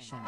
station.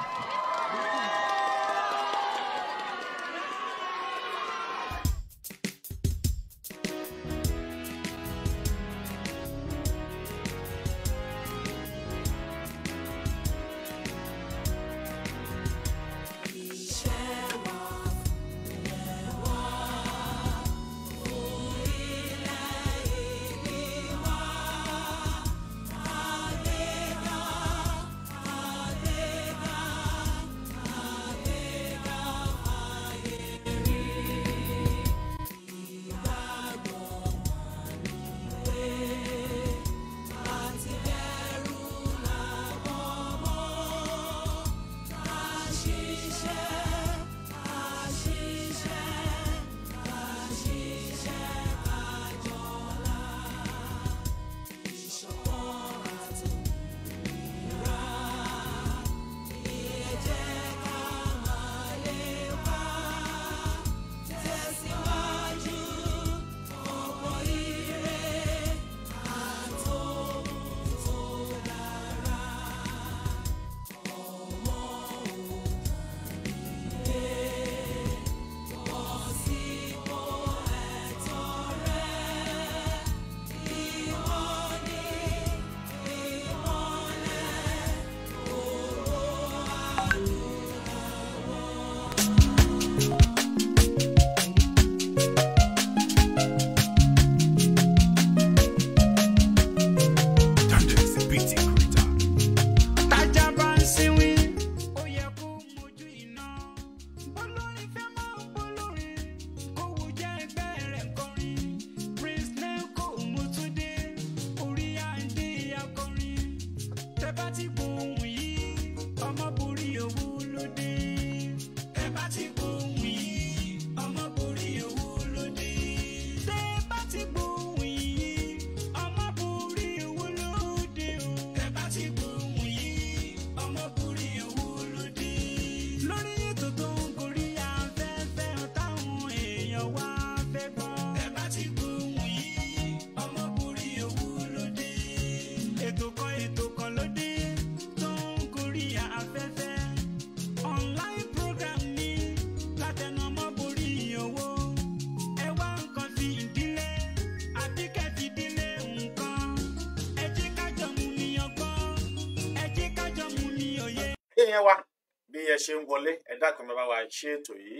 dákun bá wa ṣe ètò yìí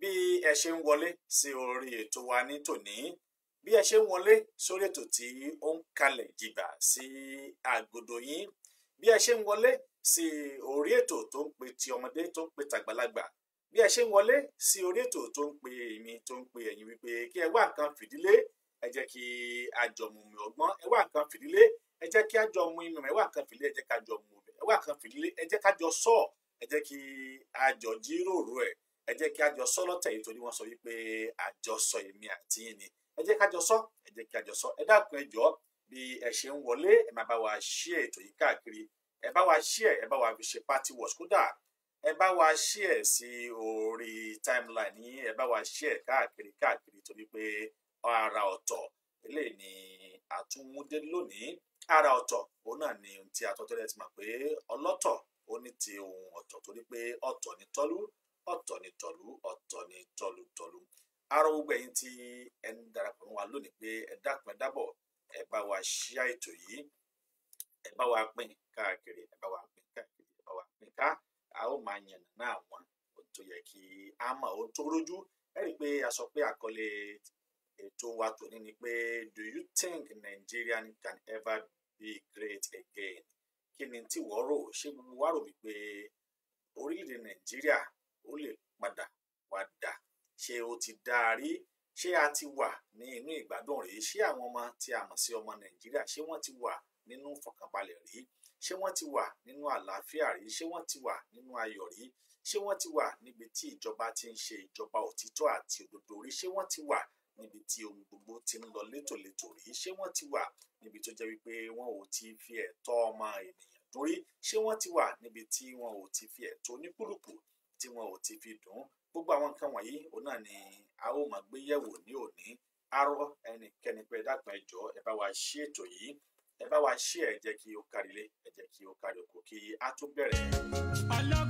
bí ẹ ṣe ń wọlé sí orí ètò wa ní tòní bí ẹ ṣe ń wọlé sórí ètò tí ó ń kalẹ̀ jìbà sí àgọ́dọ̀ yín bí ẹ ṣe ń wọlé sí orí ètò tó ń pe ti ọmọdé tó ń pe tàgbàlagbà bí ẹ ṣe ń wọlé sí orí ètò tó ń pe èmi tó ń pe ẹ̀yin wípé kí ẹ wá nǹkan fìdílé ẹ jẹ́ kí àjọmùmí ọgbọ́n ẹ wá nǹkan fìdílé ẹ jẹ́ kí àjọmù ìmọ̀ ẹ wá nǹkan fìdílé ẹ jẹ́ kájọ mú ẹ jẹ́ kí a jọ jíròrò ẹ̀ ẹ jẹ́ kí a jọ sọ lọ́tẹ̀ yìí torí wọ́n sọ wípé àjọsọ èmi àti yín ni ẹ jẹ́ ká jọ sọ ẹ jẹ́ kí a jọ sọ ẹ dákun ẹ jọ bí ẹ ṣe ń wọlé ẹ máa bá wa ṣí ètò yìí káàkiri ẹ bá wa ṣí ẹ ẹ bá wa fi ṣe party watch kódà ẹ bá wa ṣí ẹ sí orí timeline yín ẹ bá wa ṣí ẹ káàkiri káàkiri torí pé ara ọ̀tọ̀ eléyìí ni àtúnmúdé lónìí ara ọ̀tọ̀ òun náà ni ohun tí ti mọ̀ pé ọlọ́tọ̀ ó ní ti ohun ọ̀tọ̀ torí pé ọ̀tọ̀ ni tọ́lú ọ̀tọ̀ ni tọ̀lú ọ̀tọ̀ ni tọ̀lú tọ̀lú arọ gbogbo ẹ̀yin tí ẹ ń darapọ̀ mọ́ wa lónìí pé ẹ dákun ẹ dábọ̀ ẹ bá wa ṣíà ètò yìí ẹ bá wa pín káàkiri ẹ bá wa pín káàkiri ẹ bá wa pín ká a ó máa yànnà náà wọn ohun tó yẹ kí a mọ̀ ohun tó rójú ẹ rí i pé a sọ pé àkọlé ètò wa tòní ni pé do you think Nigerian can ever be great again kí ni tí wọ́n rò ṣé gbogbo wa rò wípé orílẹ̀-èdè nàìjíríà ó lè padà wá dà ṣé ó ti dáa ṣé a ti wà ní inú ìgbádùn rèé ṣé àwọn ọmọ tí a mọ̀ sí ọmọ nàìjíríà ṣé wọ́n ti wà nínú ìfọ̀kànbalẹ̀ rí ṣé wọ́n ti wà nínú àlàáfíà rí ṣé wọ́n ti wà nínú ayọ̀ rí ṣé wọ́n ti wà níbi tí ìjọba ti ń ṣe ìjọba òtítọ́ àti òdodo rí ṣé wọ́n ti wà níbi tí ohun gbogbo ti ń lọ létòlétò rí ṣé wọ́n ti wà níbi tó jẹ́ wípé wọn ò ti fi ẹ̀tọ́ ọmọ ènìyàn dún rí ṣé wọ́n ti wà níbi tí wọn ò ti fi ẹ̀tọ́ oníkúlùkù tí wọn ò ti fi dùn gbogbo àwọn nǹkan wọ̀nyí òun náà ni a ó máa gbé yẹ̀wò ní òní arọ ẹnikẹ́ni pé dákun ẹ jọ̀ọ́ ẹ bá wa ṣí ètò yìí ẹ bá wa ṣí ẹ jẹ́ kí ó kárí lé ẹ jẹ́ kí ó kárí oko kí a tó bẹ̀rẹ̀.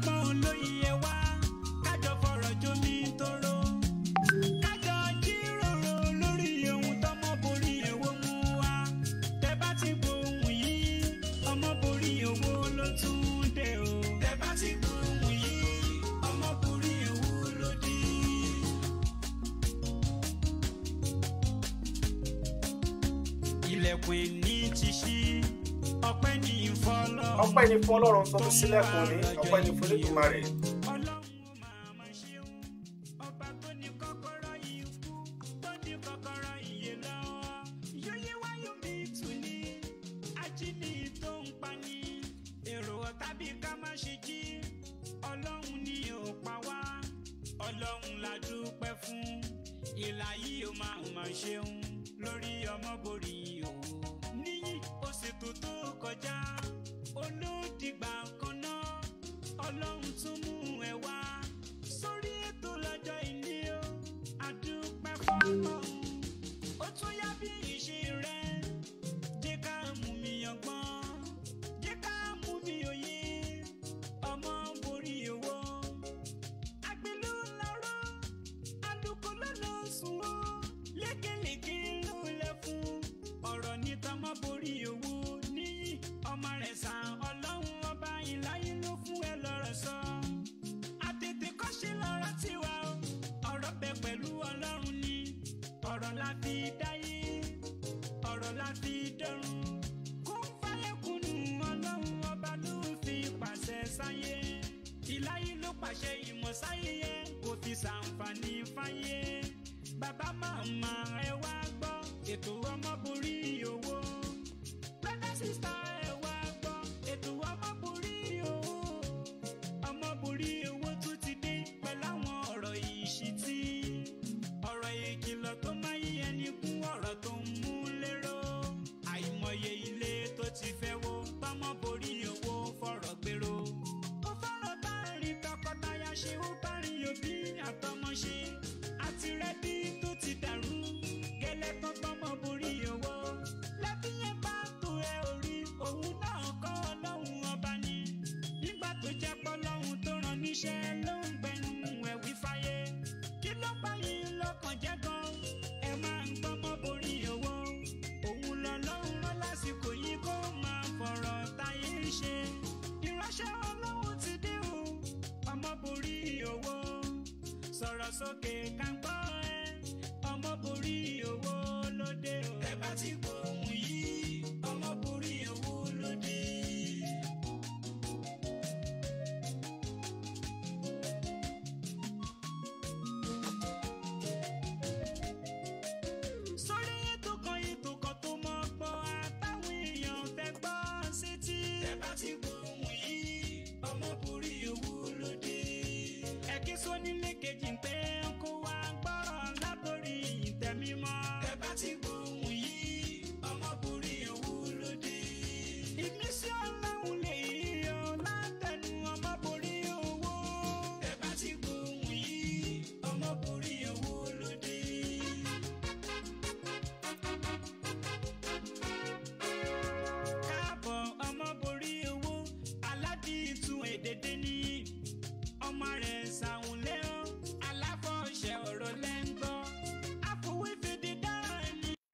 ilẹ̀kùn ìní ti ṣí ní ìfọlọ́run ọpẹ́ ní fún Ọlọ́run tó tún ṣílẹ̀kùn ní ọpẹ́ ní fún Olódùmarè.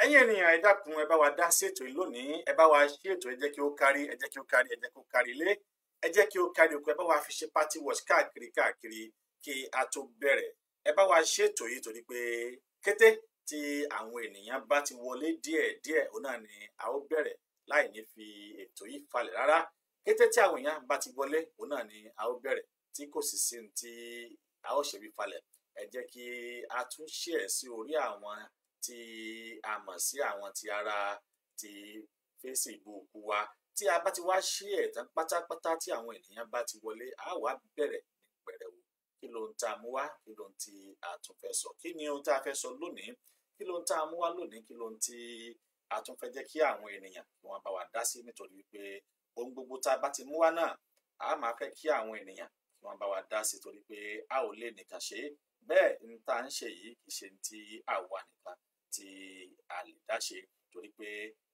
ẹ̀yin ènìyàn ẹ dákun ẹ bá wa dá sí ètò yìí lónìí ẹ bá wa ṣí ètò ẹ jẹ́ kí ó kárí ẹ jẹ́ kí ó kárí ẹ jẹ́ kí ó kárí ilé ẹ jẹ́ kí ó kárí oko ẹ bá wa fi ṣe party watch káàkiri káàkiri kí a tó bẹ̀rẹ̀ ẹ bá wa ṣí ètò yìí torí pé kété tí àwọn ènìyàn bá ti wọlé díẹ̀ díẹ̀ òun náà ni a ó bẹ̀rẹ̀ láì ní fi ètò yìí falẹ̀ rárá kété tí àwọn èèyàn bá ti wọlé òun náà ni a ó bẹ̀rẹ̀ tí kò sì sí tí a ó ṣe bí falẹ̀ ẹ jẹ́ kí a tún ṣe ẹ̀ sí orí àwọn tí a mọ̀ sí àwọn ti ara ti Facebook wa tí a bá ti wá ṣí ẹ̀ tán pátápátá tí àwọn ènìyàn bá ti wọlé a wá bẹ̀rẹ̀ ní pẹ̀rẹ̀wò kí ló ń ta mú wá kí ló ń ti àtúnfẹ́ sọ kí ni ohun tá a fẹ́ sọ lónìí kí ló ń ta mú wá lónìí kí ló ń ti àtúnfẹ́ jẹ́ kí àwọn ènìyàn kí wọ́n bá wa dá sí nítorí wípé ohun gbogbo tá a bá ti mú wá náà a máa fẹ́ kí àwọn ènìyàn kí wọ́n bá wa dá sí torí pé a ò lè nìkan ṣe bẹ́ẹ̀ n ta ń ṣe yìí kì í ṣe ti àwa nìkan tí a lè dá ṣe torí pé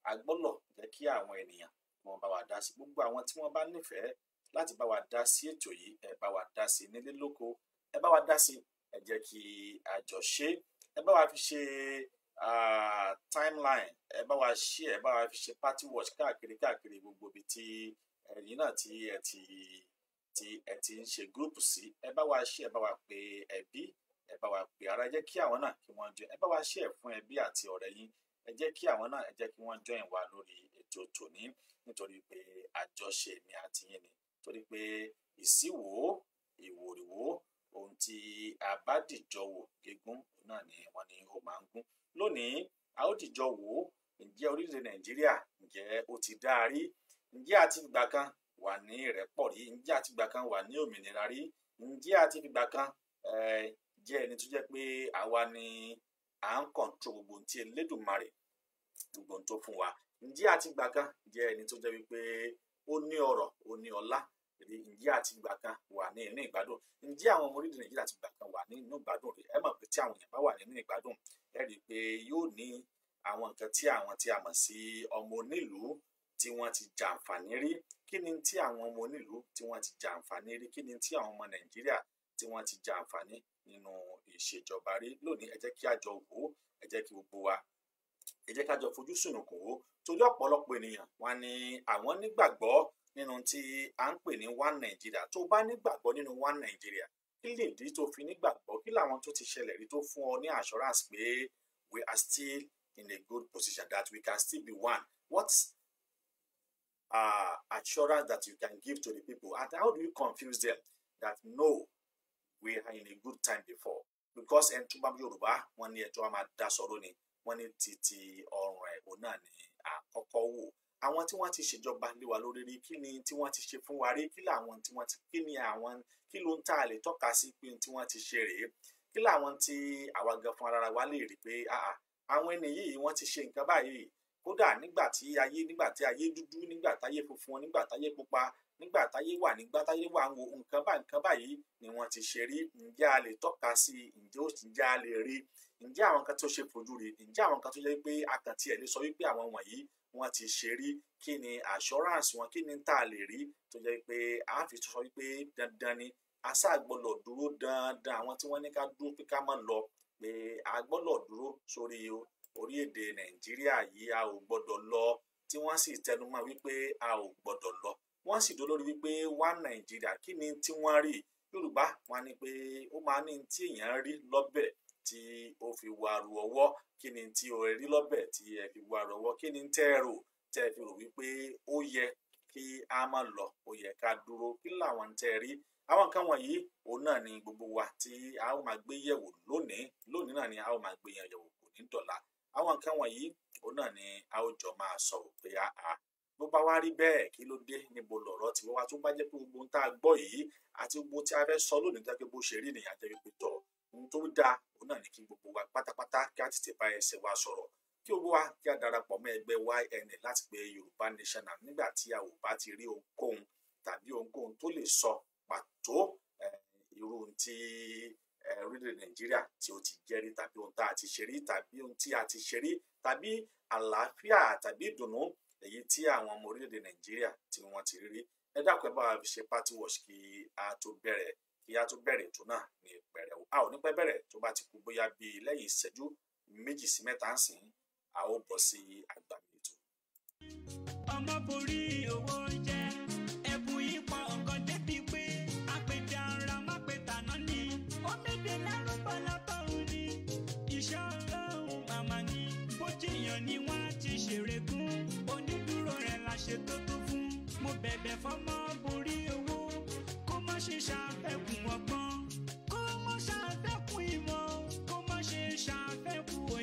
a gbọ́dọ̀ jẹ́ kí àwọn ènìyàn wọn bá wa dá sí gbogbo àwọn tí wọ́n bá nífẹ̀ẹ́ láti bá wa dá sí ètò yìí ẹ bá wa dá sí nílé lóko ẹ bá wa dá sí ẹ jẹ́ kí a jọ ṣe ẹ bá wa fi ṣe timeline ẹ bá wa ṣe ẹ bá wa fi ṣe party watch káàkiri káàkiri gbogbo ibi tí ẹ̀yin náà ti ẹ ti tí ẹ ti ń ṣe gúrúùpù sí ẹ bá wa ṣe ẹ bá wa pe ẹbí ẹ bá wa pè ara ẹ jẹ́ kí àwọn náà kí wọ́n jọ ẹ bá wa ṣe ẹ̀ fún ẹbí àti ọ̀rẹ́ yín ẹ jẹ́ kí àwọn náà ẹ jẹ́ kí wọ́n join wa lórí ètò tòní nítorí pé àjọṣe mi àti yín ni torí pé ìsíwò ìwòrìwò ohun tí a bá dìjọ wò gígùn náà ni wọ́n ní ó máa ń gún lónìí a ó dìjọ wò ó ǹjẹ́ orílẹ̀-èdè nàìjíríà ǹjẹ́ ó ti dáa rí ǹjẹ́ àti ìgbà kan wà ní ìrẹ́pọ̀ rí ǹjẹ́ àti ìgbà kan wà ní òmìnira rí ǹjẹ́ àti ìgbà kan jẹ́ ẹni tó jẹ́ pé àwa ni à ń kọ̀ǹtró gbogbo tí Elédùmarè gbogbo tó fún wa ǹjẹ́ àti ìgbà kan jẹ́ ẹni tó jẹ́ wípé ó ní ọrọ̀ ó ní ọlá ǹjẹ́ àti ìgbà kan wà ní inú ìgbádùn ǹjẹ́ àwọn ọmọ orílẹ̀ Nàìjíríà àti ìgbà kan wà ní inú ìgbádùn rẹ̀ ẹ mọ̀ pé tí àwọn èèyàn bá wà nínú ìgbádùn ẹ rí i pé yóò ní àwọn nǹkan tí àwọn tí a mọ̀ sí ọmọ onílùú tí wọ́n ti jàǹfààní rí kí ni tí àwọn ọmọ onílùú tí wọ́n ti jàǹfààní rí kí ni tí àwọn ọmọ Nàìjíríà tí wọ́n ti jàǹfààní nínú ìṣèjọba rí lónìí ẹ jẹ́ kí àjọ wò ó ẹ jẹ́ kí gbogbo wa ẹ jẹ́ kájọ fojú sùnùkùn wò ó torí ọ̀pọ̀lọpọ̀ ènìyàn wà ní àwọn nígbàgbọ́ nínú tí à ń pè ní one Nigeria tó bá nígbàgbọ́ nínú one Nigeria kí lè dí tó fi nígbàgbọ́ kí làwọn tó ti ṣẹlẹ̀ rí tó fún ọ ní assurance pé we are still in a good position that we can still be one what uh, assurance that you can give to the people and how do you confuse them that no we are in a good time before because ẹni tó bá yorùbá wọn ní ẹjọ́ máa dá sọ̀rọ̀ ni wọ́n ní títí ọrùn ẹ̀ òun náà ni àkọ́kọ́ wò àwọn tí wọ́n ti ṣèjọba lé wa lórí rí kí ni tí wọ́n ti ṣe fún wa rí kí làwọn tí wọ́n ti kí ni àwọn kí ló ń tà lè tọ́ka sí pé tí wọ́n ti ṣe rèé kí làwọn tí àwa gan fún ara wa lè rí pé àwọn ẹni yìí wọ́n ti ṣe nǹkan báyìí kódà nígbà tí ayé nígbà tí ayé dúdú nígbà táyé funfun nígbà táyé pupa nígbà táyé wà nígbà táyé wà ń wo nǹkan bá nǹkan báyìí ni wọ́n ti ṣe rí ǹjẹ́ a lè tọ́ka sí i ǹjẹ́ ó ti jẹ́ a lè rí ǹjẹ́ àwọn kan tó ṣe fojú rí ǹjẹ́ àwọn kan tó jẹ́ pé akàntì ẹ̀ lè sọ wípé àwọn wọ̀nyí wọ́n ti ṣe rí kí ni assurance wọn kí ni tá a lè rí tó jẹ́ pé a fi sọ wípé dandan ni a sáà gbọ́dọ̀ dúró dandan àwọn tí wọ́n ní ká dúró pé ká má lọ pé a gbọ́dọ̀ dúró sórí orílẹ̀-èdè nàìjíríà yìí a ò gbọ́dọ̀ lọ tí wọ́n sì tẹnumọ́ wípé a ò gbọ́dọ̀ lọ wọ́n sì dó lórí wípé wá nàìjíríà kí ni tí wọ́n rí yorùbá wọ́n ní pé ó máa ní tí èèyàn rí lọ́bẹ̀ tí ó fi wá ru ọwọ́ kí ni tí ó rí lọ́bẹ̀ tí ẹ fi wá ru ọwọ́ kí ni tẹ́ ẹ rò tẹ́ ẹ fi rò wípé ó yẹ kí a máa lọ ó yẹ ká dúró kí làwọn tẹ́ ẹ rí àwọn nǹkan wọ̀nyí òun náà ni gbogbo wa tí a ó máa gbé yẹ̀wò lónìí lónìí náà ni a ó máa gbé yẹ̀wò kò ní dọ̀la àwọn nǹkan wọ̀nyí òun náà ni a ó jọ máa sọ̀rọ̀ pé a ló bá wá rí bẹ́ẹ̀ kí ló dé níbo lọ̀rọ̀ tí wọ́n wá tún bá jẹ́ pé gbogbo ohun tá a gbọ́ yìí àti gbogbo tí a fẹ́ sọ lónìí jáde bó ṣe rí nìyàn jẹ́ pé tọ̀ ohun tó dáa òun náà ní kí gbogbo wa pátápátá kí a tètè bá ẹsẹ̀ wa sọ̀rọ̀ kí gbogbo wa kí a darapọ̀ mọ́ ẹgbẹ́ YNN láti pé Yorùbá Nation nígbà tí a ò bá ti rí ohunkóhun tàbí ohunkóhun tó lè sọ pàtó irú tí orílẹ̀ Nàìjíríà tí ó ti jẹ́rí tàbí ohun tá a ti ṣe rí tàbí ohun tí a ti ṣe rí tàbí àlàáfíà tàbí ìdùnnú èyí tí àwọn ọmọ orílẹ̀-èdè nàìjíríà tí wọ́n ti rí ẹ dákun ẹ bá wa ṣe party watch kí a tó bẹ̀rẹ̀ kí a tó bẹ̀rẹ̀ ètò náà ní pẹ̀rẹ̀ a ò ní pẹ́ bẹ̀rẹ̀ tó bá ti kú bóyá bíi lẹ́yìn ìṣẹ́jú méjì sí mẹ́ta ń sìn a ó bọ̀ sí àgbàmì ètò. ọmọ owó jẹ ẹbùn yìí pa débi pé àpèjà ara má pè tàná ni ó méje lárúbọ látọrun ni iṣẹ́ ọ̀hún màmá ni bó jiyàn ni wọ́n ti ṣèrè kún ṣe tó tó fún mo bẹ̀bẹ̀ fọmọ borí owó kó má ṣe ṣàfẹ́kùn ọgbọ́n kó má ṣàfẹ́kùn ìmọ̀ kó má ṣe ṣàfẹ́kùn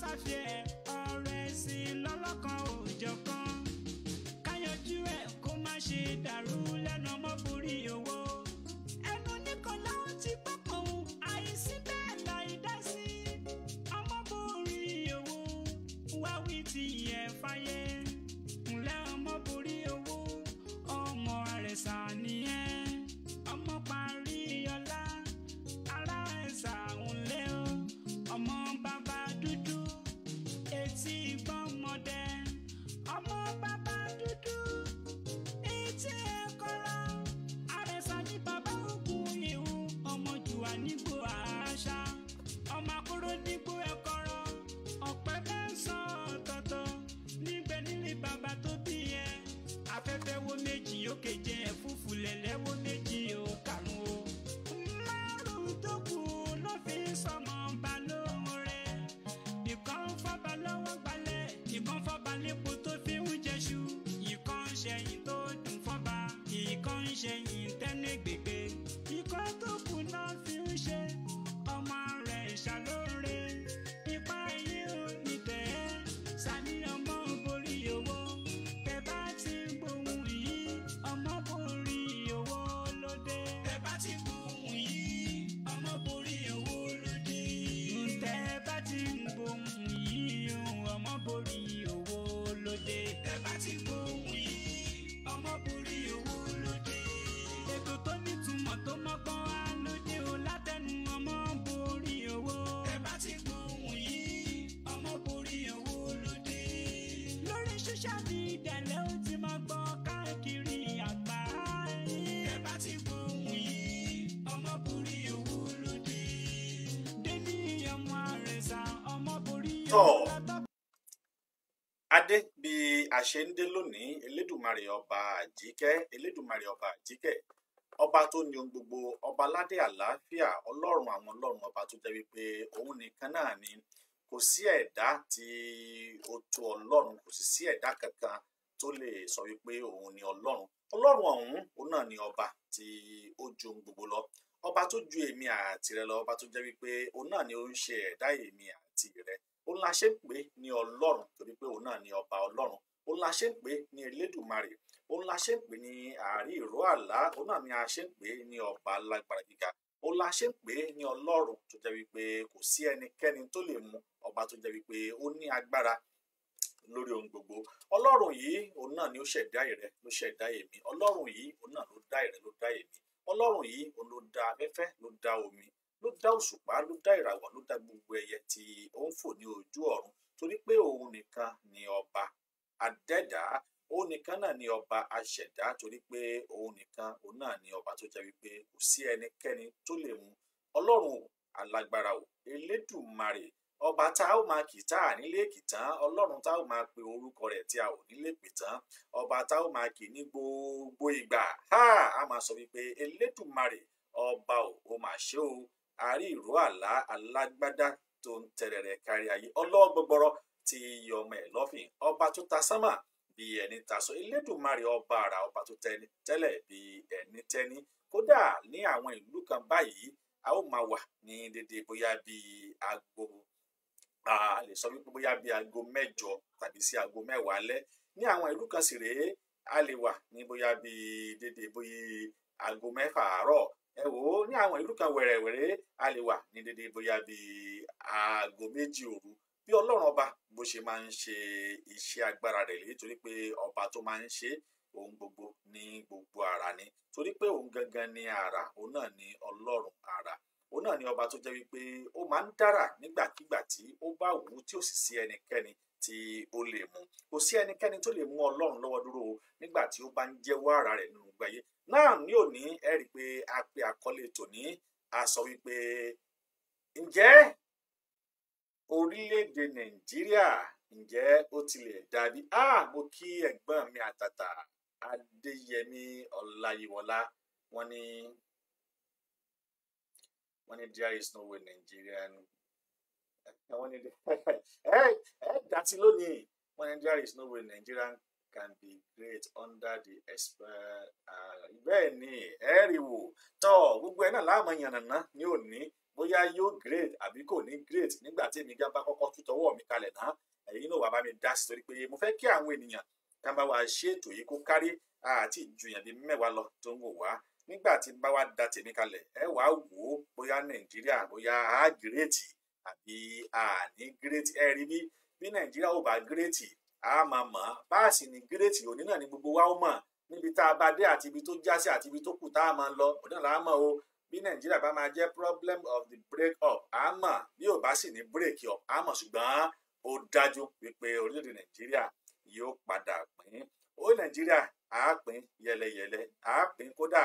ṣàfihàn ọ̀rọ̀ ẹ̀sìn lọ́lọ́kan òjọ̀kan káyọjú ẹ̀ kó má ṣe dàrú lẹ́nu ọmọkùnrin owó. ẹnu nìkan láwọn ti pápọ̀ òun àìsí bẹ́ẹ̀ láì dá sí ọmọkùnrin owó wá wí ti yẹ fáyé. fẹ́wọ́ méjì ó kejì ẹ̀ fúfú lẹ́lẹ́wọ́ méjì ó karùn ó. márùn tó kù ló fi sọmọ ọba lóhùn rẹ̀ ìkan fọba lọ́wọ́ gbalẹ̀ ìbọn fọba lépo tó fi ń jẹṣu ìkan ṣẹyìn tó dùn fọba ìkan ṣẹyìn. láti ìdẹ̀lẹ̀ ó ti máa gbọ́ káàkiri àgbáyé. ẹ bá ti gbóhùn yìí ọmọ borí owó lóde. dénì ọmọ àrẹ̀sà ọmọ borí owó lábá. adé bí a ṣe ń dé lónìí elédùnmarè ọba àjíkẹ́ elédùnmarè ọba àjíkẹ́ ọba tó ní ohun gbogbo ọba aládé àlàáfíà ọlọ́run àwọn ọlọ́run ọba tó jẹ́ wípé òun nìkan náà ni. Kanani, kò sí ẹ̀dá tí ó tó ọlọ́run kò sì sí ẹ̀dá kankan tó lè sọ wípé òun ni ọlọ́run ọlọ́run ọ̀hún òun náà ni ọba tí ó ju ohun gbogbo lọ ọba tó ju èmi àti rẹ lọ ọba tó jẹ́ wípé òun náà ni ó ń ṣe ẹ̀dá èmi àti rẹ òun la ṣe ń pè ní ọlọ́run torí pé òun náà ni ọba ọlọ́run òun la ṣe ń pè ní elédùmarè òun la ṣe ń pè ní àárí ìró àlá òun náà ni a ṣe ń pè ní ọba alágbára gíga ó láṣẹ pé ní ọlọ́run tó jẹ́ wípé kò sí ẹnikẹ́ni tó lè mú ọba tó jẹ́ wípé ó ní agbára lórí ohun gbogbo ọlọ́run yìí òun náà ni ó ṣẹ̀dá ìrẹ ló ṣẹ̀dá èmi ọlọ́run yìí òun náà ló dá ìrẹ ló dá èmi ọlọ́run yìí òun ló dá afẹ́fẹ́ ló dá omi ló dá òṣùpá ló dá ìràwọ̀ ló dá gbogbo ẹyẹ tí ó ń fò ní ojú ọ̀run torí pé òun nìkan ni ọba adẹ́dàá òun nìkan náà ni ọba aṣẹ̀dá torí pé òun nìkan òun náà ni ọba tó jẹ́ wípé kò sí ẹnikẹ́ni tó lè mú ọlọ́run alágbára o elédùmarè ọba tá a ó máa kì tá a nílé kì tán ọlọ́run tá a ó máa pe orúkọ rẹ̀ tí a ò nílé pè tán ọba tá a ó máa kì ní gbogbo ìgbà ha a máa sọ wípé elédùmarè ọba ò ó máa ṣe o àárí ìró àlá alágbádá tó ń tẹrẹrẹ kárí ayé ọlọ́gbọgbọrọ ti yọmọ ẹ̀ lọ́fìn ọba tó ta sánmà bí ẹni tasọ elédùnmarè ọba àrà ọba tó tẹ́lẹ̀ bí ẹni tẹ́ni kódà ní àwọn ìlú kan báyìí a ó máa wà ní dédé bóyá bí aago a lè sọ wípé bóyá bí aago mẹ́jọ tàbí sí aago mẹ́wàá alẹ́ ní àwọn ìlú kan sì rèé a lè wà ní bóyá bí dédé bóyá aago mẹ́fà àárọ̀ ẹ wò ó ní àwọn ìlú kan wẹ̀rẹ̀wẹ̀rẹ̀ a lè wà ní dédé bóyá bí aago méjì òru bí ọlọ́run ọba bó ṣe máa ń ṣe iṣẹ́ agbára rẹ̀ lè torí pé ọba tó máa ń ṣe ohun gbogbo ní gbogbo ara ni torí pé òun gangan ni ara òun náà ni ọlọ́run ara òun náà ni ọba tó jẹ́ wípé ó máa ń dára nígbàkigbà tí ó bá wù ú tí ò sì sí ẹnikẹ́ni tí ó lè mú kò sí ẹnikẹ́ni tó lè mú ọlọ́run lọ́wọ́ dúró nígbà tí ó bá ń jẹ́wọ́ ara rẹ̀ nínú gbáyé náà ní òní ẹ pé a pe àkọlé tòní a sọ wípé ǹjẹ́ orílẹ̀-èdè nàìjíríà ǹjẹ́ ó tilẹ̀ dàbí ah mo kí ẹ̀gbọ́n mi àtàtà adéyẹmí ọláyíwọlá wọ́n ní wọ́n ní there is no way Nigeria ni wọ́n ní ẹ ẹ dàtí lónìí wọ́n ní there is no way Nigeria can be great under the bẹ́ẹ̀ ni ẹ rí wò tọ́ gbogbo ẹ̀ náà láàmú yànnàná ni ò ní bóyá yóò great àbí kò ní great nígbà tí èmi gábá kọ́kọ́ tú tọwọ́ mi kalẹ̀ náà ẹ̀yin náà wà bá mi dá sí torí pé mo fẹ́ kí àwọn ènìyàn ká bá wa ṣe ètò yìí kó kárí àti ìjùyàn bíi mẹ́wàá lọ tó ń wò wá nígbà tí n bá wá da tèmi kalẹ̀ ẹ wàá wò ó bóyá nàìjíríà bóyá á gírètì àbí àní gírètì ẹ rí bí bí nàìjíríà ò bá gírètì á máa mọ̀ bá a sì ní gírètì òní náà ni gbogbo wa ó mọ̀ níbi tá a bá dé àti ibi tó já àti ibi tó kù tá a máa lọ òní náà la mọ̀ o bí nàìjíríà bá máa jẹ́ problem of the break up àmọ́ bí ò bá sì ní break up àmọ́ ṣùgbọ́n ó dájú wípé orílẹ̀-èdè nàìjíríà yóò padà pín ó nàìjíríà á pín yẹlẹyẹlẹ á pín kódà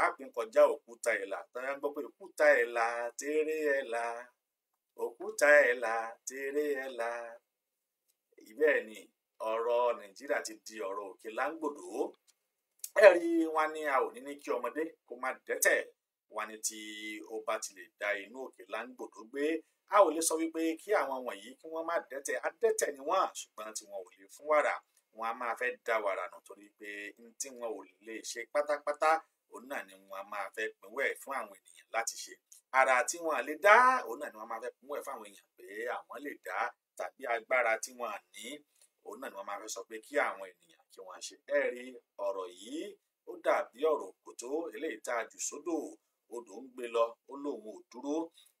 á pín kọjá òkúta ẹ̀là tọ́jà ń gbọ́ pé òkúta ẹ̀là tẹ́rẹ́ ẹ̀là òkúta ẹ̀là tẹ́rẹ́ ẹ̀là bẹ́ẹ̀ ni ọ̀rọ̀ nàìjíríà ti di ọ̀rọ̀ òkè láńgbòdo ẹ̀rí wọn ni a ò ní ní kí ọmọdé kó má dẹ́tẹ̀ wọ́n ní tí ó bá ti lè da inú òkè láńgbòdo gbé a ò lè sọ wípé kí àwọn wọ̀nyí kí wọ́n má dẹ́tẹ̀ adẹ́tẹ̀ ni wọ́n ṣùgbọ́n tí wọn ò lè fún wàrà wọn a máa fẹ́ da wàrà nù torí pé n tí wọn ò lè ṣe pátápátá òun náà ni wọn a máa fẹ́ pinwẹ́ fún àwọn ènìyàn láti ṣe ara tí wọn à lè dá òun náà ni wọn máa fẹ́ pinwẹ́ fún àwọn èèyàn pé àwọn lè dá tàbí agbára tí wọn à ní òun náà ni wọn máa fẹ́ sọ pé kí àwọn ènìyàn kí wọn ṣe ẹ ọ̀rọ̀ yìí ó dàbí ọ̀rọ̀ òkòtó eléyìí tá a jù sódò odò ń gbé lọ ó lóun ò dúró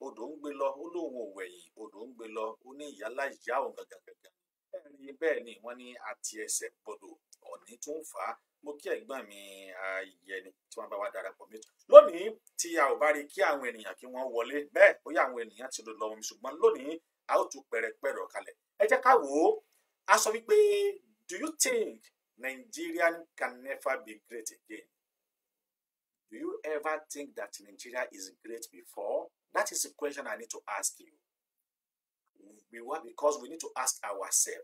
odò ń gbé lọ ó lóun ò wẹ̀yìn odò ń gbé lọ ó ní ìyálà ìyá òun gangan gangan bẹ́ẹ̀ni bẹ́ẹ̀ wọ́n ní àti ẹsẹ̀ gbọdọ̀ ọ̀ní tó ń fà á mo kí ẹ̀gbọ́n mi ayẹni tí wọ́n bá wá darapọ̀ mi lónìí tí a ò bá rí kí àwọn ènìyàn kí wọ́n wọlé bẹ́ẹ̀ bóyá àwọn ènìyàn ti lọ lọ ṣùgbọ́n lónìí a ó tún pẹ̀rẹ̀pẹ̀rẹ̀ kalẹ̀ ẹ jẹ́ ká wò ó a sọ wípé do you think Nigerian can never be great again Do you ever think that Nigeria is great before? That is a question I need to ask you. Because we need to ask ourselves,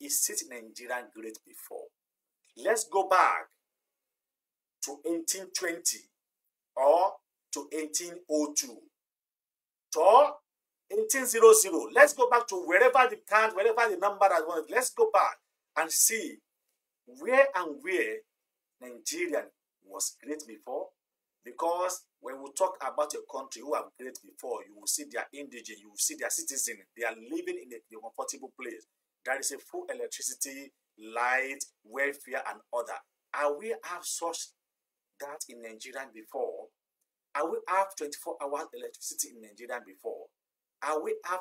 is it Nigeria great before? Let's go back to 1820 or to 1802 to 1800. Let's go back to wherever the count, wherever the number that was. Let's go back and see where and where Nigeria was great before Because when we talk about a country who have great before, you will see their indigent, you will see their citizen, they are living in a, a comfortable place. There is a full electricity, light, welfare, and other. Are we have such that in Nigeria before? Are we have 24 hours electricity in Nigeria before? Are we have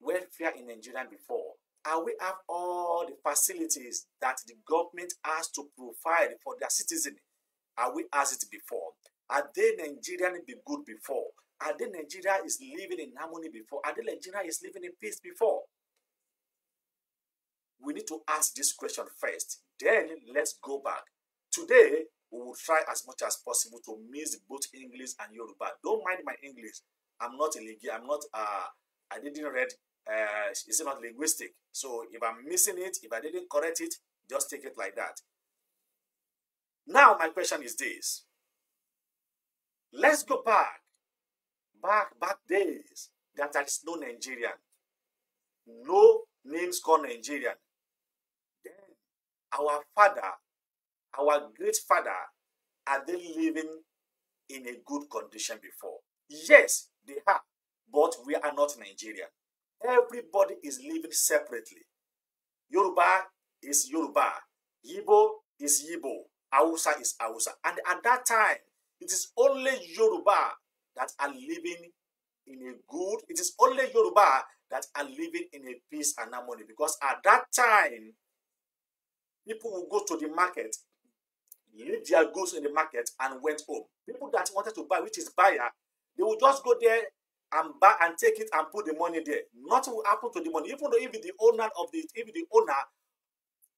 welfare in Nigeria before? Are we have all the facilities that the government has to provide for their citizens? Are we as it before? Are they Nigerian be good before? Are they Nigeria is living in harmony before? Are they Nigeria is living in peace before? We need to ask this question first. Then let's go back. Today, we will try as much as possible to mix both English and Yoruba. Don't mind my English. I'm not a lingu- I'm not uh I didn't read uh it's not linguistic. So if I'm missing it, if I didn't correct it, just take it like that. Now my question is this. Let's go back, back, back days that there is no Nigerian. No names called Nigerian. Then our father, our great father, are they living in a good condition before? Yes, they have. but we are not Nigerian. Everybody is living separately. Yoruba is Yoruba, Yibo is Yibo, Hausa is Hausa. And at that time, It is only Yoruba that are living in a good, it is only Yoruba that are living in a peace and harmony. Because at that time, people would go to the market, leave their goods in the market, and went home. People that wanted to buy, which is buyer, they would just go there and buy and take it and put the money there. Nothing will happen to the money, even though even the owner of the even the owner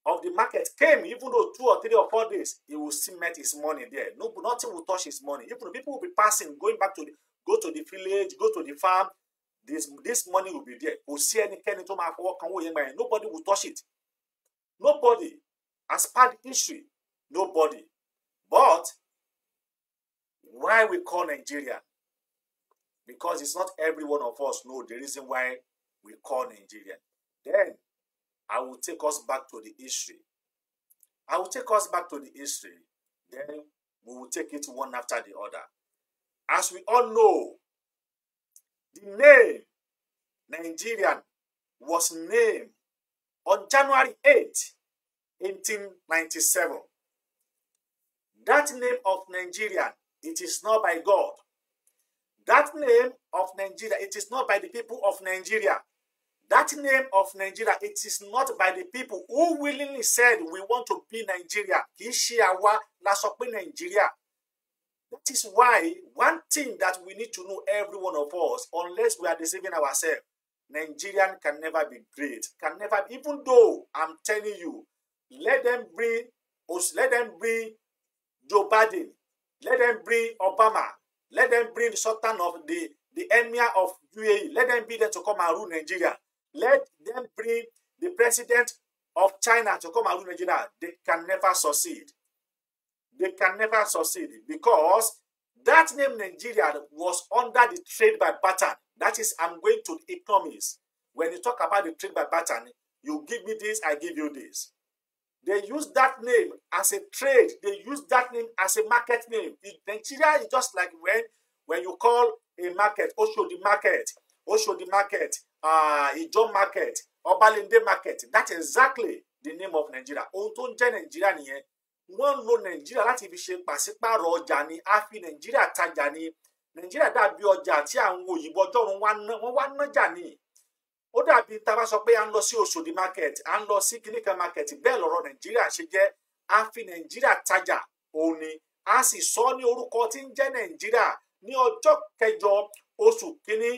of the market came, even though two or three or four days, he will still met his money there. No, nothing will touch his money. Even people will be passing, going back to the, go to the village, go to the farm. This this money will be there. Will see any tó máa fọwọ́ kan owó yẹn gbà yẹn. Nobody will touch it. Nobody as per the history, nobody. But why we call Nigeria? Because it's not every one of us know the reason why we call Nigeria. Then I will take us back to the history. I will take us back to the history. Then we will take it one after the other. As we all know, the name Nigerian was named on January 8, 1897. That name of Nigerian, it is not by God. That name of Nigeria, it is not by the people of Nigeria that name of Nigeria it is not by the people who willingly said we want to be Nigeria kì í ṣe àwa la sọ pé Nigeria that is why one thing that we need to know every one of us unless we are deceiving ourselves Nigerian can never be great can never be, even though I'm telling you let them bring let them bring Joe Biden let them bring Obama let them bring the Sultan of the the Emir of UAE let them be there to come and rule Nigeria Let them bring the president of China to come and rule Nigeria. They can never succeed. They can never succeed because that name Nigeria was under the trade by pattern. That is, I'm going to economics. When you talk about the trade by pattern, you give me this, I give you this. They use that name as a trade. They use that name as a market name. Nigeria is just like when, when you call a market, the market, the market, ìjọ uh, ah, market ọbalẹ̀ndé market that's exactly the name of Nigeria ohun tó ń jẹ́ Nigeria nìyẹn wọ́n ń lo Nigeria láti fi ṣe pàṣípààrọ̀ ọjà ni a fi Nigeria tajà ni Nigeria dàbí ọjà tí àwọn òyìnbó ọjọ́run wọ́n wá nájà ni ó dàbí tá a bá sọ pé à ń lọ sí Òṣòdì market à ń lọ sí kìnìkan market bẹ́ẹ̀ lọ́rọ̀ Nigeria ṣe jẹ́ a fi Nigeria tajà òun ni a sì sọ ní orúkọ tí ń jẹ́ Nigeria ní ọjọ́ kẹjọ oṣù kínní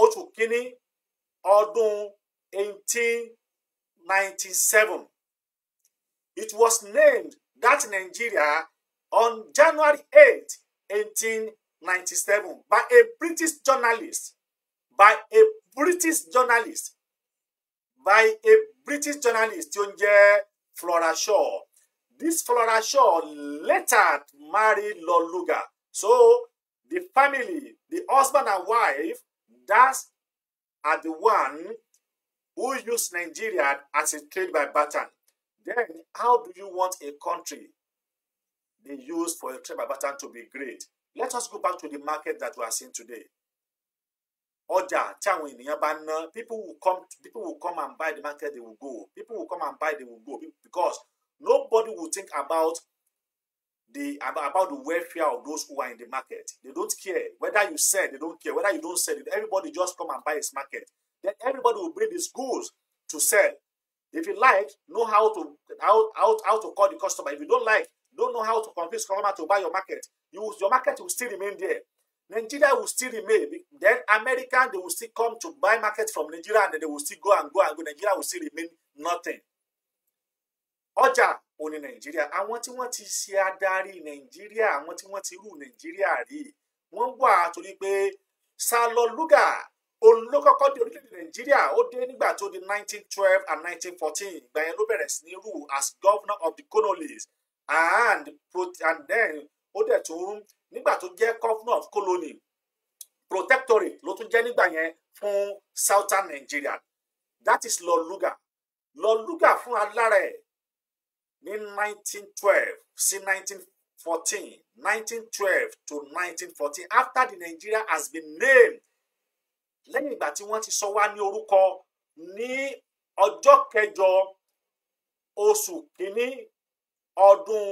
oṣù kínní ọdún 1897 it was named that Nigeria on January 8 1897 by a British journalist by a British journalist by a British journalist tí ó ń jẹ́ Flora Shaw this Flora Shaw later married Lord Lugard so the family the husband and wife That's are the one who use Nigeria as a trade by button. Then how do you want a country they use for a trade by button to be great? Let us go back to the market that we are seeing today. ọjà tí àwọn people will come people will come and buy the market they will go people will come and buy they will go because nobody will think about the about the welfare of those who are in the market. They don't care whether you sell. They don't care whether you don't sell. Everybody just come and buy his market. Then everybody will bring his goods to sell. If you like, know how to how how, how to call the customer. If you don't like, don't know how to convince customer to buy your market. You, your market will still remain there. Nigeria will still remain. Then American, they will still come to buy market from Nigeria and they will still go and go and go. Nigeria will still remain nothing ọjà òní nàìjíríà àwọn tí wọ́n ti ṣe adarí nàìjíríà àwọn tí wọ́n ti rú nàìjíríà rí wọ́n wà torí pé sálọ lúgà òun ló kọ́kọ́ dé orílẹ̀-èdè nàìjíríà ó dé nígbà tó di 1912 and 1914 ìgbà yẹn ló bẹ̀rẹ̀ sí ní rú as governor of the colonies and and then ó dẹ̀ tó rú nígbà tó jẹ́ governor of colony protectorate ló tún jẹ́ nígbà yẹn fún southern nigeria that is lọ lúgà lọ lúgà fún alára ẹ̀ ní 1912 sí 1914 1912 to 1914 after the Nigeria has been named lẹ́yìn ìgbà tí wọ́n ti sọ wá ní orúkọ ní ọjọ́ kẹjọ oṣù kínní ọdún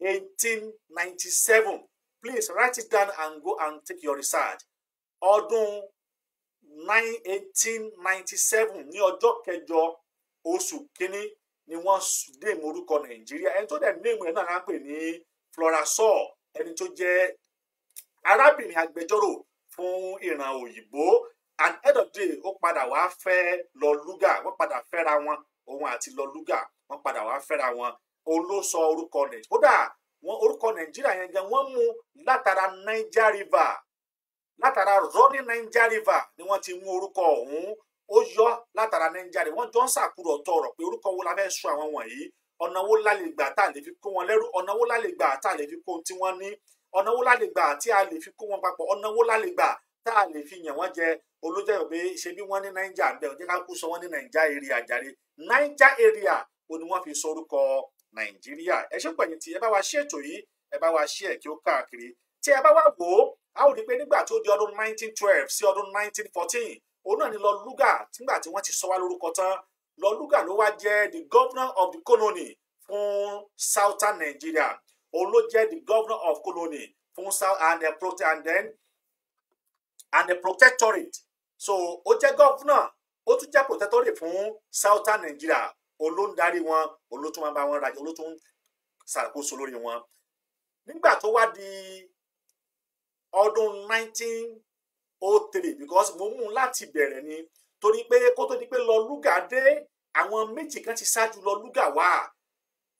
1897 please write it down and go and take your research ọdún 1897 ní ọjọ́ kẹjọ oṣù kínní ni wọ́n déèmù orúkọ nàìjíríà ẹni tó dẹ̀ néèmù ẹ̀ náà á pè ní Florasol ẹni tó jẹ́ arábìnrin agbẹjọ́rò fún ìran òyìnbó and end of day ó padà wá fẹ́ lọ lúgà wọ́n padà fẹ́ra wọn òun àti lọ lúgà wọ́n padà wá fẹ́ra wọn òun ló sọ orúkọ nàìjíríà kódà wọn orúkọ nàìjíríà yẹn gan wọ́n mú látara niger river látara running niger river ni wọ́n ti mú orúkọ ọ̀hún ó yọ látara nàìjíríà wọn jọ ń sàkúrò ọ̀tọ̀ ọ̀rọ̀ pé orúkọ wo la fẹ́ sọ àwọn wọ̀nyí ọ̀nà wo la lè gbà tá a lè fi kó wọn lẹ́rú ọ̀nà wo la lè gbà tá a lè fi kó tí wọ́n ní ọ̀nà wo tí a lè fi kó wọn papọ̀ ọ̀nà wo tá a lè fi yàn wọ́n jẹ olójẹ́ ìwé ṣe bí wọ́n ní nàìjíríà ń bẹ̀ ká kú sọ wọ́n ní nàìjíríà area jàre nàìjíríà area ó ní wọ́n fi sọ orúkọ nàìjíríà ẹ ṣe pẹ̀yìn tí ẹ bá wa ṣe ètò yìí ẹ bá wa ṣe ẹ̀ kí ó káàkiri tí ẹ bá wa wò ó a ó rí i pé nígbà tó di ọdún 1912 sí ọdún 1914 òun náà ni lọ lúgà tígbà tí wọ́n ti sọ wá lórúkọ tán lọ lúgà ló wá jẹ́ the governor of the colony fún southern Nigeria òun ló jẹ́ the governor of colony fún south and the prote and then and the protectorate so ó jẹ́ governor ó tún jẹ́ protectorate fún southern Nigeria òun ló ń darí wọn òun ló tún máa bá wọn rajà òun ló tún ṣàkóso lórí wọn nígbà tó wá di ọdún nineteen o oh because mo mú un láti bẹ̀rẹ̀ ni torí pé kó tó di pé lọ lúgà dé àwọn méjì kan ti ṣáájú lọ lúgà wá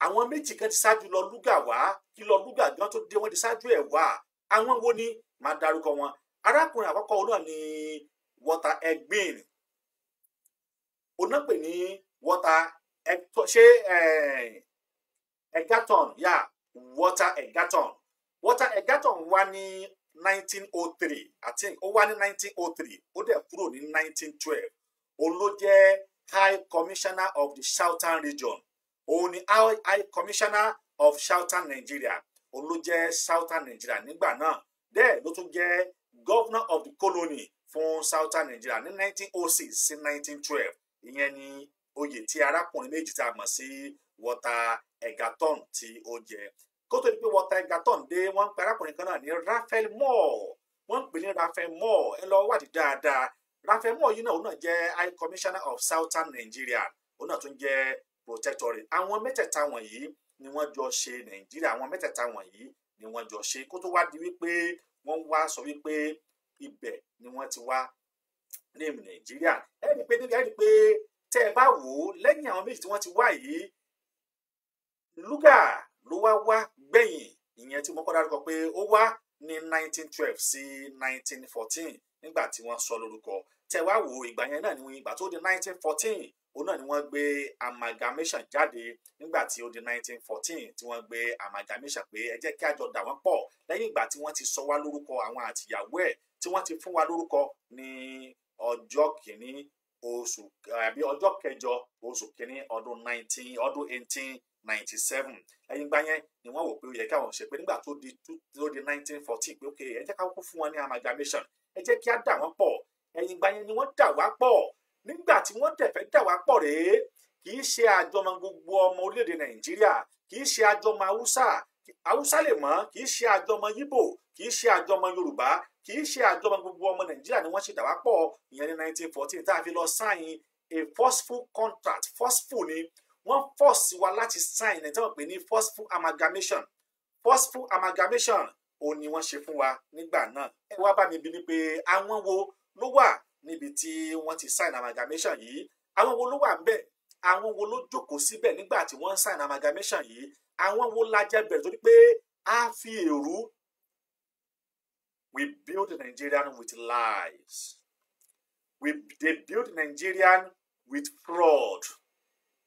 àwọn méjì kan ti ṣáájú lọ lúgà wá kí lọ lúgà gan tó dé wọn ti ṣáájú ẹ̀ wá àwọn wo ni màá darúkọ wọn arákùnrin àkọ́kọ́ náà ni water egbin onápè ní water ecto eh, egaton yà water egaton water egaton wá ní 1903 I think ó wá ní 1903 ó dẹ̀ kúrò ní 1912 òun ló jẹ́ high commissioner of the southern region òun ni high commissioner of southern Nigeria òun ló jẹ́ southern Nigeria nígbà náà dẹ̀ ló tún jẹ́ governor of the colony fún southern Nigeria ní 1906 sí 1912 ìyẹn ni oyè tí arákùnrin méjì tá a mọ̀ sí Walter Egerton tí ó jẹ kó tó di pé wọ́n ta egerton dé wọ́n ń pe arákùnrin kan náà ní Raphael Moore wọ́n ń pè ní Raphael Moore ẹ lọ wádìí dáadáa Rafael Moore yìí náà òun náà jẹ́ high commissioner of southern Nigeria òun náà tún jẹ́ protectorate àwọn mẹ́tẹ̀ẹ̀ta wọ̀nyí ni wọ́n jọ ṣe Nàìjíríà àwọn mẹ́tẹ̀ẹ̀ta wọ̀nyí ni wọ́n jọ ṣe kó tó wá di wípé wọ́n wá sọ wípé ibẹ̀ ni wọ́n ti wá ní Nàìjíríà ẹ rí i pé ẹ rí i pé tẹ́ ẹ bá wò ó lẹ́yìn àwọn méjì tí wọ́n ti wá yìí Lugha ló wá wá gbẹ̀yìn ìyẹn tí mo kọ́ dárúkọ pé ó wá ní 1912 sí 1914 nígbà tí wọ́n sọ lórúkọ tẹ́ wo ìgbà yẹn náà ni wọ́n ìgbà tó di 1914 òun náà ni wọ́n gbé amalgamation jáde nígbà tí ó di 1914 tí wọ́n gbé amalgamation pé ẹ jẹ́ kí àjọ dà wọ́n pọ̀ lẹ́yìn ìgbà tí wọ́n ti sọ wá lórúkọ àwọn àtìyàwó ẹ̀ tí wọ́n ti fún wa lórúkọ ní ọjọ́ kìíní oṣù àbí ọjọ́ kẹjọ oṣù kìíní ọdún 19 ọdún 18 ninety seven ẹ̀yìn gbá yẹn ni wọ́n wò pé ó yẹ kí àwọn ṣe pé nígbà tó di tó di nineteen fourteen pé ok ẹ jẹ́ ká kó fún wọn ní amalgamation ẹ jẹ́ kí á dà wọ́n pọ̀ ẹ̀yìn gbá yẹn ni wọ́n dà wá pọ̀ nígbà tí wọ́n dẹ̀ fẹ́ dà wá pọ̀ rèé kì í ṣe àjọmọ gbogbo ọmọ orílẹ̀-èdè nàìjíríà kì í ṣe àjọmọ haúsá haúsá lè mọ̀ kì í ṣe àjọmọ yíbò kì í ṣe àjọmọ yorùbá kì í ṣe àjọmọ gbogbo ọmọ nàìjíríà ni wọ́n ṣe dà wá pọ̀ ìyẹn ní nineteen fourteen tá a fi lọ sáyìn a forceful contract forceful ni wọ́n force wa láti sign ẹ̀ tí wọ́n pè ní forceful amalgamation forceful amalgamation òun ni wọ́n ṣe fún wa nígbà náà ẹ wá bá mi bi ni pé àwọn wo ló wà níbi tí wọ́n ti sign amalgamation yìí àwọn wo ló wà ńbẹ̀ àwọn wo ló jókòó síbẹ̀ nígbà tí wọ́n sign amalgamation yìí àwọn wo la jẹ bẹ̀rẹ̀ torí pé a fi èrú we build Nigerian with lies we they build Nigerian with fraud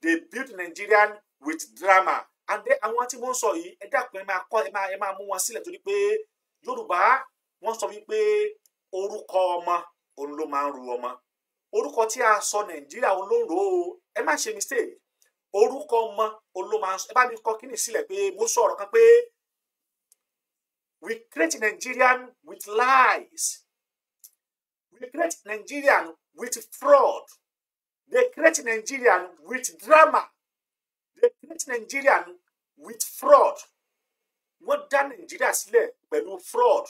they build Nigerian with drama and then àwọn tí mo ń sọ yìí ẹ dákun ẹ máa kọ ẹ máa ẹ máa mú wọn sílẹ̀ torí pé Yorùbá wọ́n sọ wípé orúkọ ọmọ òun ló máa ń ru ọmọ orúkọ tí a sọ Nàìjíríà olóró ẹ má ṣe mistake orúkọ ọmọ òun ló máa ń sọ ẹ bá mi kọ kíni sílẹ̀ pé mo sọ ọ̀rọ̀ kan pé we create Nigerian with lies we create Nigerian with fraud They create Nigerian with drama. They create Nigerian with fraud. Wọ́n dá Nàìjíríà sílẹ̀ pẹ̀lú fraud.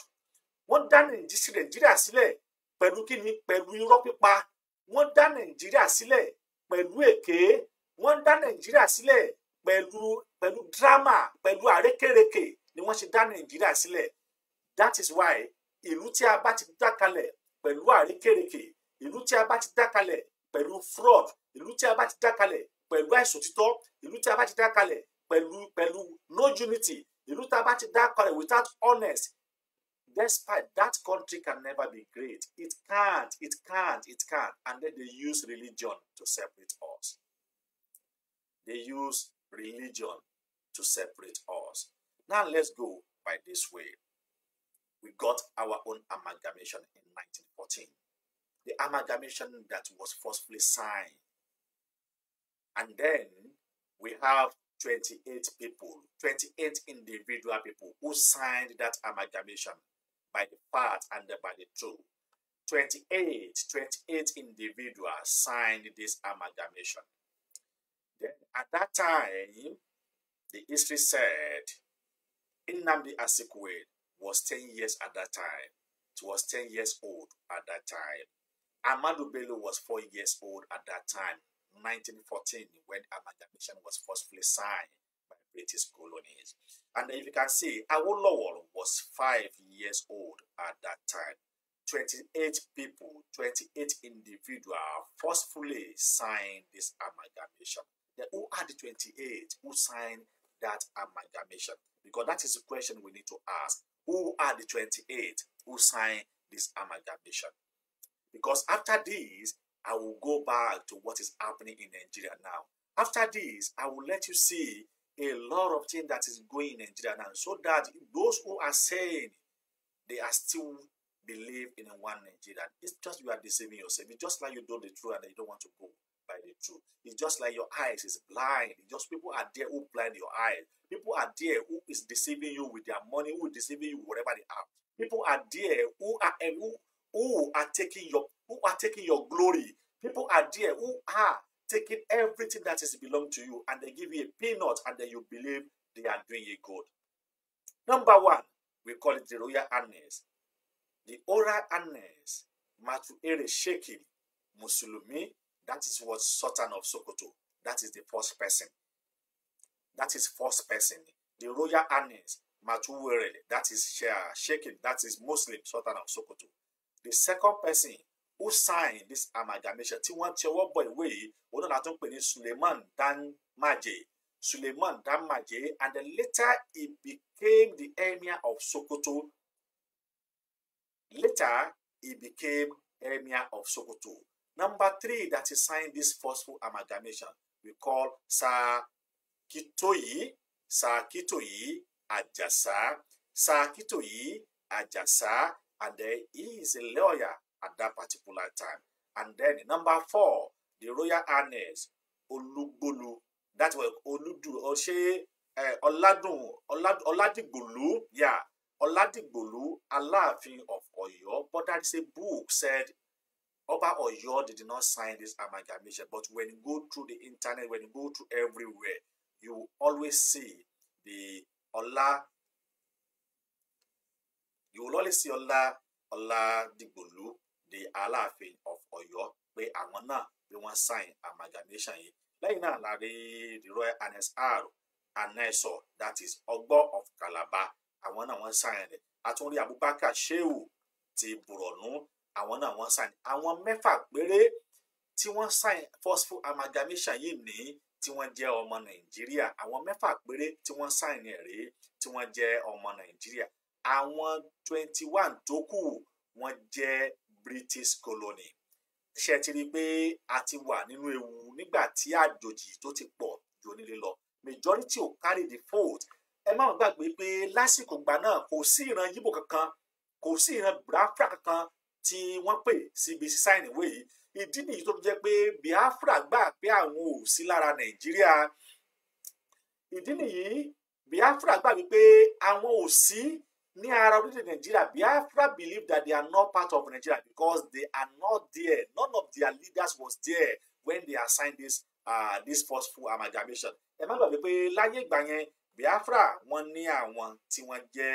Wọ́n dá Nàìjíríà sílẹ̀ pẹ̀lú kíni pẹ̀lú irọ́ pípa. Wọ́n dá Nàìjíríà sílẹ̀ pẹ̀lú èké. Wọ́n dá Nàìjíríà sílẹ̀ pẹ̀lú pẹ̀lú drama pẹ̀lú àrékèrèké ni wọ́n ṣe dá Nigeria? sílẹ̀. That is why ìlú tí a bá ti dá kalẹ̀ pẹ̀lú àrékèrèké ìlú tí a bá ti dá kalẹ̀ pẹ̀lú fraud ìlú tí a bá ti dá kalẹ̀ pẹ̀lú àìsòtítọ́ ìlú tí a bá ti dá kalẹ̀ pẹ̀lú pẹ̀lú no unity ìlú tí a bá ti dá kalẹ̀ without honest despite that country can never be great it can't it can't it can't and then they use religion to separate us they use religion to separate us now let's go by this way we got our own amalgamation in 1914 the amalgamation that was forcefully signed. And then we have 28 people, 28 individual people who signed that amalgamation by the part and by the truth. 28, 28 individuals signed this amalgamation. Then at that time, the history said Nnamdi Asikwe was 10 years at that time. It was 10 years old at that time. Amadu Bello was four years old at that time, 1914, when amalgamation was forcefully signed by British colonies. And if you can see, Awolowo was five years old at that time. 28 people, 28 individuals forcefully signed this amalgamation. Then who are the 28 who signed that amalgamation? Because that is the question we need to ask. Who are the 28 who signed this amalgamation? Because after this, I will go back to what is happening in Nigeria now. After this, I will let you see a lot of things that is going in Nigeria now so that those who are saying they are still believe in one Nigeria, it's just you are deceiving yourself. It's just like you know the truth and you don't want to go by the truth. It's just like your eyes is blind. It's just people are there who blind your eyes. People are there who is deceiving you with their money, who is deceiving you whatever they have. People are there who are who who are taking your who are taking your glory. People are there who are taking everything that is belong to you and they give you a peanut and then you believe they are doing you good. Number one, we call it the royal annex. The oral annex, Matu Ere Shekin, Musulumi, that is what Sultan of Sokoto. That is the first person. That is first person. The royal annex, Matu Werele, that is uh, Shekin, that is Muslim Sultan of Sokoto the second person who signed this amalgamation tí wọ́n ti ọwọ́ bọ ìwé yìí òun náà látún pè ní Suleiman Danmaje Suleiman Danmaje and then later he became the emir of Sokoto later he became emir of Sokoto number three that he signed this forceful amalgamation we call Sir Kitoyi, Sarkitoyi Sarkitoyi Ajasa Kitoyi Ajasa and then he is a lawyer at that particular time. And then number four, the royal highness Olugbolu, that was Oludu Ose eh, Oladun Oladigbolu, yeah, Oladigbolu, Alaafin of Oyo. But that's a book said Oba Oyo did not sign this amalgamation. But when you go through the internet, when you go through everywhere, you always see the Ola You will only see Ọlá Ọládìgbòlú the Aláàfin of Ọ̀yọ́ pé àwọn náà bí wọ́n sign amalgamation yìí lẹ́yìn náà la rí the royal annex r that is Ọgbọ́ of Calabar àwọn náà wọ́n sign rẹ̀ àtúnrí Abubakar Shehu ti Borno àwọn náà wọ́n sign àwọn mẹ́fà péré tí wọ́n sign forceful amalgamation yìí ní tí wọ́n jẹ́ ọmọ Nàìjíríà àwọn mẹ́fà péré tí wọ́n sign rèé tí wọ́n jẹ́ ọmọ Nàìjíríà àwọn twenty one tó kù wọ́n jẹ́ British colony ṣe ti rí i pé a ti wà nínú ewu nígbà tí àjòjì tó ti pọ̀ jù onílé lọ majority ò carry the vote ẹ má gbàgbé pé lásìkò gbà náà kò sí ìran yíbò kankan kò sí ìran biafra kankan tí wọ́n pè síbi sísáìnì ìwé yìí ìdí nìyí tó jẹ́ pé biafra gbà pé àwọn ò sí lára nàìjíríà ìdí nìyí biafra gbà wípé àwọn ò sí ní ara orílẹ̀-èdè Nigeria Biafra believe that they are not part of Nigeria because they are not there none of their leaders was there when they assigned this uh, this forceful amalgamation ẹ má gbàgbé pé láyé ìgbà yẹn Biafra wọ́n ní àwọn tí wọ́n jẹ́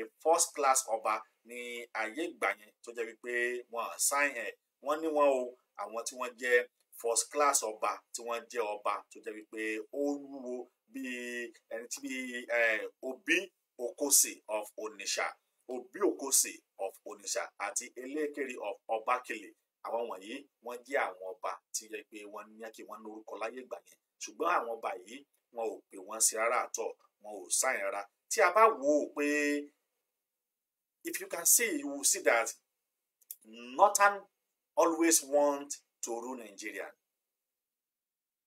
a first class ọba ní ayé ìgbà yẹn tó jẹ́ wípé wọ́n sign ẹ̀ wọ́n ní wọn o àwọn tí wọ́n jẹ́ first class ọba tí wọ́n jẹ́ ọba tó jẹ́ wípé ó wúwo bíi ẹni tí bíi òbí okosi of onisha obi okosi of onisha àti elekere of ọbákele àwọn wọ̀nyí wọ́n jẹ́ àwọn ọba tí yẹ pé wọ́n ní kí wọ́n lórúkọ láyé ìgbà yẹn ṣùgbọ́n àwọn ọba yìí wọn ò pè wọ́n sí rárá àtọ̀ wọn ò sáyẹn rárá tí a bá wò ó pé if you can see you will see that northern always want to rule Nigeria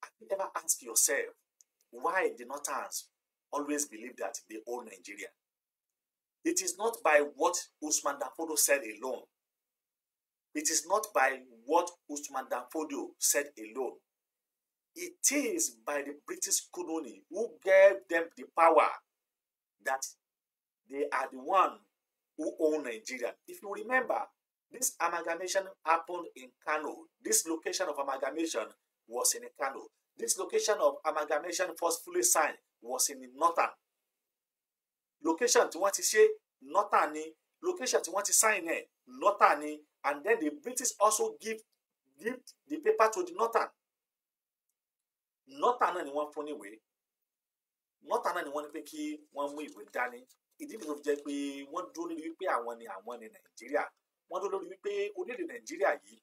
have you ask yourself why the northerns always believe that they own Nigeria. It is not by what Usman Danfodio said alone. It is not by what Usman Danfodio said alone. It is by the British colony who gave them the power that they are the one who own Nigeria. If you remember, this amalgamation happened in Kano. This location of amalgamation was in Kano. This location of amalgamation forcefully signed was in northern location tí wọ́n ti ṣe northern ni location tí wọ́n ti sign ẹ̀ northern ni and then the British also give give the paper to the northern northern náà ni wọ́n fún níwèé northern náà ni wọ́n ní pé kí wọ́n mú ìwé dání ìdí nìyí tó fi jẹ́ pé wọ́n dúró lórí wípé àwọn ni àwọn ni Nàìjíríà wọ́n dúró lórí wípé orílẹ̀-èdè Nàìjíríà yìí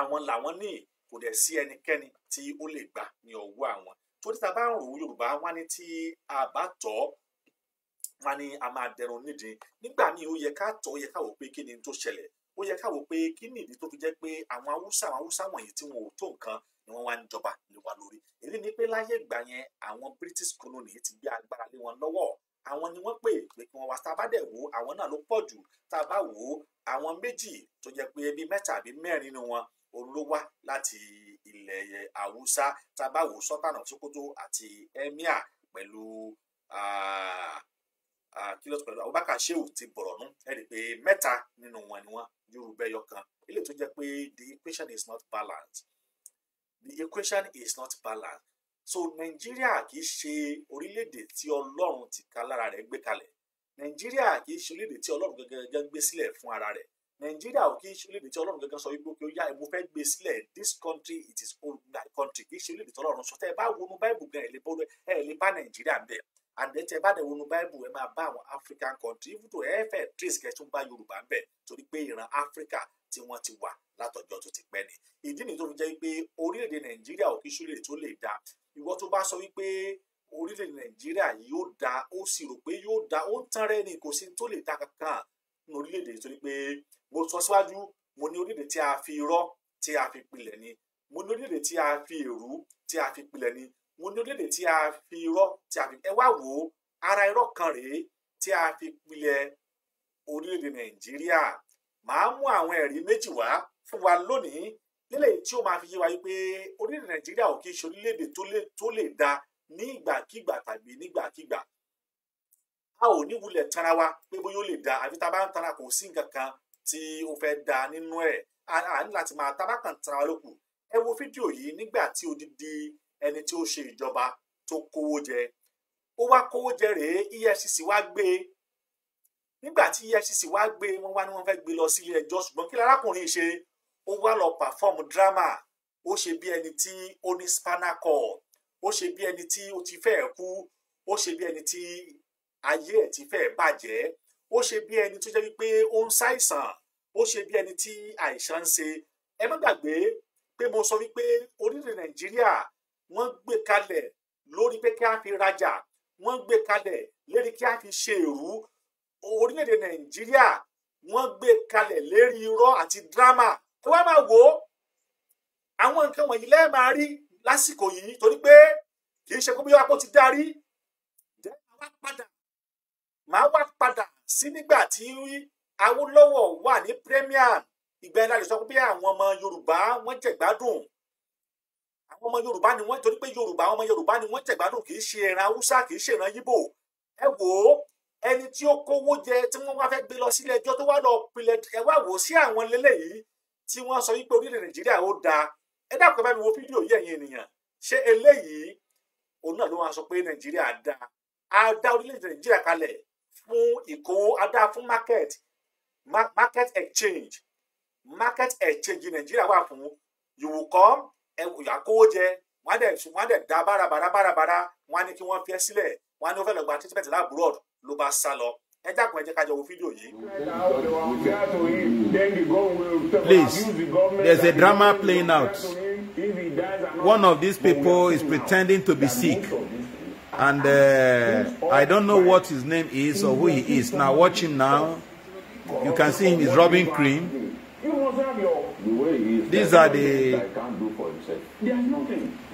àwọn làwọn ní kò dẹ̀ sí ẹnikẹ́ni tí ó lè gbà ní ọwọ́ àwọn torí tá a bá ń rò ó yorùbá wá ní tí a bá tọ́ wá ní a máa dẹrun nídìí nígbà míì ó yẹ ká tọ́ ó yẹ ká wò pé kí ni tó ṣẹlẹ̀ ó yẹ ká wò pé kí ni ìdí tó fi jẹ́ pé àwọn haúsá àwọn haúsá wọ̀nyí tí wọn ò tó nǹkan ni wọ́n wá ń jọba lé wa lórí èyí ni pé láyé ìgbà yẹn àwọn british colony ti gbé agbára lé wọn lọ́wọ́ àwọn ni wọ́n pè pé kí wọ́n wá tá wò àwọn náà ló pọ̀ jù tá a bá wò àwọn méjì tó jẹ́ pé bíi mẹ́ta àbí mẹ́rin ni wọn òun ló wá láti ilẹ̀ haúsá tabawo sọ́tànà sokoto àti emir pẹ̀lú kílọ̀tù pẹ̀lú abubakar shehu ti Borno ẹ̀rí pé mẹ́ta nínú wọn ni wọ́n yorùbá yọkan ilé tó jẹ́ pé the equation is not balanced the equation is not balanced so Nigeria, kì í ṣe orílẹ̀-èdè tí ọlọ́run ti ka lára rẹ̀ gbé kalẹ̀ nàìjíríà kì í ṣe orílẹ̀-èdè tí ọlọ́run gẹ́gẹ́ gbé sílẹ̀ fún ara rẹ̀ nàìjíríà ò kí í ṣe orílẹ̀-èdè tí ọlọ́run gangan sọ wípé kí ó yá mo fẹ́ gbé e sílẹ̀ this country it is all my country kì í ṣe orílẹ̀-èdè tí ọlọ́run sọ tẹ́ ẹ bá wọnú báìbù gan ẹ̀ lè bá nàìjíríà ń bẹ̀ àdé tẹ bá dẹ̀ wọnú báìbù ẹ máa bá àwọn african country even though ẹ fẹ́ trace kẹtún bá yorùbá ń bẹ̀ torí pé ìran africa tí wọ́n ti wà látọjọ́ tó ti pẹ́ ni ìdí nìyí tó fi jẹ́ wípé orílẹ̀-èdè nàìjíríà ò kí í ṣe orílẹ̀-èdè tó lè da ìwọ tó bá sọ wípé orílẹ̀-èdè nàìjíríà yóò da ó sì rò pé yóò da ó ń tán rẹ́ ni kò sí tó lè da kankan ní orílẹ̀-èdè torí pé mo sọ síwájú mo ní orílẹ̀-èdè tí a fi irọ́ tí a fi pilẹ̀ ni mo ní orílẹ̀-èdè tí a fi èrú tí a fi pilẹ̀ ni mo ní orílẹ̀-èdè tí a fi irọ́ tí a fi ẹ wá wò ó ara irọ́ kan rèé tí a fi pilẹ̀ orílẹ̀-èdè nàìjíríà màá mú àwọn ẹ̀rí méjì wá fún wa lónìí nílẹ̀ tí ó máa fi yé wa pé orílẹ̀-èdè nàìjíríà ò kì í ṣe orílẹ̀-èdè tó lè da ní ìgbàkígbà tàbí nígbàkígbà a ò ní wulẹ̀ tanra wa pé bóyá ó lè da àfi tá a bá ń tanra kò sí nǹkan kan tí ó fẹ́ da nínú ẹ̀ a ní láti máa tábà kàn tara wa lókù ẹ wo fídíò yìí nígbà tí odidi ẹni tí ó ṣe ìjọba tó kówó jẹ ó wá kówó jẹ rèé EFCC wá gbé e nígbà tí EFCC wá gbé wọn wá ní wọn fẹ́ gbé lọ sílé ẹjọ́ ṣùgbọ́n kí lárákùnrin ṣe ó wá lọ pàfọ́ọ̀mù dírámà ó ṣe bí ẹni tí ó ní spinal ó ṣe bí ẹni tí ó ti fẹ́ kú ó ṣe bí ẹni tí ayé ẹ̀ ti fẹ́ bàjẹ́ ó ṣe bí ẹni tó jẹ́ wípé ó ń ṣàìsàn ó ṣe bí ẹni tí àìsàn ń ṣe ẹ má gbàgbé pé mo sọ wípé orílẹ̀ nàìjíríà wọ́n gbé kalẹ̀ lórí pé kí a fi rajà wọ́n gbé kalẹ̀ lérí kí a fi ṣe èrú orílẹ̀-èdè nàìjíríà wọ́n gbé kalẹ̀ lérí irọ́ àti dírámà ẹ wá máa wò ó àwọn nǹkan wọ̀nyí lẹ́ẹ̀ máa rí lásìkò yìí torí pé kì í ṣe kó bí wàá kó ti darí jẹ́ máa padà máa wá padà sí nígbà tí Awólọ́wọ̀ wà ní premier ìgbà yẹn lè sọ pé àwọn ọmọ Yorùbá wọ́n jẹ̀gbádùn àwọn ọmọ Yorùbá ni wọ́n torí pé Yorùbá àwọn ọmọ Yorùbá ni wọ́n jẹ̀gbádùn kì í ṣe ẹran Haúsá kì í ṣe ẹran Yíbò ẹ wò ó ẹni tí ó kówó jẹ tí wọ́n wá fẹ́ gbé lọ sílé ẹjọ́ tó wá lọ pilẹ̀ ẹ wá wò ó sí àwọn lélẹyìí tí wọ́n sọ wípé orílẹ̀ Nàìjíríà ó dáa ẹ dákun bá wo fídíò yìí ẹ̀yin ènìyàn ṣé eléyìí òun náà ló máa sọ pé Nàìjíríà dáa á dá orílẹ̀ Nàìjíríà kalẹ̀ fún ìkó adá fún market market exchange market exchange nàìjíríà wà fún ìwòkọ́ ìyàkówó jẹ wọ́n á dẹ̀ wọ́n á dẹ̀ da bárabàrà bárabàrà wọ́n á ní kí wọ́n fi ẹ́ sílẹ̀ wọ́n á ní wọ́n fẹ́ lọ gba treatment láàbúrọ̀d ló bá sá lọ ẹ dákun ẹ jẹ́ ká jọ wo fídíò yìí. Please, there's a drama playing out. One of these people is pretending to be sick. And uh, I don't know what his name is or who he is. Now watch him now. You can see him is rubbing cream. These are the.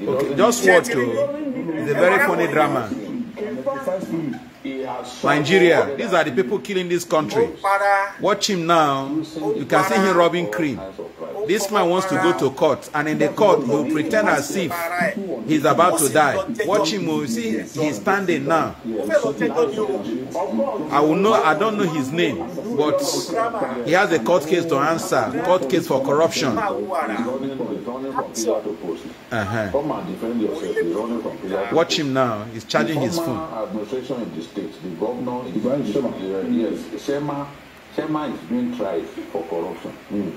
Okay, just watch. Oh. It's a very funny drama. Nigeria, these are the people killing this country. Watch him now. You can see him robbing cream. This man wants to go to court, and in the court, he will pretend as if he's about to die. Watch him. Oh, you see, he's standing now. I will know. I don't know his name, but he has a court case to answer. Court case for corruption. Uh-huh. Come and defend yourself. They running from Pilato. Watch him now. He's charging his phone. administration in the state, the governor, the Shema. Mm. Uh, yes, Shema, Shema is being tried for corruption. Mm.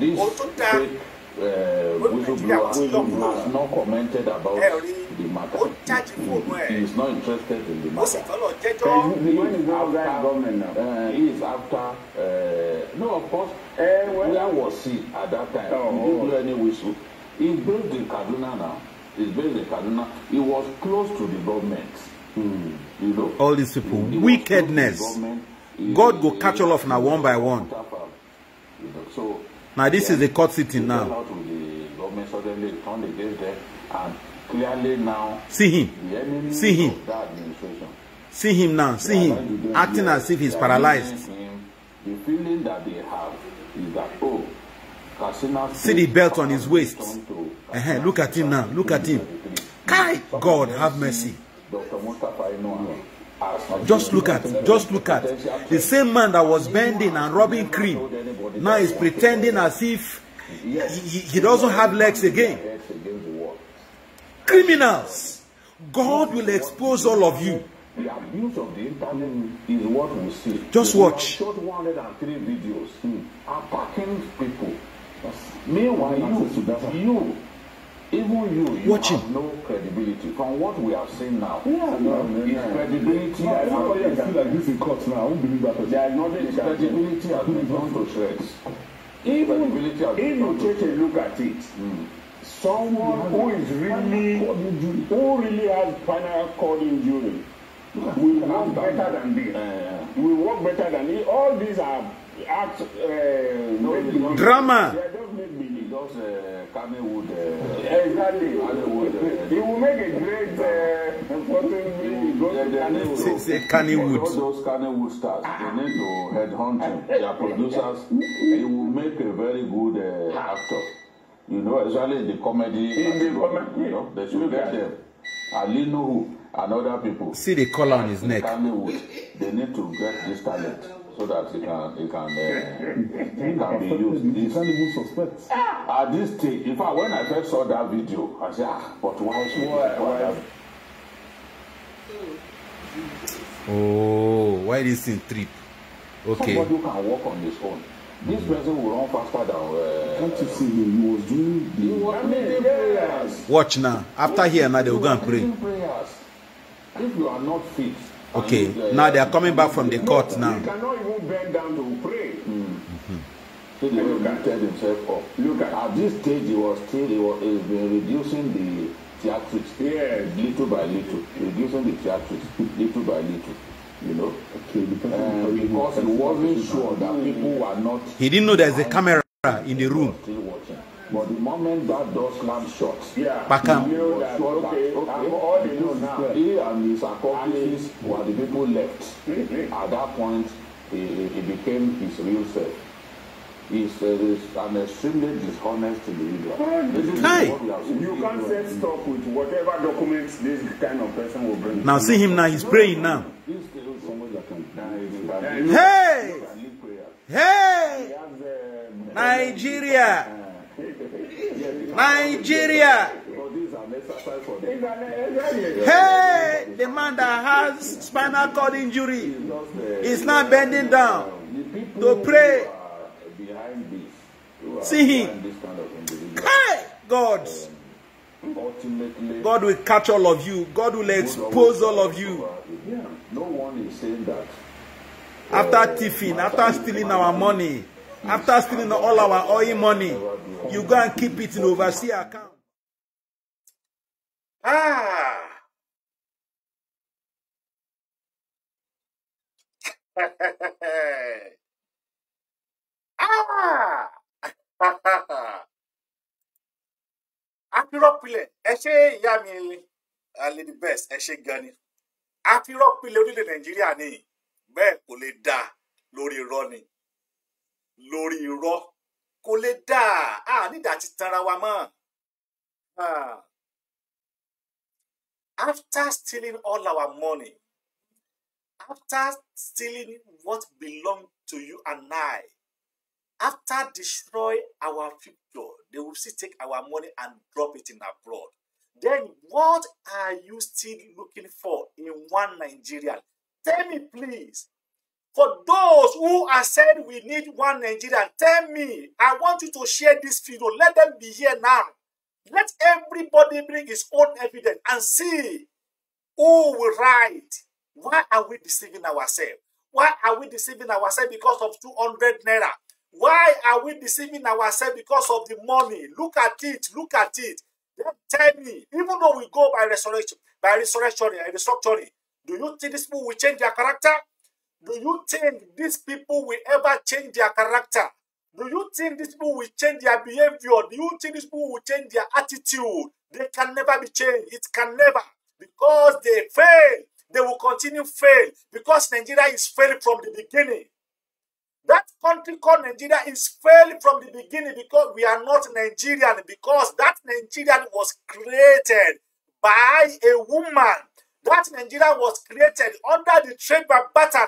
This fake uh, whistleblower has not commented about the matter. Mm. He is not interested in the matter. He, he is after, uh, he is after uh, no, of course, uh, where was he at that time? Oh, he didn't do any whistle. He's based in Kaduna now. He's based in Kaduna. He was close to the government. Mm. You know? All these people. He, he Wickedness. He, God go catch all of now one by one. You know? So now this yeah, is a court sitting now. The government suddenly turned against them and clearly now see him. See him. See him now. See him acting as if he's paralyzed. Him, the feeling that they have is that oh See the belt on his waist. Uh -huh. Look at him now. Look at him. God have mercy. Just look at, just look at. The same man that was bending and rubbing cream, now is pretending as if he, he doesn't have legs again. Criminals, God will expose all of you. The abuse of the internet is what we see. Just watch. 103 videos hmm, attacking people. Meanwhile, you, you, even you, you Watch have no credibility. From what we have seen now, yeah, no, credibility. No, everybody still like this in court now. I won't believe that. There is nothing. credibility has been gone to shreds. Even if you take a look at it, mm. someone who is really who really has final cord injury will work better than this. Uh, will work better than this. All these are The uh, no, drama. They don't make me those uh, Kamewood. exactly. Kamewood. will make a great uh, Say Kannywood. All those Kannywood stars, they need to headhunt him. Their producers, he will make a very good uh, actor. You know, especially in the comedy. In the comedy. You know, they should get them. Ali Nuhu and other people. See the collar on his neck. Kannywood. They need to get this talent so that it can it can uh, can be used. This, even suspect. At this stage, in fact, when I first saw that video, I said, ah, but why should why, why? Oh, why this in trip? Okay. Somebody can walk on his own. This mm. person will run faster than. Uh, Can't you see him? He was doing the. He was making prayers. Watch now. After here, now they will go and pray. Prayers. If you are not fit, Okay, now they are coming back from the court now. They cannot even bend down to pray. Mm-hmm. So they oh, look at, lifted himself up. Look at, at this stage, he was still he was, he's been reducing the theatrics yes. little by little, reducing the theatrics little by little. You know, okay, because, uh, because he wasn't sure that people were not. He didn't know there's a camera in the room. Still But the moment that door slammed shut, yeah, Pakam. he knew that sure okay, that, okay, okay, all they know now, he and his accomplices were the people left. Mm-hmm. At that point, he, he became his real self. He's uh, is an extremely dishonest individual. Hey, you can't set stop with whatever documents this kind of person will bring. Now see him now. He's praying now. Hey, hey, uh, uh, Nigeria. Uh, Nigeria. Hey, the man that has spinal cord injury is now bending down to pray. See him. Hey, God. God will catch all of you. God will expose all of you. No one is saying that. After thieving, after stealing our money. After stealing all our oil money, you go and keep it in overseas account. Ah! ah! Afirọ́pilẹ̀ ẹ ṣe ìyá mi the ah, best ẹ ṣe gan ni. Afirọ́pilẹ̀ orílẹ̀ Nàìjíríà ni bẹ́ẹ̀ kò lè dáa lórí irọ́ lórí irọ́ kò lè dà á nídà ti tanra wa mọ́. Ah. After stealing all our money, after stealing what belonged to you and I, after destroy our future, they will still take our money and drop it in abroad. Then what are you still looking for in one Nigerian? Tell me please. For those who have said we need one Nigerian, tell me, I want you to share this video. Let them be here now. Let everybody bring his own evidence and see who will right. Why are we deceiving ourselves? Why are we deceiving ourselves because of 200 naira? Why are we deceiving ourselves because of the money? Look at it, look at it. Then tell me, even though we go by resurrection, by resurrection and restructuring, do you think this people will change their character? Do you think these people will ever change their character? Do you think these people will change their behavior? Do you think these people will change their attitude? They can never be changed. It can never. Because they fail. They will continue fail. Because Nigeria is failing from the beginning. That country called Nigeria is failing from the beginning because we are not Nigerian. Because that Nigerian was created by a woman. That Nigeria was created under the trade by pattern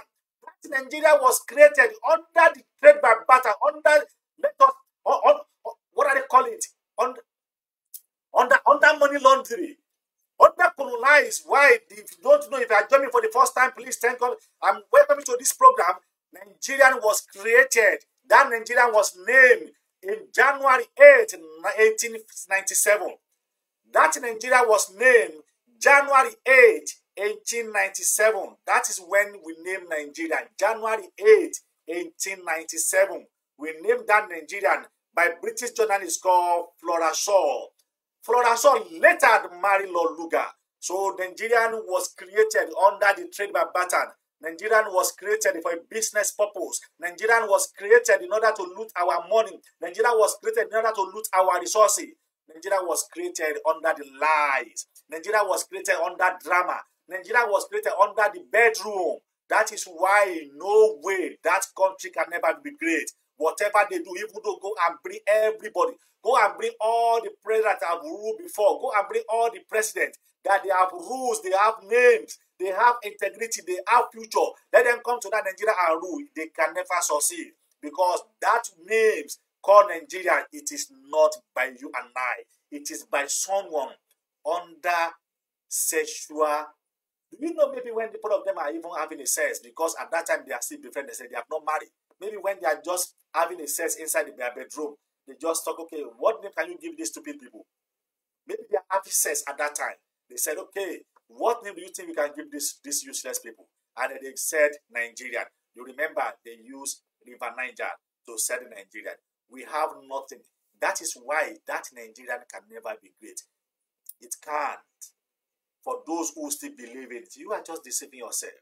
tí Nigeria was created under the trade by barter under let us on, on, on, what are they call it under under under money laundering under colonize why if you don't know if you are joining for the first time please thank God I'm welcoming to this program Nigerian was created that Nigerian was named in January 8 1897 that Nigeria was named January 8 1897. That is when we named Nigeria. January 8, 1897. We named that Nigerian by British journalist called Flora Shaw. Flora Shaw later had married Lord Lugar. So Nigerian was created under the trade by Batten. Nigerian was created for a business purpose. Nigerian was created in order to loot our money. Nigeria was created in order to loot our resources. Nigeria was created under the lies. Nigeria was created under drama. Nigeria was created under the bedroom. That is why in no way that country can never be great. Whatever they do, even though go and bring everybody, go and bring all the presidents that have ruled before, go and bring all the presidents that they have rules, they have names, they have integrity, they have future. Let them come to that Nigeria and rule. They can never succeed because that names called Nigeria, it is not by you and I. It is by someone under sexual Do you know maybe when people of them are even having a sex because at that time they are still befriended, they, they have not married. Maybe when they are just having a sex inside their bedroom, they just talk, okay, what name can you give these stupid people? Maybe they are having sex at that time. They said, okay, what name do you think you can give these, this useless people? And they said Nigerian. You remember they used River Niger to say the Nigerian. We have nothing. That is why that Nigerian can never be great. It can't for those who still believe it, you are just deceiving yourself.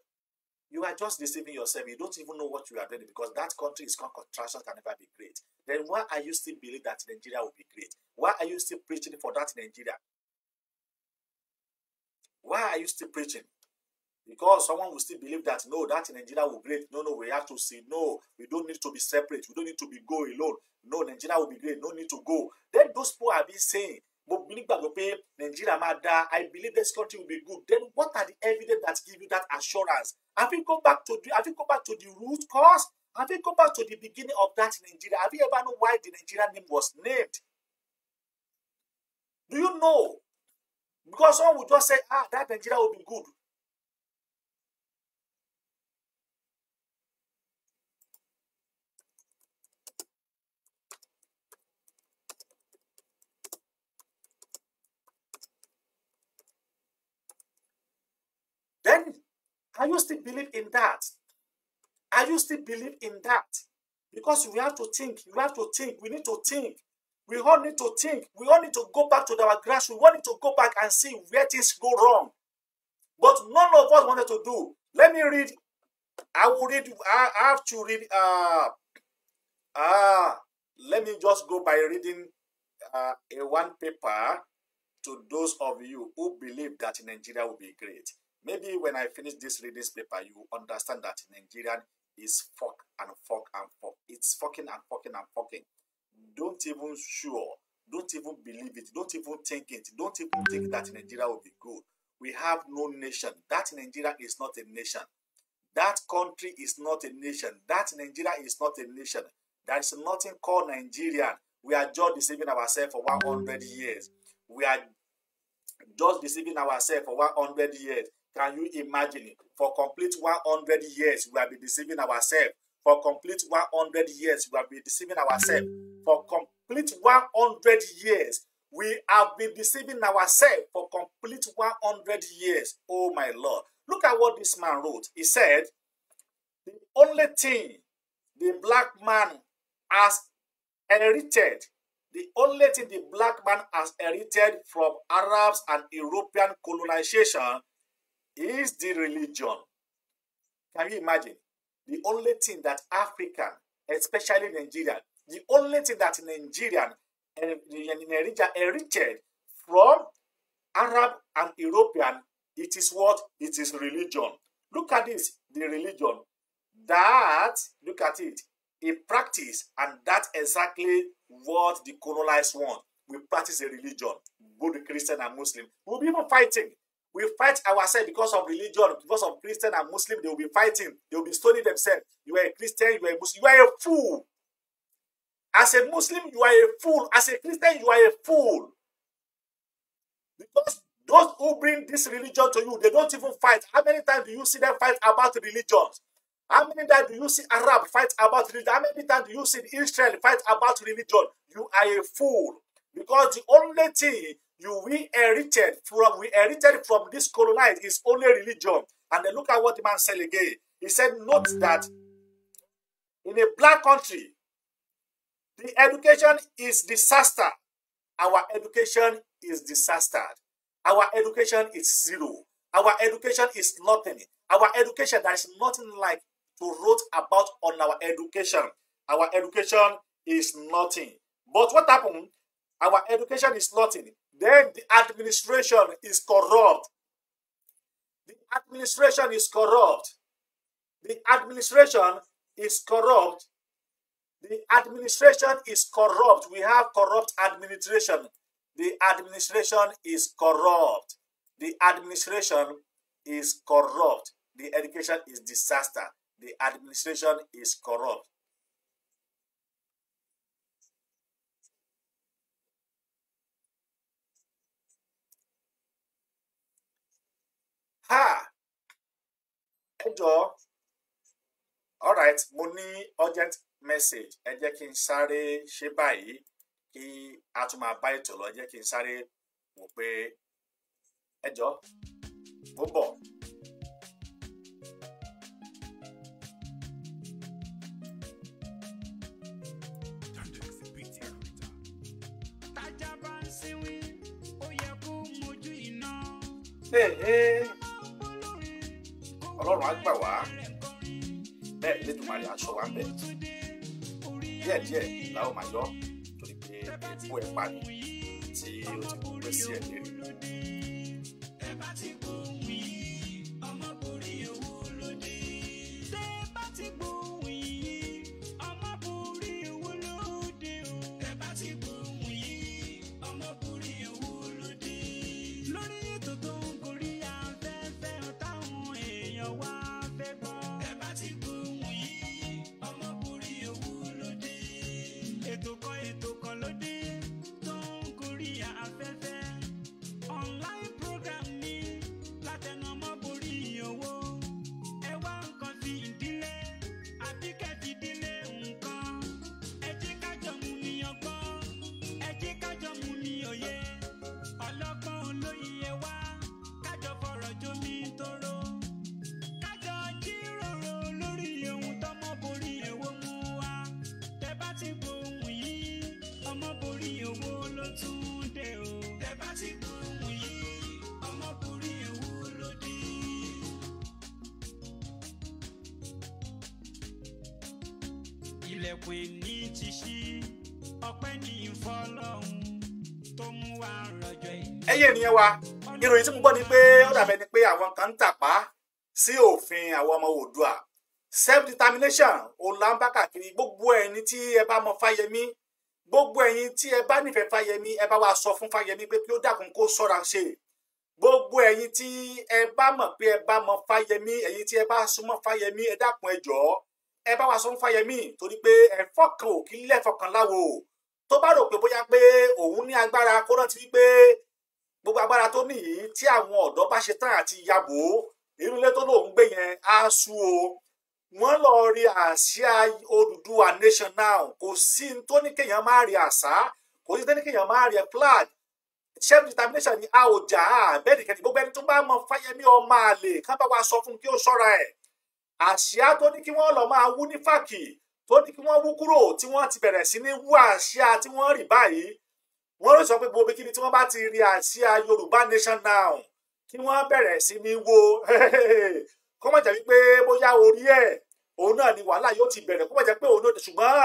You are just deceiving yourself. You don't even know what you are doing because that country is called contraction can never be great. Then why are you still believing that Nigeria will be great? Why are you still preaching for that Nigeria? Why are you still preaching? Because someone will still believe that no, that Nigeria will be great. No, no, we have to see. no. We don't need to be separate. We don't need to be go alone. No, Nigeria will be great. No need to go. Then those people have been saying mo nígbàgbọ́ pé nàìjíríà máa da i believe this country will be good then what are the evidence that give you that assurance have you go back to the have you go back to the root cause have you go back to the beginning of that nigeria have you ever know why the Nigeria name was named do you know because some would just say ah that nigeria will be good Are you still believe in that? Are you still believe in that? Because we have to think. We have to think. We need to think. We all need to think. We all need to go back to our grass. We all need to go back and see where things go wrong. But none of us wanted to do. Let me read. I will read. I have to read. Uh, uh, let me just go by reading uh, a one paper to those of you who believe that Nigeria will be great. Maybe when I finish this reading paper, you understand that Nigerian is fuck and fuck and fuck. It's fucking and fucking and fucking. Don't even sure. Don't even believe it. Don't even think it. Don't even think that Nigeria will be good. We have no nation. That Nigeria is not a nation. That country is not a nation. That Nigeria is not a nation. There is nothing called Nigerian. We are just deceiving ourselves for 100 years. We are just deceiving ourselves for 100 years. Can you imagine it? For complete 100 years, we have been deceiving ourselves. For complete 100 years, we have been deceiving ourselves. For complete 100 years, we have been deceiving ourselves. For complete 100 years, oh my Lord. Look at what this man wrote. He said, The only thing the black man has inherited the only thing the black man has inherited from Arabs and European colonization is the religion. Can you imagine? The only thing that African, especially Nigerian, the only thing that Nigerian, eh, Nigeria enriched from Arab and European, it is what? It is religion. Look at this, the religion. That, look at it, a practice, and that's exactly what the colonized want. We practice a religion, both Christian and Muslim. We'll be even fighting We fight ourselves because of religion, because of Christian and Muslim. They will be fighting. They will be stoning themselves. You are a Christian, you are a Muslim. You are a fool. As a Muslim, you are a fool. As a Christian, you are a fool. Because those who bring this religion to you, they don't even fight. How many times do you see them fight about religions? How many times do you see Arab fight about religion? How many times do you see Israel fight about religion? You are a fool. Because the only thing you we inherited from we inherited from this colonized is only religion. And then look at what the man said again. He said, note that in a black country, the education is disaster. Our education is disaster. Our education is zero. Our education is nothing. Our education, there is nothing like to wrote about on our education. Our education is nothing. But what happened? Our education is nothing. Then the administration is corrupt. The administration is corrupt. The administration is corrupt. The administration is corrupt. We have corrupt administration. The administration is corrupt. The administration is corrupt. The education is disaster. The administration is corrupt. ẹ jọ all right mo ní urgent message ẹ jẹ́ kí n sáré ṣe báyìí kí a tún máa bá ètò lọ ẹ jẹ́ kí n sáré wò pé ẹ jọ mo bọ̀. Hey, hey ọlọ́run á gbà wá bẹ́ẹ̀ lẹ́dùnmarè aṣọ wa ń bẹ̀ díẹ̀díẹ̀ la ó máa yọ torí pé ikú ẹ̀ pa ni tí ó ti kú pé sí ẹ̀dẹ̀ rẹ̀. ilẹ̀kùn èní ti ṣí ọpẹ́ ní ìfọlọ́hún tó mú wa rọjò ìní. ẹyẹ ènìyàn wa ìròyìn tí mo gbọ́ ni pé ó dàbẹ́ ni pé àwọn kan ń tàpá sí òfin àwọn ọmọ Oòduà self determination òun là ń bá káàkiri gbogbo ẹni tí ẹ bá mọ Fáyẹmí gbogbo ẹ̀yin tí ẹ bá nífẹ̀ẹ́ Fáyẹmí ẹ bá wa sọ fún Fáyẹmí pé kí ó dákun kó ṣọ́ra ṣe gbogbo ẹ̀yin tí ẹ bá mọ̀ pé ẹ bá mọ Fáyẹmí ẹ̀yin tí ẹ bá súnmọ́ Fáyẹmí ẹ dákun ẹ jọ̀ọ́ ẹ bá wa sọ ń Fáyẹmí torí pé ẹ̀fọ́ kan ò kí lẹ́fọ́ kan láwo tó bá rò pé bóyá pé òun ní agbára kó rántí wípé gbogbo agbára tó ní yìí tí àwọn ọ̀dọ́ bá ṣe tán àti yabò irú ilé tó lóun gbé yẹn á sú o wọ́n lọ rí àsíá Odùduwà nation now kò sí ní tó ní kéèyàn má rí àṣà kò sí ní tó kéèyàn má rí flag self determination ni a ò jà á bẹ́ẹ̀ nìkan gbogbo ẹni tó bá mọ Fáyẹmí ọmọ àlè kán bá wa sọ fún kí ó ṣọ́ra ẹ̀ àṣìá tó ní kí wọ́n lọ máa wú ní fàkì tó ní kí wọ́n wú kúrò tí wọ́n ti bẹ̀rẹ̀ sí ní wú àṣìá tí wọ́n rì báyìí wọ́n ló sọ pé gbogbo kíni tí wọ́n bá ti rí àṣìá Yorùbá nation now kí wọ́n bẹ̀rẹ̀ sí ní wo kó jẹ́ wípé bóyá orí ẹ̀ òun náà ni wàhálà yóò ti bẹ̀rẹ̀ kó jẹ́ pé òun náà ṣùgbọ́n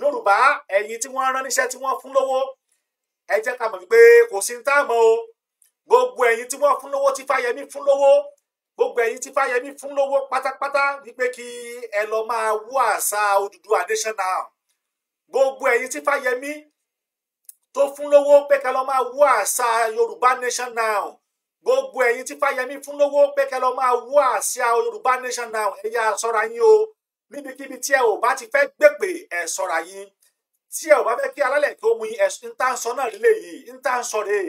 Yorùbá ẹ̀yin tí wọ́n rán níṣẹ́ tí wọ́n fún lówó ẹ jẹ́ ká mọ̀ wípé kò sí ní táàmù o gbogbo ẹ̀yin tí wọ́n fún lówó tí Fáyẹmí fún lówó gbogbo ẹ̀yin tí Fáyẹmí fún lówó pátápátá wípé kí ẹ lọ máa wú àṣà Odùduwà national gbogbo ẹ̀yin tí Fáyẹmí tó fún lówó pé ká lọ máa wú àṣà Yorùbá national gbogbo ẹ̀yin tí Fáyẹmí fún lówó pé ká lọ máa wú àṣà Yorùbá national ẹ yá ṣọ́ra yín o níbikíbi tí ẹ ò bá ti fẹ́ gbèpè ẹ ṣọ́ra yín tí ẹ ò bá fẹ́ kí alálẹ̀ tó mú yín ẹ̀sùn tá ń sọ náà lélẹ̀ yìí ń tá ń sọ rèé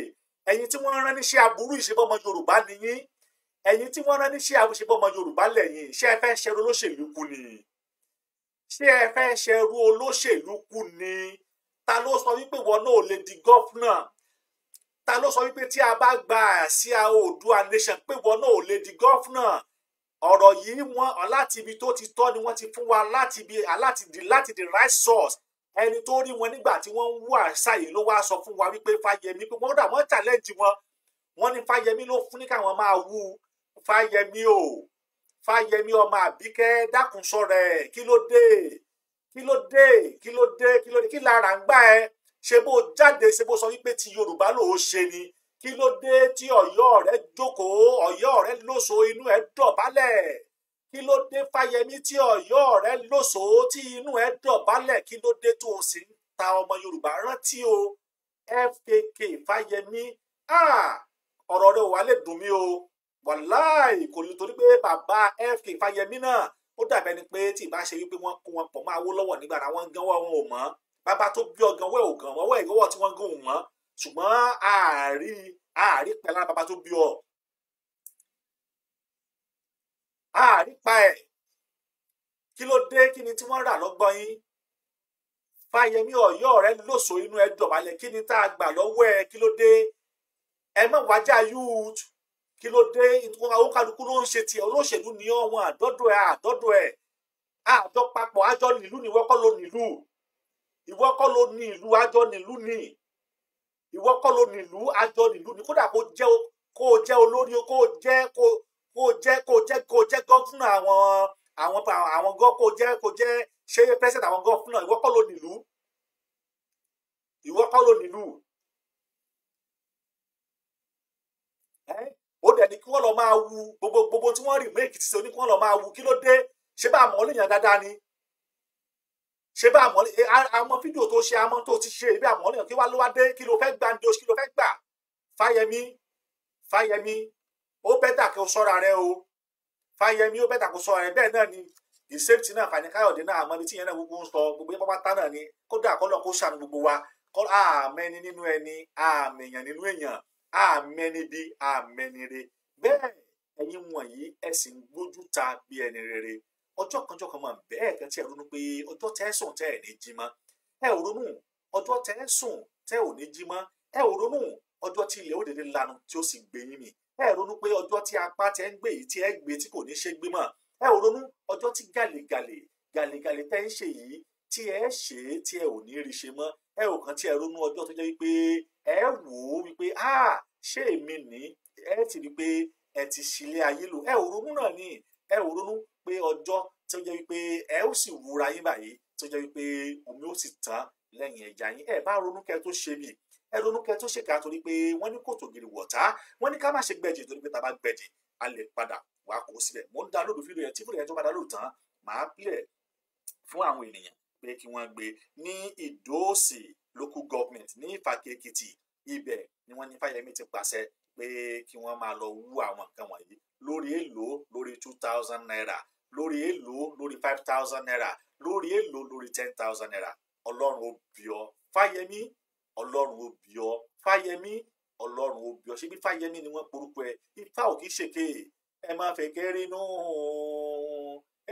ẹ̀yin tí wọ́n rán níṣẹ́ aburú ìṣebọ́mọ Yorùbá nìyí ẹ̀yin tí wọ́n rán ní ṣé àbúṣepọ̀ ọmọ yorùbá lẹ́yìn ṣé ẹ fẹ́ ṣerú olóṣèlú kù ni ṣé ẹ fẹ́ ṣerú olóṣèlú kù ni ta ló sọ wípé wọn náà lè di gọ́fúnà ta ló sọ wípé tí a bá gba àsíá oòdùà nation pé wọn náà ò lè di gọ́fúnà ọ̀rọ̀ yìí wọ́n láti ibi tó ti tọ́ ni wọ́n ti fún wa láti ibi láti di láti di right source ẹni tó rí wọn nígbà tí wọ́n ń wú àṣà yìí ló wá sọ fún wa wípé fáyẹmí pé wọ́n dà wọ́n challenge wọn wọ́n ní fáyẹmí ló fún ní káwọn máa wú fáyẹmí o fáyẹmí ọmọ àbíkẹ́ dákun sọ̀rọ̀ ẹ̀ kí ló dé kí ló dé kí ló dé kí ló dé kí lára ń gbà ẹ ṣe bó jáde ṣe bó sọ wípé ti yorùbá lòó ṣe ni kí ló dé tí ọ̀yọ́ rẹ jókòó ọ̀yọ́ rẹ lóso inú ẹ dọ̀bálẹ̀ kí ló dé fáyẹmí tí ọ̀yọ́ rẹ lóso tí inú ẹ dọ̀bálẹ̀ kí ló dé tó o sì ń ta ọmọ yorùbá rántí o fkk fáyẹmí ah! ọ̀rọ̀ rẹ ò lè dùn mí o wàláì kò lè torí pé bàbá FK Fáyẹmí náà ó dàbẹ́ ni pé tí ìbá ṣe wípé wọ́n kó wọn pọ̀ máa wó lọ́wọ́ nígbà náà wọ́n gan wọ́n ò mọ́ bàbá tó bí ọgàn wẹ́ ò gan wọ́n wẹ́ ìgbọ́wọ́ tí wọ́n gan ò mọ́ ṣùgbọ́n ààrí ààrí pẹ́ lára bàbá tó bí ọ ààrí pa ẹ̀ kí ló dé kí ni tí wọ́n rà lọ́gbọ́n yín Fáyẹmí Ọ̀yọ́ rẹ lóso inú ẹ dọ̀bálẹ̀ kí ni tá a gbà lọ́wọ́ ẹ kí ló dé ẹ má wájà youth kí ló dé ìtura ó kálukú ló ń ṣe tiẹ̀ olóṣèlú ni ọ̀wọ́n àdọ́dọ̀ ẹ̀ àdọ́dọ̀ ẹ̀ àjọ papọ̀ àjọ nílùú ni ìwọ kọ́ ló nílùú ìwọ kọ́ ló ní ìlú àjọ nílùú ni ìwọ kọ́ ló nílùú àjọ nílùú ni kódà kó jẹ́ kó jẹ́ olórí kó jẹ́ kó jẹ́ kó jẹ́ kó jẹ́ gọ́fúnà àwọn àwọn àwọn gọ́ kó jẹ́ kó jẹ́ ṣé pẹ́sẹ̀ntì àwọn gọ́fúnà ìwọ kọ́ ló nílùú ìwọ kọ́ ló nílùú ó dẹ̀ ní kí wọ́n lọ máa wu gbogbo gbogbo tí wọ́n rì mú èkìtì sí oníkí wọ́n lọ máa wu kí ló dé ṣé bá àmọ́ lèèyàn dáadáa ni ṣé bá àmọ́ àmọ́ fídíò tó ṣe àmọ́ tó ti ṣe ibi àmọ́ lèèyàn kí wá ló wá dé kí ló fẹ́ gbà ní oṣù kí ló fẹ́ gbà fáyẹmí fáyẹmí ó bẹ́tà kó sọ́ra rẹ o fáyẹmí ó bẹ́tà kó sọ́ra rẹ bẹ́ẹ̀ náà ni the same thing náà Fani Káyọ̀dé náà àmọ́ ibi tí ìyẹn náà gbogbo ń sọ gbogbo yẹn pápá tá náà ni kódà kọ́lọ́ kó ṣàánú gbogbo wa kọ́ àmẹ́ni nínú ẹni àmẹ́yàn nínú èèyàn àmẹnidí àmẹnire bẹ́ẹ̀ ẹ̀yin wọ̀nyí ẹ sì ń gbójú ta bí ẹni rere ọjọ́ kanjọ́ kan máa bẹ́ẹ̀ kan tí ẹ ronú pé ọjọ́ tẹ́ sùn tẹ́ ẹ̀ ní jí mọ́ ẹ ò ronú ọjọ́ tẹ́ sùn tẹ́ ò ní jí mọ́ ẹ ò ronú ọjọ́ tí ilẹ̀ òdèdè lanu tí ó sì gbé yín mì ẹ ronú pé ọjọ́ tí apá tẹ́ ń gbé yìí tí ẹ gbé tí kò ní ṣe gbé mọ́ ẹ ò ronú ọjọ́ tí gàlègàlè gàlègàlè tẹ́ ń ṣe yìí tí ẹ ṣe é tí ẹ ò ní rí ṣe mọ́ ẹ ò kàn tí ẹ ronú ọjọ́ tó jẹ́ wípé ẹ wò ó wípé ah ṣé èmi ní ẹ ti rí pé ẹ ti ṣílé ayé lò ẹ ò ronú náà ni ẹ ò ronú pé ọjọ́ tó jẹ́ wípé ẹ ó sì wúra yín báyìí tó jẹ́ wípé omi ó sì tán lẹ́yìn ẹja yín ẹ bá ronú kẹ́ tó ṣe bì ẹ ronú kẹ́ tó ṣe ká torí pé wọ́n ní kòtò gírí wọ̀tá wọ́n ní ká má ṣe gbẹ̀jì torí pé tá bá gbẹ̀jì a lè padà wá kó sílẹ̀ mò ń da lóòdù fídíò yẹn tí fídíò yẹn tó bá da màá pílẹ̀ fún àwọn ènìyàn pé kí wọ́n gbé ní ìdóòsì local government ní ìfàkèkìtì ibẹ̀ ni wọ́n ní fáyemí ti pàṣẹ pé kí wọ́n máa lọ wú àwọn nǹkan wọ̀nyí lórí èlò lórí two thousand naira lórí èlò lórí five thousand naira lórí èlò lórí ten thousand naira ọlọ́run ó bí ọ fáyemí ọlọ́run ó bí ọ fáyemí ọlọ́run ó bí ọ ṣé bí fáyemí ni wọ́n porúkọ ẹ ifá ò kí ṣèké ẹ má fẹ́ kẹ́rin náà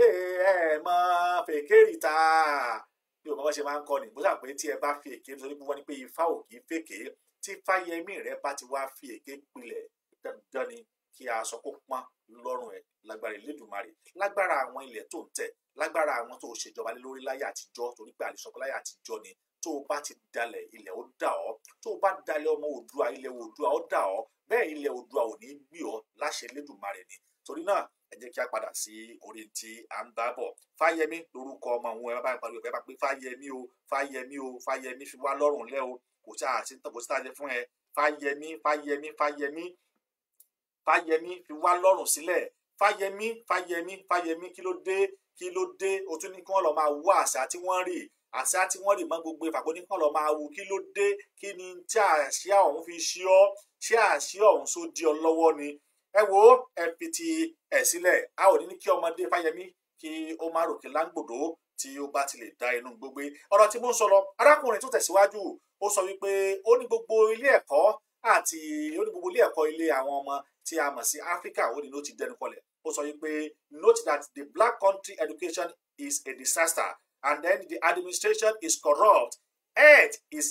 ẹ mọ fèké ìta bí o mọ wọn ṣe máa ń kọ ni bó sàpé tí ẹ bá fi èké nítorí pé wọn ní pé ifá ò kì í fèké tí fáyemí rẹ bá ti wá fi èké pilẹ̀ dandan ni kí a sọ kó pọn lọ́rùn ẹ lágbára Elédùmarè lágbára àwọn ilẹ̀ tó ń tẹ̀ lágbára àwọn tó ṣèjọba lórí láyé àtijọ́ torí pé àlìsọkọ láyé àtijọ́ ni tó o bá ti dalẹ̀ ilẹ̀ ó dà ọ́ tó o bá dalẹ̀ ọmọ Oòduà ilẹ̀ Oòduà ó dà ọ́ bẹ́ẹ̀ ilẹ̀ Oòduà ò ní gbì ọ́ láṣẹ Elédùmarè ni torí náà ẹ jẹ́ kí a padà sí orin tí a ń bá bọ̀ fáyẹmí lórúkọ ọmọ òun ẹ bá pariwo ẹ bá pé fáyẹmí o fáyẹmí o fáyẹmí fi wá lọ́rùn lẹ́ o kò sáà sí kò sí tàjẹ fún ẹ fáyẹmí fáyẹmí fáyẹmí fáyẹmí fi wá lọ́rùn sílẹ̀ fáyẹmí fáyẹmí fáyẹmí kí ló dé kí ló dé o tún ní kí wọ́n lọ máa wá àṣà tí wọ́n rì àṣà tí wọ́n rì mọ́ gbogbo ìfàkóní kí wọ́n lọ máa wù kí ló dé kí ni tí àṣà ọ̀hún fi ṣí ọ ṣé ọ̀hún so di ọ lọ́wọ́ ni ẹ wo ẹ fi ti ẹ sílẹ̀ a ò ní ní kí ọmọdé fáyemí kí ó má ròkè láńgbòdo tí ó bá ti lè da inú gbogbo e. ọ̀rọ̀ tí mo ń sọ lọ arákùnrin tó tẹ̀síwájú ó sọ wípé ó ní gbogbo ilé ẹ̀kọ́ àti ó ní gbogbo ilé ẹ̀kọ́ ilé àwọn ọmọ tí a mọ̀ sí Africa ó ní ló ti dẹnu kọlẹ̀ ó sọ wípé note that the black country education is a disaster and then the administration is corrupt health is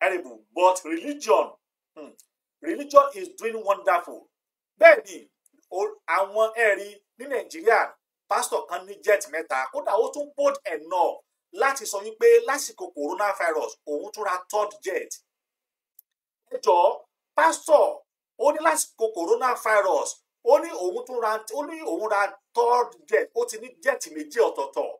terrible but religion hmm, religion is doing wonderful bẹ́ẹ̀ ni àwọn ẹ̀rí ní nàìjíríà pásítọ̀ kan ní jet mẹ́ta kódà ó tún bold enough láti sọ wípé lásìkò coronavirus òun tún ra third jet ẹ jọ pásítọ̀ ó ní lásìkò coronavirus ó ní òun tún ra ó ní òun ra third jet ó ti ní jet méjì ọ̀tọ̀ọ̀tọ̀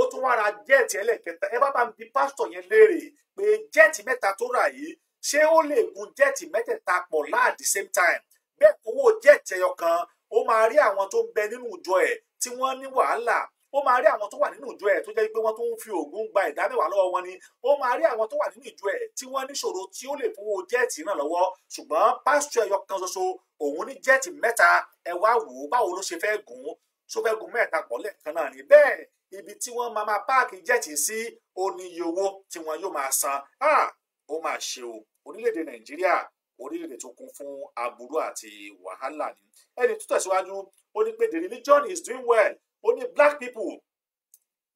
ó tún wá ra jet ẹlẹ́kẹta ẹ bá bá ń bi pásítọ̀ yẹn léèrè pé jet mẹ́ta tó rà yìí ṣé ó lè gun jet mẹ́tẹ̀ẹ̀ta pọ̀ láà the same time bẹ́ẹ̀ owó jẹ́ẹ̀tì ẹyọ kan ó máa rí àwọn tó ń bẹ nínú ìjọ ẹ̀ tí wọ́n ní wàhálà ó máa rí àwọn tó wà nínú ìjọ ẹ̀ tó jẹ́ pé wọ́n tó ń fi oògùn gba ìdá mẹ́wàá lọ́wọ́ wọn ni ó máa rí àwọn tó wà nínú ìjọ ẹ̀ tí wọ́n níṣòro tí ó lè fowó jẹ́ẹ̀tì náà lọ́wọ́ ṣùgbọ́n pásítọ̀ ẹyọ kan ṣoṣo òun ní jẹ́ẹ̀tì mẹ́ta ẹ wá wò ó báwo ló ṣe fẹ́ gùn ṣó fẹ́ gùn mẹ́ta pọ̀ lẹ́ẹ̀kan náà ni bẹ́ẹ̀ ibi tí wọ́n máa máa páàkì jẹ́ẹ̀tì sí ó ní iye owó tí wọ́n yóò máa san ah! ó máa ṣe o orílẹ̀-èdè Nàìjíríà orílẹ̀-èdè tó kún fún aburú àti wàhálà ni ẹni tó tẹ̀síwájú ó ní pé the religion is doing well ó ní black people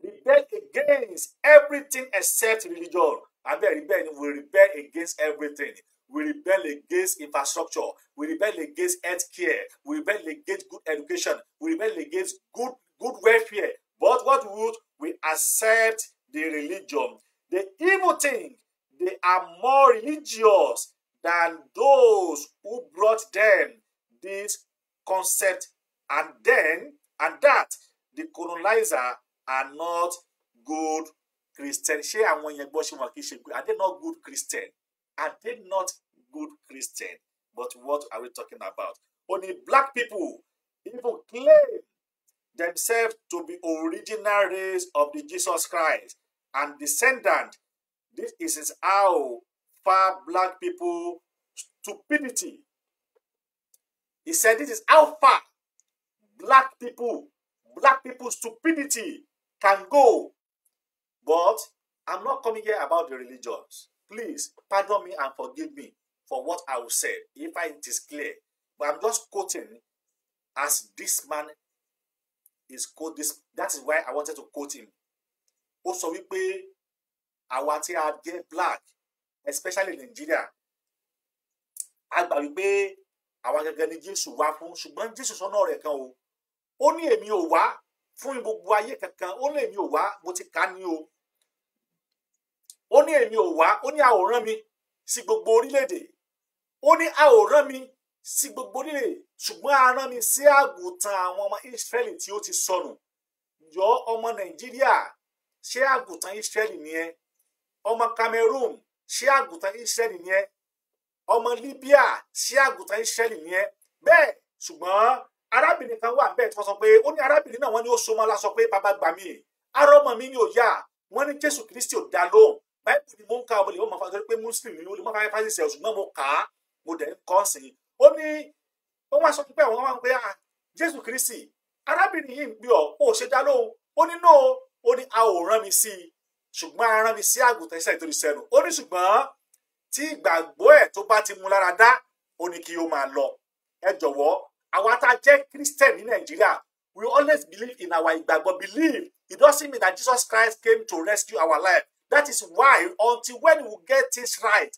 rebel against everything except religion abẹ́rẹ́ bẹ́ẹ̀ ni we rebel against everything we rebel against infrastructure we rebel against health care we rebel against good education we rebel against good good welfare but what would we accept the religion the evil thing they are more religious than those who brought them this concept and then and that the colonizer are not good Christian ṣé àwọn yẹn gbọ́ ṣé wọn kì í ṣe good are they not good Christian are they not good Christian but what are we talking about only black people even claim themselves to be original race of the Jesus Christ and descendant this is how far black people stupidity. He said this is how far black people, black people stupidity can go. But I'm not coming here about the religions. Please pardon me and forgive me for what I will say if I it is clear. But I'm just quoting as this man is quote this. That is why I wanted to quote him. Ó sọ wípé àwa tí a jẹ́ black especially Nigeria a gbà wípé àwa gẹ́gẹ́ ni Jésù wá fún ṣùgbọ́n Jésù sọ́nà rẹ̀ kan o ó ní èmi ò wá fún gbogbo ayé kankan ó ní èmi ò wá mo ti kà á ní o ó ní èmi ò wá ó ní àwòrán mi sí gbogbo orílẹ̀-èdè ó ní àwòrán mi sí gbogbo orílẹ̀-èdè ṣùgbọ́n a rán mi sí àgùntàn àwọn ọmọ Ísírẹ́lì tí ó ti sọnù yọ ọmọ Nàìjíríà ṣé àgùntàn Ísírẹ́lì ni ẹ ọmọ Cameroon ṣé àgùntàn Ísírẹ́lì ni ẹ́ ọmọ Libya ṣé àgùntàn Ísírẹ́lì ni ẹ́ bẹ́ẹ̀ ṣùgbọ́n arábìnrin kan wà bẹ́ẹ̀ tí wọ́n sọ pé ó ní arábìnrin náà wọ́n ní ó so mọ́ la sọ pé bàbá gbà mí ará mi ni ò yá wọ́n ní Jésù Kristi ò dá lóhùn báyìí ni mo ń ka ọmọ lèmọ́ máa fẹ́ pé muslim ni olùmọ́ fẹ́ fásitì sẹ̀ ṣùgbọ́n mo kà á mo dẹ̀ ń kọ́ sí i ó ní wọ́n wá sọ pé àwọn wá ń pé ah, Jésù Kristi arábìnrin yìí ń gbé ọ ó ṣe dá lóhùn ó ní náà ó ní a ò rán mi sí i ṣùgbọ́n aràn mi sí àgùntàn iṣẹ́ ìtòrí sẹ́nu ó ní ṣùgbọ́n tí ìgbàgbọ́ ẹ̀ tó bá ti mú lára dá ó ní kí ó máa lọ ẹ jọ̀wọ́ àwa tá a jẹ́ christian ní nàìjíríà we always believe in our ìgbàgbọ́ believe it doesn't mean that jesus christ came to rescue our life that is why until when we get things right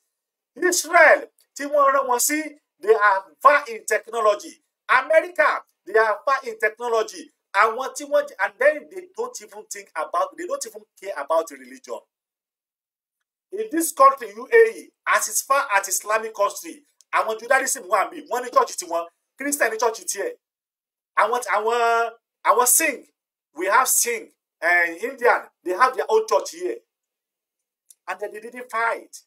israel tí wọ́n rán wọn sí they are far in technology america they are far in technology àwọn tí wọ́n and then they don't even think about they don't even care about religion in this country UAE as it's far as Islamic country àwọn Judaism wà mí wọ́n ní church tiwọn Christian ní church tiẹ̀ àwọn àwọn àwọn sing we have sing and eh, Indian they have their own church here and they didn't fight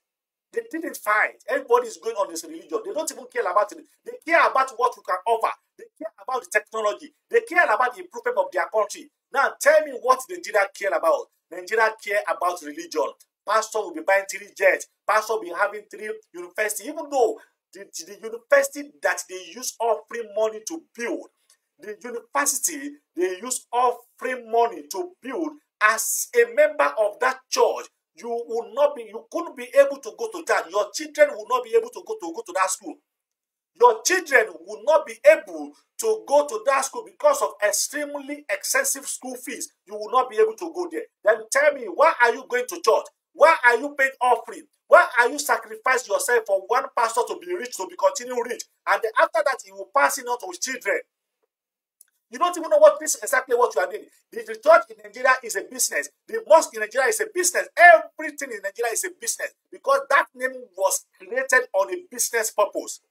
They didn't fight. Everybody's going on this religion. They don't even care about it. They care about what you can offer. They care about the technology. They care about the improvement of their country. Now tell me what Nigeria care about. Nigeria care about religion. Pastor will be buying three jets. Pastor will be having three universities. Even though the, the university that they use all free money to build, the university they use all free money to build as a member of that church you will not be you couldn't be able to go to church your children will not be able to go to go to that school your children will not be able to go to that school because of extremely excessive school fees you will not be able to go there then tell me why are you going to church why are you paying offering why are you sacrificing yourself for one pastor to be rich to be continue rich and then after that he will pass it on to his children You don't even know what this exactly what you are doing. The, church in Nigeria is a business. The mosque in Nigeria is a business. Everything in Nigeria is a business because that name was created on a business purpose.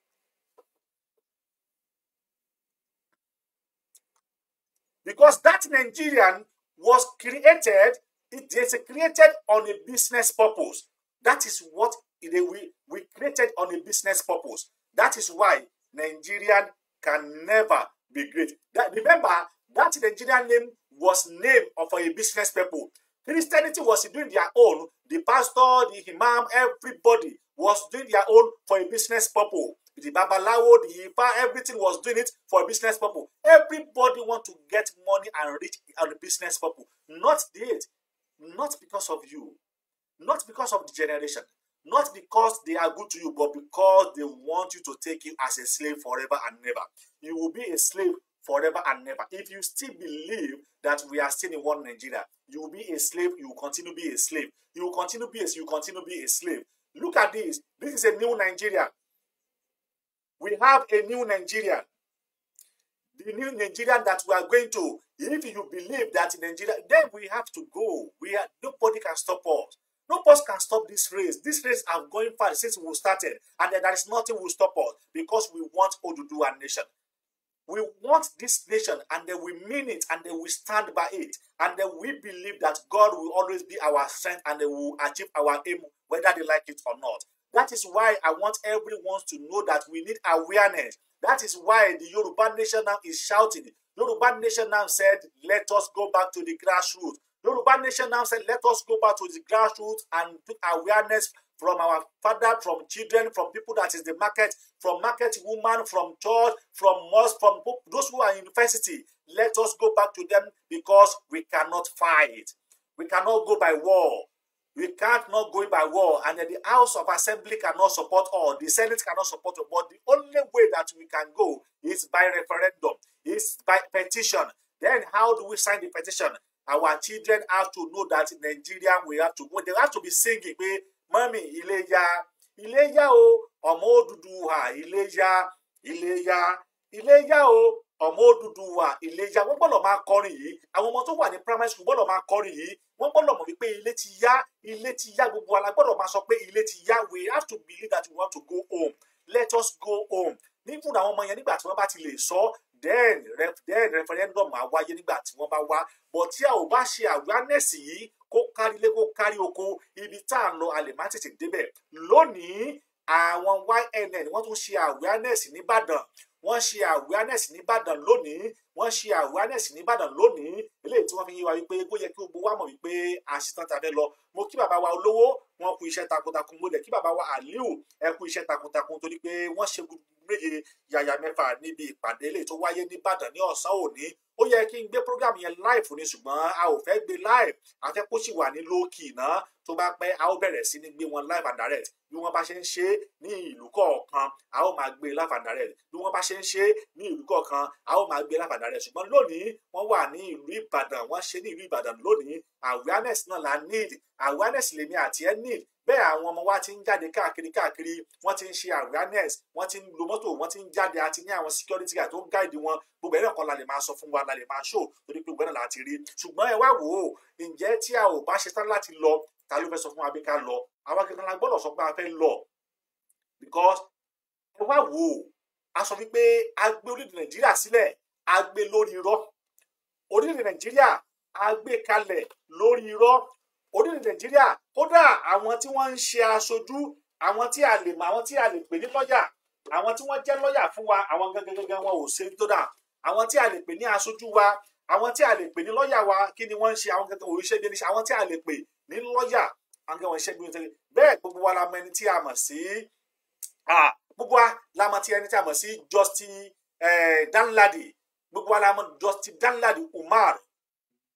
Because that Nigerian was created, it is created on a business purpose. That is what it, we, we created on a business purpose. That is why Nigerian can never be great. That, remember, that Nigerian name was name of a business people. Christianity was doing their own. The pastor, the imam, everybody was doing their own for a business purpose. The babalawo, the ifa, everything was doing it for a business purpose. Everybody want to get money and reach on a business purpose. Not it, not because of you, not because of the generation, not because they are good to you, but because they want you to take you as a slave forever and never. You will be a slave forever and never. If you still believe that we are still in one Nigeria, you will be a slave, you will continue to be a slave. You will continue to be a, you continue to be a slave. Look at this. This is a new Nigeria. We have a new Nigeria. The new Nigeria that we are going to, if you believe that in Nigeria, then we have to go. We are, nobody can stop us. No boss can stop this race. This race have going fast since we started, and there is nothing will stop us because we want and nation. We want this nation, and then we mean it, and then we stand by it, and then we believe that God will always be our strength, and then we will achieve our aim, whether they like it or not. That is why I want everyone to know that we need awareness. That is why the Yoruba nation now is shouting. Yoruba nation now said, let us go back to the grassroots. Yoruba Nation now said, let us go back to the grassroots and put awareness from our father, from children, from people that is the market, from market woman, from church, from mosque, from those who are in university. Let us go back to them because we cannot fight. We cannot go by war. We can't not go by war. And the House of Assembly cannot support all. The Senate cannot support all. But the only way that we can go is by referendum, is by petition. Then how do we sign the petition? our children have to know that Nigeria we have to they have to be singing pé mọ́mì iléyá iléyá o ọmọ Odùduwà iléyá iléyá iléyá o ọmọ Odùduwà iléyá wọ́n gbọ́dọ̀ máa kọrin yìí àwọn ọmọ tó wà ní primary school gbọ́dọ̀ máa kọrin yìí wọ́n gbọ́dọ̀ mọ̀ wípé ilé ti yá ilé ti yá gbogbo ala gbọ́dọ̀ máa sọ pé ilé ti yá we have to believe that we want to go home let us go home nígbùn àwọn ọmọ yẹn nígbà tí wọ́n bá ti lè sọ then ref then referendum á wáyé nígbà tí wọ́n bá wá bọ̀ tí a ò bá ṣe awareness yìí kó kárí lé kó kárí oko ibi tá à ń lọ a lè má tètè débẹ̀ lónìí àwọn YNN wọ́n tún ṣe awareness nìbàdàn wọ́n ṣe awareness nìbàdàn lónìí wọ́n ṣe awareness nìbàdàn lónìí eléyìí tí wọ́n fi yé wa wípé ó yẹ kí gbogbo wa mọ̀ wípé àṣetán tàbí lọ mo kí bàbá wa olówó wọ́n kú iṣẹ́ takuntakun mo dẹ̀ kí bàbá wa aliu ẹ kú iṣẹ́ takuntakun torí pé wọ́n ṣe gbogbo méje yàyà mẹ́fà níbi ìpàdé lè tó wáyé nìbàdàn ní ọ̀sán òní ó yẹ kí n gbé program yẹn live ni ṣùgbọ́n a ò fẹ́ gbé live àfẹ́ kó sì wà ní lókì náà tó bá pẹ́ a ó bẹ̀rẹ̀ sí ní gbé wọn live and direct bí wọ́n bá ṣe ń ṣe ní ìlú kọ̀ọ̀kan a ó máa gbé live and direct bí wọ́n bá ṣe ń ṣe ní ìlú kọ̀ọ̀kan a ó máa gbé live and direct ṣùgbọ́n lónìí wọ́n wà ní ìlú Ìbàdàn wọ́n ṣe ní ìlú Ìbàdàn lónìí awareness náà la need awareness lèmi àti ẹ ní bẹ́ẹ̀ àwọn ọmọ wa ti ń jáde káàkiri káàkiri wọ́n ti ń ṣe awareness wọ́n ti ń lo mọ́tò wọ́n ti ń jáde àti ní àwọn security guard tó ń gáìdì wọn gbogbo ẹ̀rọ kan la lè máa sọ fún wa la lè máa ṣò torí pé gbọ́dọ̀ láti rí ṣùgbọ́n ẹ wá wò ó ǹjẹ́ tí a ò bá ṣetán láti lọ ta ló fẹ́ sọ fún wa bí ká lọ àwa gangan la gbọ́dọ̀ sọ pé a fẹ́ lọ because ẹ wá wò ó a sọ wípé a gbé orílẹ̀-èdè nàìjíríà sílẹ̀ a gbé lórí irọ́ orílẹ̀-èdè nàìjíríà a gbé kalẹ̀ lórí irọ́ orílẹ̀ nàìjíríà kódà àwọn tí wọ́n ń ṣe aṣojú àwọn tí a lè mọ àwọn tí a lè pè ní lọ́yà àwọn tí wọ́n jẹ́ lọ́yà fún wa àwọn gangan gangan wọn ò ṣe tó dà àwọn tí a lè pè ní aṣojú wa àwọn tí a lè pè ní lọ́yà wa kí ni wọ́n ń ṣe àwọn gangan òṣìṣẹ́ dédé ṣe àwọn tí a lè pè ní lọ́yà àwọn gangan òṣìṣẹ́ ṣe bẹ́ẹ̀ gbogbo wa la mọ ẹni tí a mọ̀ sí gbogbo wa la mọ ẹni tí a mọ̀ sí Justin Danladi gbogbo wa la mọ Justin Danladi Umar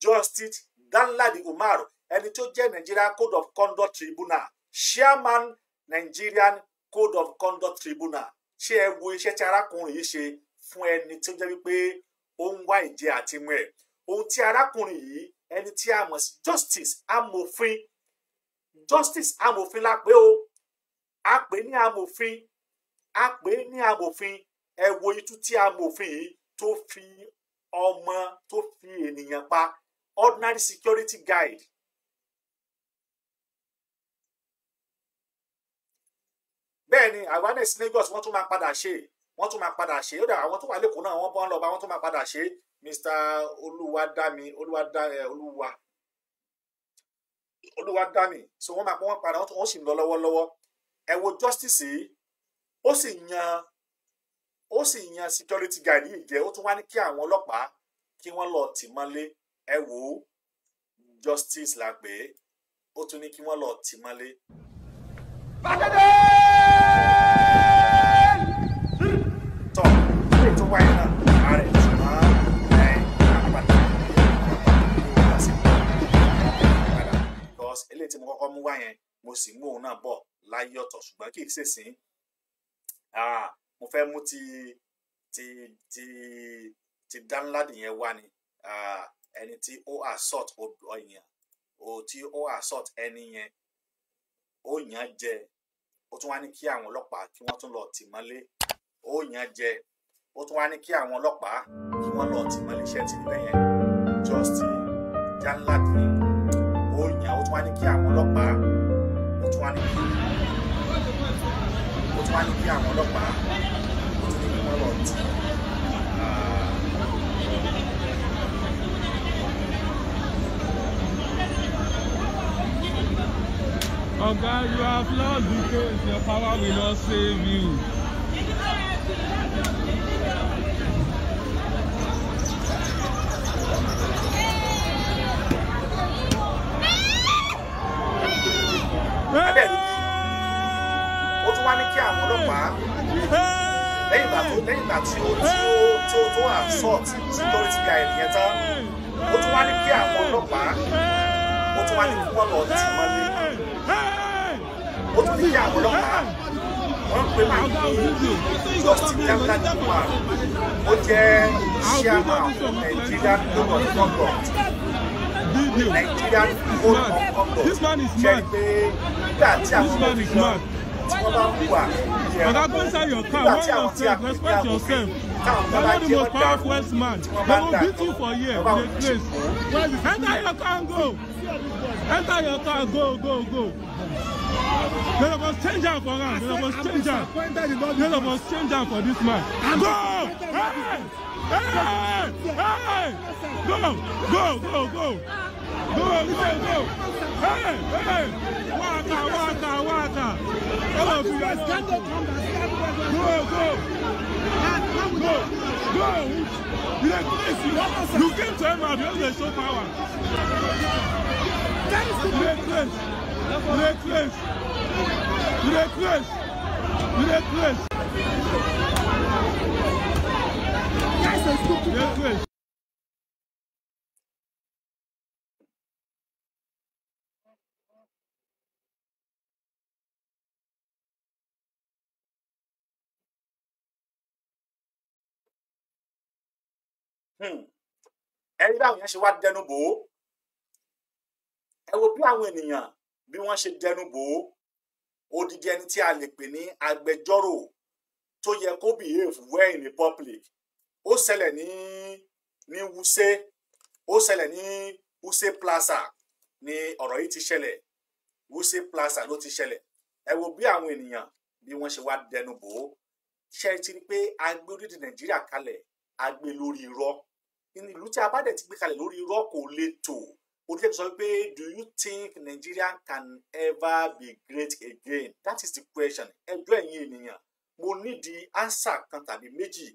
Justin Danladi Umar ẹni tó jẹ́ Nigeria Code of Conduct Tribunal chairman Nigerian Code of Conduct Tribunal ṣé ẹ wo iṣẹ́ tí arákùnrin yìí ṣe fún ẹni tó jẹ́ wípé ó ń wá ìjẹ àtiwọn ẹ̀ ohun tí arákùnrin yìí ẹni tí a mọ̀ sí justice amòfin justice amòfin la pé o a pè ní amòfin a pè ní amòfin ẹ wo itú tí amòfin yìí tó fi ọmọ tó fi ènìyàn pa ordinary security guide bẹ́ẹ̀ ni awareness Lagos wọ́n tún máa padà ṣe wọ́n tún máa padà ṣe ó dà àwọn tó wà lẹ́kọ̀ọ́ náà wọ́n bọ́ ń lọ bá wọ́n tún máa padà ṣe Mr Olúwadámi Olúwadámi eh, Olúwa Olúwadámi so wọ́n máa pọ́n wọn padà wọ́n sì ń lọ lọ́wọ́lọ́wọ́ ẹ wo justice yìí ó sì yan ó sì yan security guard yìí jẹ́ ó tún wá ní kí àwọn ọlọ́pàá kí wọ́n lọ tì mọ́lé ẹ wo justice la pé ó tún ní kí wọ́n lọ tì mọ́lé. bàtẹ́dẹ́. because eléyìí tí mo kọ́kọ́ mú wá yẹn mo sì mú òun náà bọ̀ láyé ọ̀tọ̀ ṣùgbọ́n kì í ṣèṣin mo fẹ́ mú ti ti ti ti Danladi yẹn wá ni ẹni tí ó assault ọ̀yàn o tí ó assault ẹni yẹn ó yàn jẹ ó tún wá ní kí àwọn ọlọ́pàá kí wọ́n tún lọ tì mọ́lé ó yàn jẹ ó tún wá ní kí àwọn ọlọ́pàá kí wọ́n lọ tì mọ́lé iṣẹ́ tìbí bẹ́yẹn Justice Danladi wá ní kí àwọn ọlọ́pàá ó tún wá ní kí ó tún wá ní kí àwọn ọlọ́pàá ó tún ní kí wọ́n lọ tún. Oga, you have lost the case. Your power will not save you. abẹ́rẹ́ ó tún wá ní kí àwọn ọlọ́pàá lẹ́yìn ìgbà tó lẹ́yìn ìgbà tí ó tí ó tí ó tó assault security guy yẹn tán ó tún wá ní kí àwọn ọlọ́pàá ó tún wá ní kí wọ́n lọ tì mọ́lé ó tún ní kí àwọn ọlọ́pàá wọ́n pè máa Justin Danladi Kumar ó jẹ́ chairman of Nigeria Labour Nigerian old ọkọ̀ jẹ́ pé nígbà tí àwọn ọmọ mi lọ tí wọ́n bá ń wà jẹ́ ọkọ̀ nígbà tí àwọn tí a pè ní àbòfin táwọn bá bá jẹ́ ọ̀dà tí wọ́n bá ń dà tó ọba wọn ti kú. Enter your car, go, go, go. None of us change am for us. None of us change am. None of us change am for this man. Go! Hey! Hey! Hey! Go! Go! Go! Go! Go! go! Hey! Hey! Waka! Waka! Waka! All of you guys go! Go! Go! Go! Go! You dey You came to him and you dey show power! You dey crazy! You dey crazy! Hmm. ẹ̀rí báwọn yẹn ṣe wá dẹnu bò ó ẹ wo bí àwọn ènìyàn bí wọ́n ṣe dẹnu bò ó odidi ẹni tí a lè pè ní agbẹjọ́rò tó yẹ kó behave well in the public ó ṣẹlẹ̀ ní ní Wuse ó ṣẹlẹ̀ ní Wuse Plaza ni ọ̀rọ̀ yìí ti ṣẹlẹ̀ Wuse Plaza ló ti ṣẹlẹ̀ ẹ wo bí àwọn ènìyàn bí wọ́n ṣe wá dẹnu bò ó ṣe ti rí pé a gbé orílẹ̀-èdè Nàìjíríà kalẹ̀ a gbé lórí irọ́ ìlú tí a bá dẹ̀ ti gbé kalẹ̀ lórí irọ́ kò lè tò orílẹ̀-èdè sọ pé do you think Nigeria can ever be great again that is the question ẹjọ́ ẹ̀yin ènìyàn mo nídìí ánsà kan tàbí méjì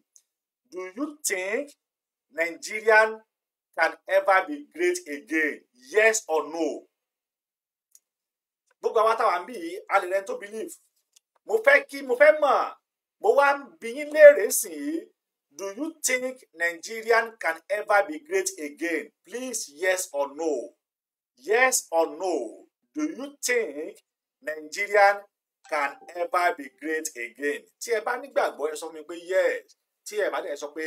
do you think Nigerian can ever be great again? Yes or no? Gbogbo àwọn táwa ń yìí, a lè rẹ́ni tó believe. Mo fẹ́ kí mo fẹ́ mọ̀, mo wá ń bi yín léèrè sìn yìí. Do you think Nigerian can ever be great again? Please yes or no? Yes or no? Do you think Nigerian can ever be great again? Tí ẹ bá nígbàgbọ́ ẹ sọ mi pé yes tí ẹ bá dẹ̀ sọ pé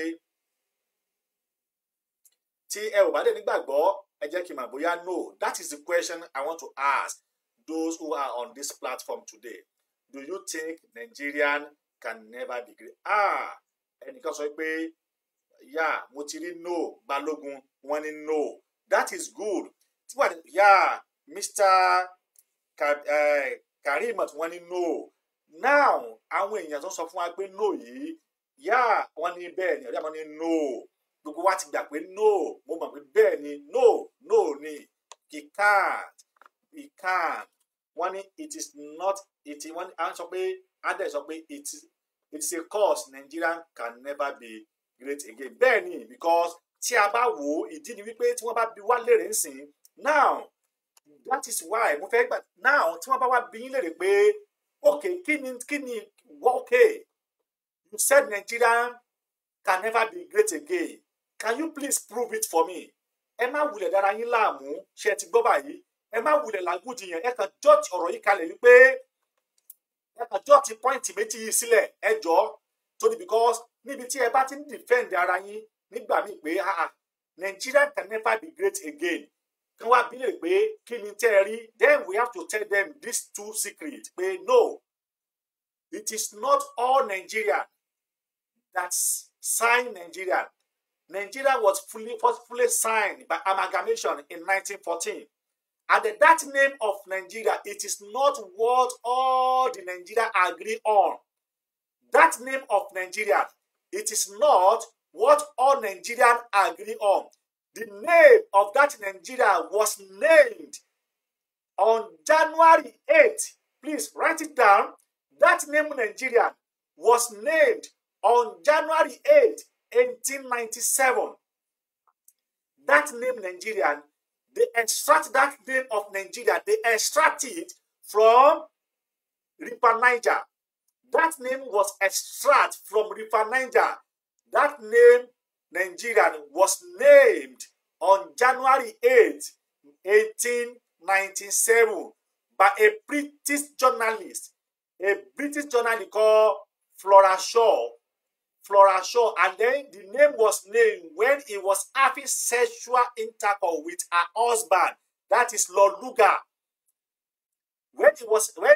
tí ẹ ò bá dẹ̀ nígbàgbọ́ ẹ jẹ́ kí n mọ̀ bóyá no that is the question I want to ask those who are on this platform today do you think Nigerian can never be great ah ẹnìkan sọ pé yà mo ti rí no balógun wọ́n ní no that is good tí wàá yà Mr. Karim wọ́n ní no now àwọn èèyàn tó sọ fún wa pé no yìí yá wọn ní bẹ́ẹ̀ ni ọ̀rẹ́ àwọn ní no gbogbo wa ti gbà pé no mo mọ̀ pé bẹ́ẹ̀ ni no no ni he can't he can't wọ́n ní it is not it is wọ́n ní à sọ pé adé sọ pé it is it is a cause Nigeria can never be great again bẹ́ẹ̀ ni because tí a bá wò ó ìdí ni wípé tí wọ́n bá bi wá lérè ń now that is why mo fẹ́ gbà now tí wọ́n bá wá bi yín lérè pé okay kí ni kí ni okay You said Nigeria can never be great again. Can you please prove it for me? Ẹ má wulẹ̀ dára yín láàmú, ṣe ti gbọ́ báyìí. Ẹ má wulẹ̀ làgùdìyàn, ẹ kàn jọ́ọ̀tì ọ̀rọ̀ yìí kalẹ̀ wípé ẹ kàn jọ́ọ̀tì pọ́ìntì méjì yìí sílẹ̀ ẹ jọ́ torí because níbi tí ẹ bá ti ń defend ara yín nígbà míì ha. Nigeria can never be great again kan wá bílẹ̀ pé kí ni tẹ́ then we have to tell them these two secrets pé no it is not all Nigeria that signed Nigeria. Nigeria was fully, fully signed by amalgamation in 1914. And that name of Nigeria, it is not what all the Nigeria agree on. That name of Nigeria, it is not what all Nigerians agree on. The name of that Nigeria was named on January 8th. Please write it down. That name Nigeria was named on January 8, 1897. That name Nigerian, they extract that name of Nigeria, they extract it from River Niger. That name was extract from River Niger. That name Nigerian was named on January 8, 1897 by a British journalist, a British journalist called Flora Shaw Flourishon, and then the name was named when he was having sexual intercourse with her husband, that is Lord Luga. When it was when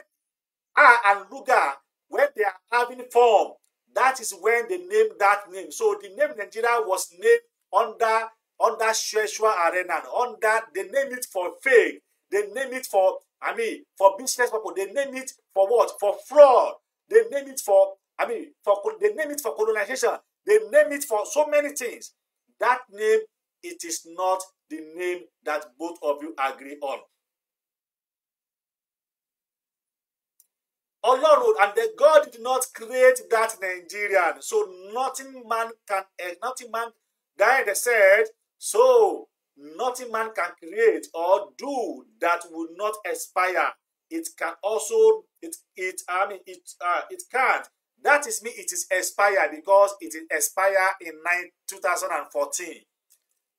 her and Luga when they are having form, that is when they named that name. So the name Nigeria was named under under sexual arena, under they name it for fake, they name it for I mean for business purpose, they name it for what? For fraud, they name it for I mean, for they name it for colonization. They name it for so many things. That name, it is not the name that both of you agree on. Ọlọ́run and the God did not create that Nigerian so nothing man can eh, nothing man they said so nothing man can create or do that will not expire it can also it it I mean it uh, it can't That is me, it is expired because it is expired in 9, 2014.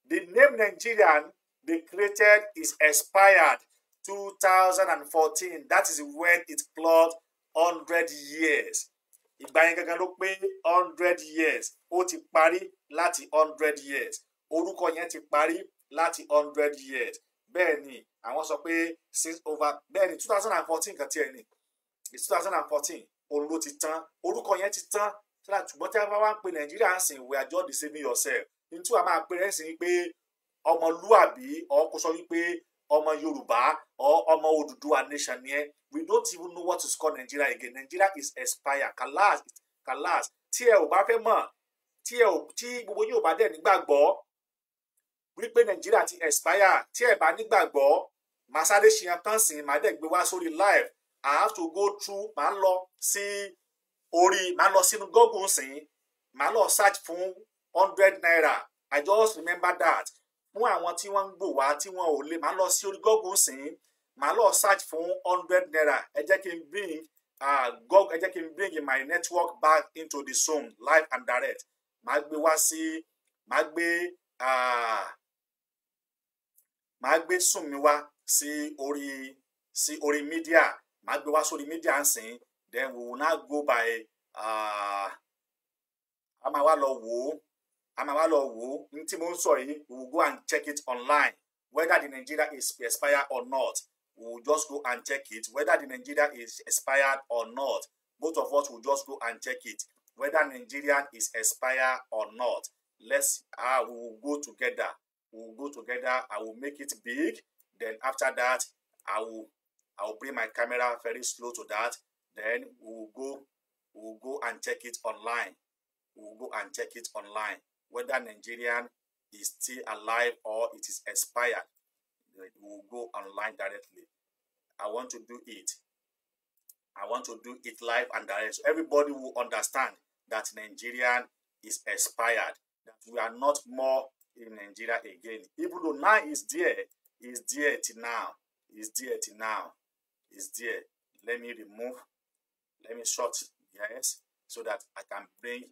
The name Nigerian they created is expired 2014. That is when it clocked 100 years. Ìgbà yẹn gangan ló 100 years. Ó ti parí láti 100 years. Orúkọ yẹn ti pari lati 100 years. Benny, I want to pay since over bẹ́ẹ̀ ni 2014 kan tiẹ̀ ni. It's 2014 òun ló ti tán orúkọ yẹn ti tán ṣùgbọ́n tí a bá wá ń pe nàìjíríà sìn we are just deceiving yourself nítorí àwọn apẹrẹ ń sìn pé ọmọlúàbí ọkọ sọ wípé ọmọ yorùbá ọmọ Odùduwà nation yẹn we don't even know what is called Nigeria again Nigeria is expire kalas kalas tí ẹ ò bá fẹ́ mọ̀ tí ẹ ò tí gbogbo yóò bá dẹ̀ nígbàgbọ́ wípé nàìjíríà ti expire tí ẹ bá nígbàgbọ́ màsáré ṣìyàn tán sìn màá sórí live I have to go through màá lọ sí orí màá lọ sínú Google sìn màá lọ search fún hundred naira I just remember that fún àwọn tí wọ́n ń gbò wá tí wọ́n ò lè màá lọ sí orí Google sìn màá lọ search fún hundred naira ẹ jẹ́ kí n bring uh, Google ẹ jẹ́ kí n bring my network back into the zone live and direct màá gbé wá sí màá gbé uh, màá gbé sùn mi wá sí orí sí orí mídíà màá gbé wá sórí media ń sìn then we will now go by ah, a máa wá lọ wò ó a máa wá lọ wò ó ní tí mo ń sọ yìí we will go and check it online whether the Nigeria is expired or not we will just go and check it whether the Nigeria is expired or not both of us will just go and check it whether Nigerian is expired or not let's ah uh, we will go together we will go together I will make it big then after that I will I will bring my camera very slow to that. Then we will go, we will go and check it online. We will go and check it online whether Nigerian is still alive or it is expired. We will go online directly. I want to do it. I want to do it live and direct. So everybody will understand that Nigerian is expired. That we are not more in Nigeria again. Even though now is there, is there till now, is there till now is there. Let me remove, let me sort yes, so that I can bring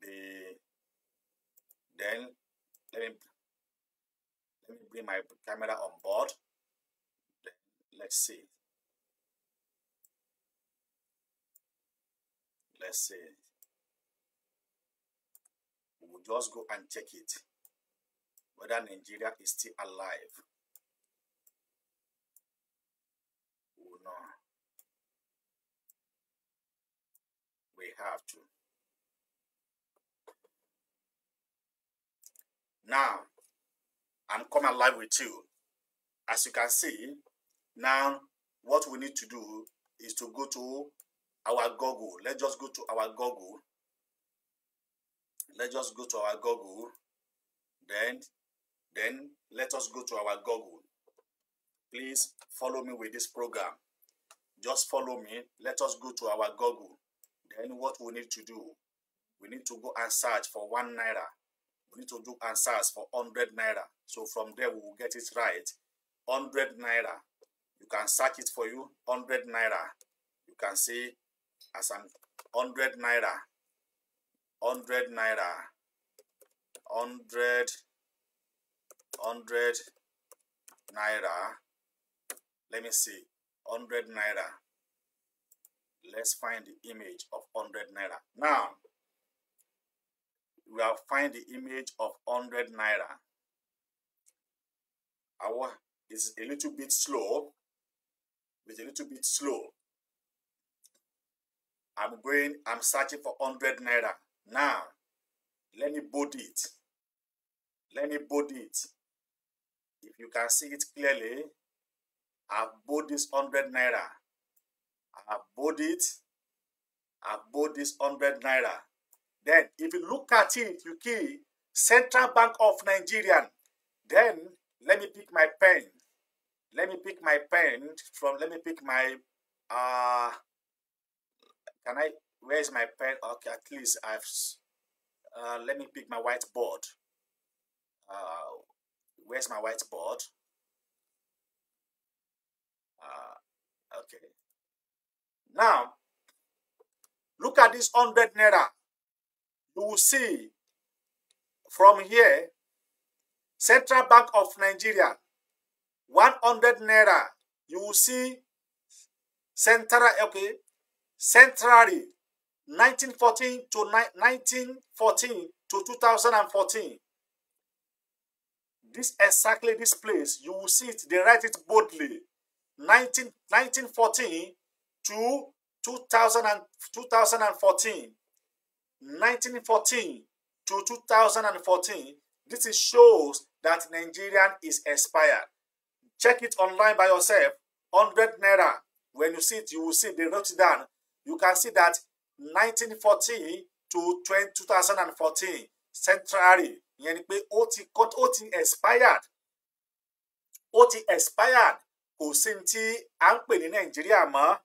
the, then let me, let me bring my camera on board. Let's see. Let's see. We'll just go and check it. Whether Nigeria is still alive. have to. Now, I'm coming live with you. As you can see, now what we need to do is to go to our Google. Let's just go to our Google. Let's just go to our Google. Then, then let us go to our Google. Please follow me with this program. Just follow me. Let us go to our Google. Then what we need to do, we need to go and search for one naira. We need to do and search for 100 naira. So from there, we will get it right. 100 naira. You can search it for you. 100 naira. You can see as an 100 naira. 100 naira. 100 100 naira. Let me see. 100 naira. Let's find the image of 100 naira. Now, we will find the image of 100 naira. Our is a little bit slow. It's a little bit slow. I'm going, I'm searching for 100 naira. Now, let me bold it. Let me bold it. If you can see it clearly, I've bold this 100 naira. I bought it. I bought this 100 naira. Then, if you look at it, you key Central Bank of Nigeria. Then, let me pick my pen. Let me pick my pen from, let me pick my, uh, can I, where is my pen? Okay, at least I've, uh, let me pick my whiteboard. Uh, where's my whiteboard? Uh, okay. Now, look at this 100 naira. You will see from here, Central Bank of Nigeria, 100 naira. You will see Central, okay, Centrary, 1914 to 1914 to 2014. This exactly this place, you will see it, they write it boldly. 19, 1914 to 2000 and 2014, 1914 to 2014, this shows that Nigerian is expired. Check it online by yourself. 100 naira. When you see it, you will see the note. it down. You can see that 1914 to 20, 2014 century ìyẹn ni pé ó ti ó ti expired ó ti expired kò sí ní tí à ń pè ní Nàìjíríà mọ́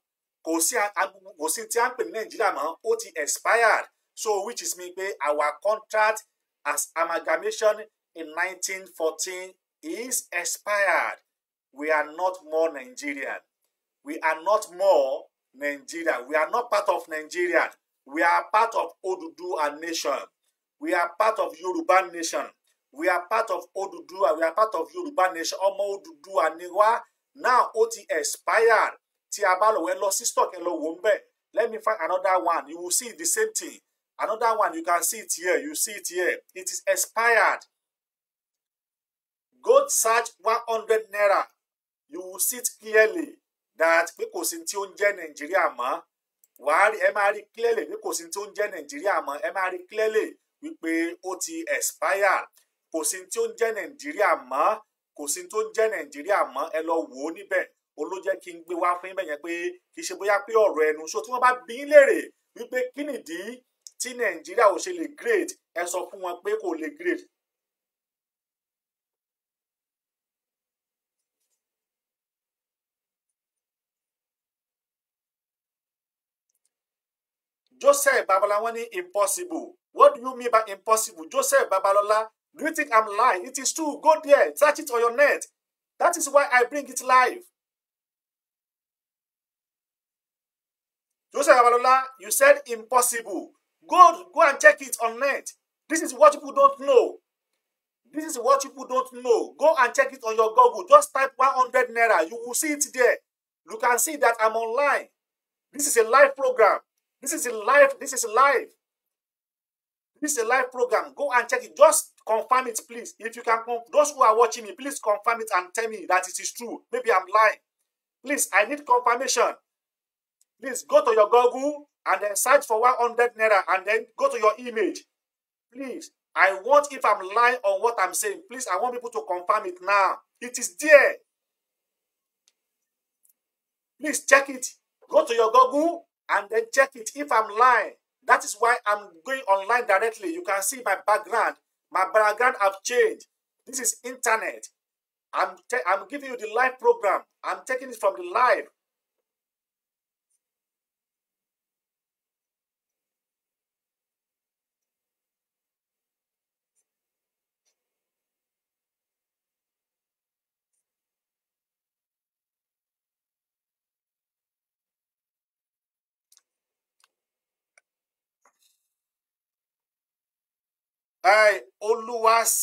kò sí agbègbè kò sí tí a ń pè ní nàìjíríà mọ́ ó ti expired so which is mean pé our contract as amalgamation in 1914 is expired we are not more Nigerian we are not more Nigeria we are not part of Nigeria we are part of Oduduwa nation we are part of Yoruba nation we are part of Oduduwa we are part of Yoruba nation ọmọ Oduduwa ni wá now ó ti expired tí a bá lọ wẹ lọ sí stock ẹ lọ wò ń bẹ let me find another one you will see the same thing another one you can see it here you see it here it is expired go search one hundred naira you will see it clearly that pé kò sí tí ó ń jẹ́ nàìjíríà mọ́ wàá rí ẹ máa rí clearly pé kò sí tí ó ń jẹ́ nàìjíríà mọ́ ẹ máa rí clearly wípé ó ti expire kò sí tí ó ń jẹ́ nàìjíríà mọ́ kò sí tó ń jẹ́ nàìjíríà mọ́ ẹ lọ wò ó níbẹ̀ olójẹ́ kí n gbé wá fún ibẹ̀ yẹn pé kì í ṣe bóyá pé ọ̀rọ̀ ẹnu so tí wọ́n bá bí í léèrè wípé kí nìdí tí nàìjíríà ò ṣe lè grade ẹ sọ fún wọn pé kò lè grade Joseph Babalola ní impossible. What do you mean by impossible? Joseph Babalola, do you think I'm lying? It is true. Go there. Search it on your net. That is why I bring it live. Joseph Babalola, you said impossible. Go, go and check it on net. This is what people don't know. This is what people don't know. Go and check it on your Google. Just type 100 Naira. You will see it there. You can see that I'm online. This is a live program. This is a live. This is live. This is a live program. Go and check it. Just confirm it, please. If you can, those who are watching me, please confirm it and tell me that it is true. Maybe I'm lying. Please, I need confirmation. Please go to your Google and then search for 100 naira and then go to your image. Please, I want, if I'm lying on what I'm saying, please, I want people to confirm it now. It is there. Please check it. Go to your Google and then check it if I'm lying. That is why I'm going online directly. You can see my background. My background have changed. This is internet. I'm, I'm giving you the live program. I'm taking it from the live.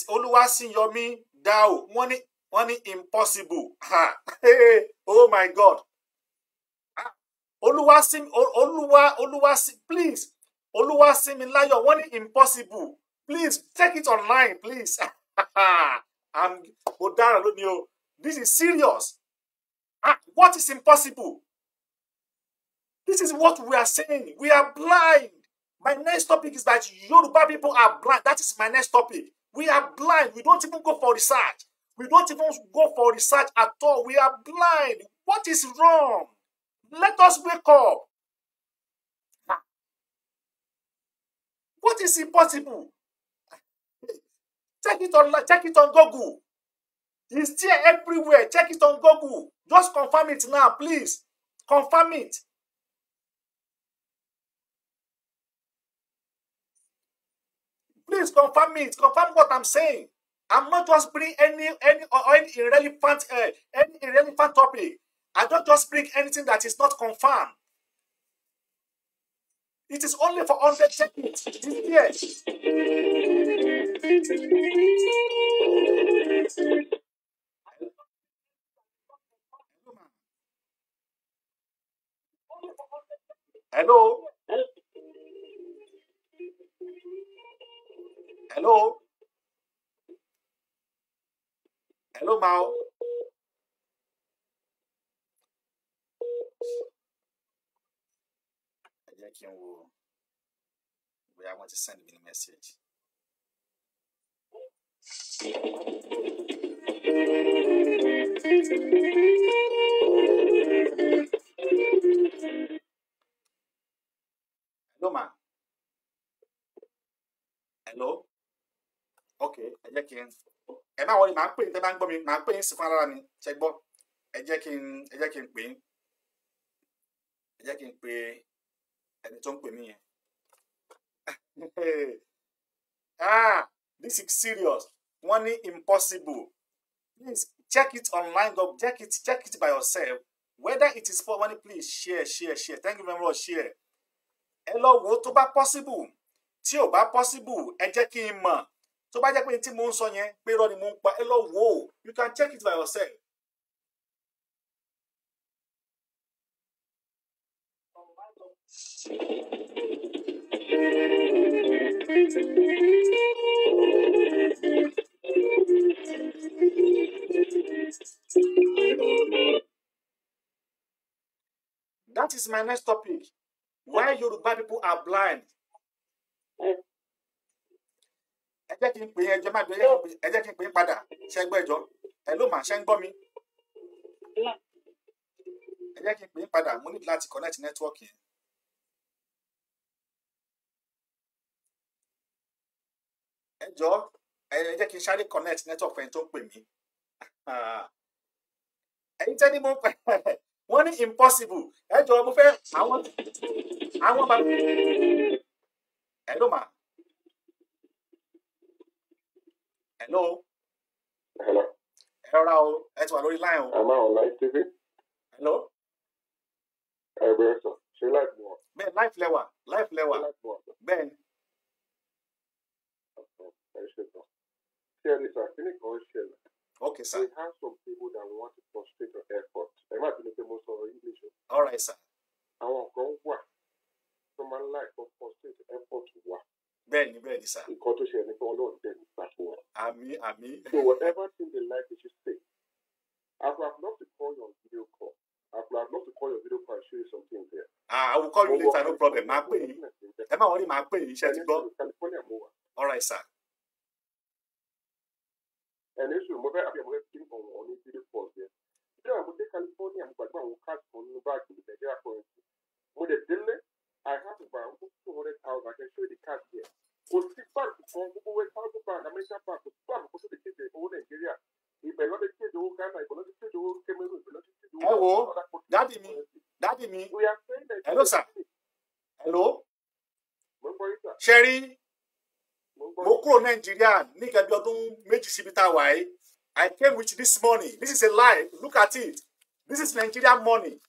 olúwàsíyọmí dao wọ́n ní wọ́n ní impossible Ha! Hey! oh my god olúwàsí olúwa olúwàsí please olúwàsímiláyọ̀ wọ́n ní impossible please take it online please i'm mo dára lónìí o this is serious ah what is impossible this is what we are saying we are blind My next topic is that Yoruba people are blind. That is my next topic. We are blind. We don't even go for research. We don't even go for research at all. We are blind. What is wrong? Let us wake up. What is impossible? Check it on check it on Google. It's there everywhere. Check it on Google. Just confirm it now, please. Confirm it. Please confirm me. Confirm what I'm saying. I'm not just bring any any or any irrelevant uh, any irrelevant topic. I don't just bring anything that is not confirmed. It is only for hundred seconds. Yes. Hello. Hello? Hello, Mao? Ẹ jẹ́ kí n wo bóyá wọ́n ti send me a message. Hello, ma. Hello? ok ẹ jẹ́ kí n ẹ má wọlé màá pè ní tẹ́ bá ń gbọ́ mi màá pè ní sí fún ara mi ṣe gbọ́ ẹ jẹ́ kí n ẹ jẹ́ kí n pè é ẹ jẹ́ kí n pè ẹni tó ń pè mí yẹn ah this is serious wọ́n ní impossible please check it online go check it check it by yourself whether it is for money, please share share share thank you very much share ẹ lọ wo tó bá possible tí ò bá possible ẹ jẹ́ kí n mọ̀ tó bá jẹ́ pé tí mo ń sọ yẹn pé irọ́ ni mo ń pa ẹ lọ wò ó you can check it by yourself. That is my next topic. Why Yoruba people are blind jẹ́ kí n pè é ẹjọ́ má bẹ̀rẹ̀ ẹ jẹ́ kí n pè é padà ṣẹ́gbẹ́jọ́ ẹ ló mà ṣẹ́ ń gbọ́ mi ẹ jẹ́ kí n pè é padà mo ní láti connect network yẹn. ẹ jọ ẹ jẹ́ kí n sáré connect network yẹn tó ń pè mí ẹ̀yin tẹ́ ní mo pẹ́ wọ́n ní impossible ẹ jọ mo fẹ́ àwọn àwọn bàbá ẹ ló mà. hello. hello. ẹ rọra o ẹ ti wà lórí line o. àmọ́ àwọn live tv. hello. ẹ bẹ̀rẹ̀ e sọ ṣé live ni wọn. bẹ́ẹ̀ live lẹ́wà live lẹ́wà bẹ́ẹ̀ ni. ẹ ṣe tán ṣé ẹni sọ àkíní kan ń ṣẹlẹ̀. Okay, sir. We have some people that want to frustrate your effort. Ẹ má bínú pé mo sọ English o. All right, sir. Àwọn kan wà tó máa ń láì fọ́ frustrate effort wà bẹ́ẹ̀ ni bẹ́ẹ̀ ni sà. nǹkan tó ṣẹlẹ̀ nípa ọlọ́run bẹ́ẹ̀ ni gbà fún wa. àmín àmín. so whatever thing they like, is should say i would have loved to call your video call i would have loved to call your video call and show you something there. ah i will call you later no problem máa pè yín ẹ má wọlé máa pè yín iṣẹ́ ti gbọ́. all right sir. ẹni sùn mo fẹ́ àbí àmọ́ fẹ́ kí n kàn wọ́n ní video call yẹn. bí àwọn ọmọdé California mo gbàgbọ́ àwọn káàdì kan nínú báàgì nàìjíríà kọrin mo dẹ̀ délé I have about 200,000. I can show you the cash here. Kò sí báńkì kan gbogbo west south bank American bank kò sí báńkì kan tó kéde owó Nàìjíríà. Ìbẹ̀ ló kéde owó Ghana, ìbẹ̀ ló kéde owó Cameroon, ìbẹ̀ ló kéde owó. Ẹ wo, dádì mi, dádì mi, hello sir, hello. Ṣé rí mo kúrò Nàìjíríà ní ìgbàgbé ọdún méjì síbi tá a wà yìí. I came with this money. This is a lie. Look at it. This is Nigerian money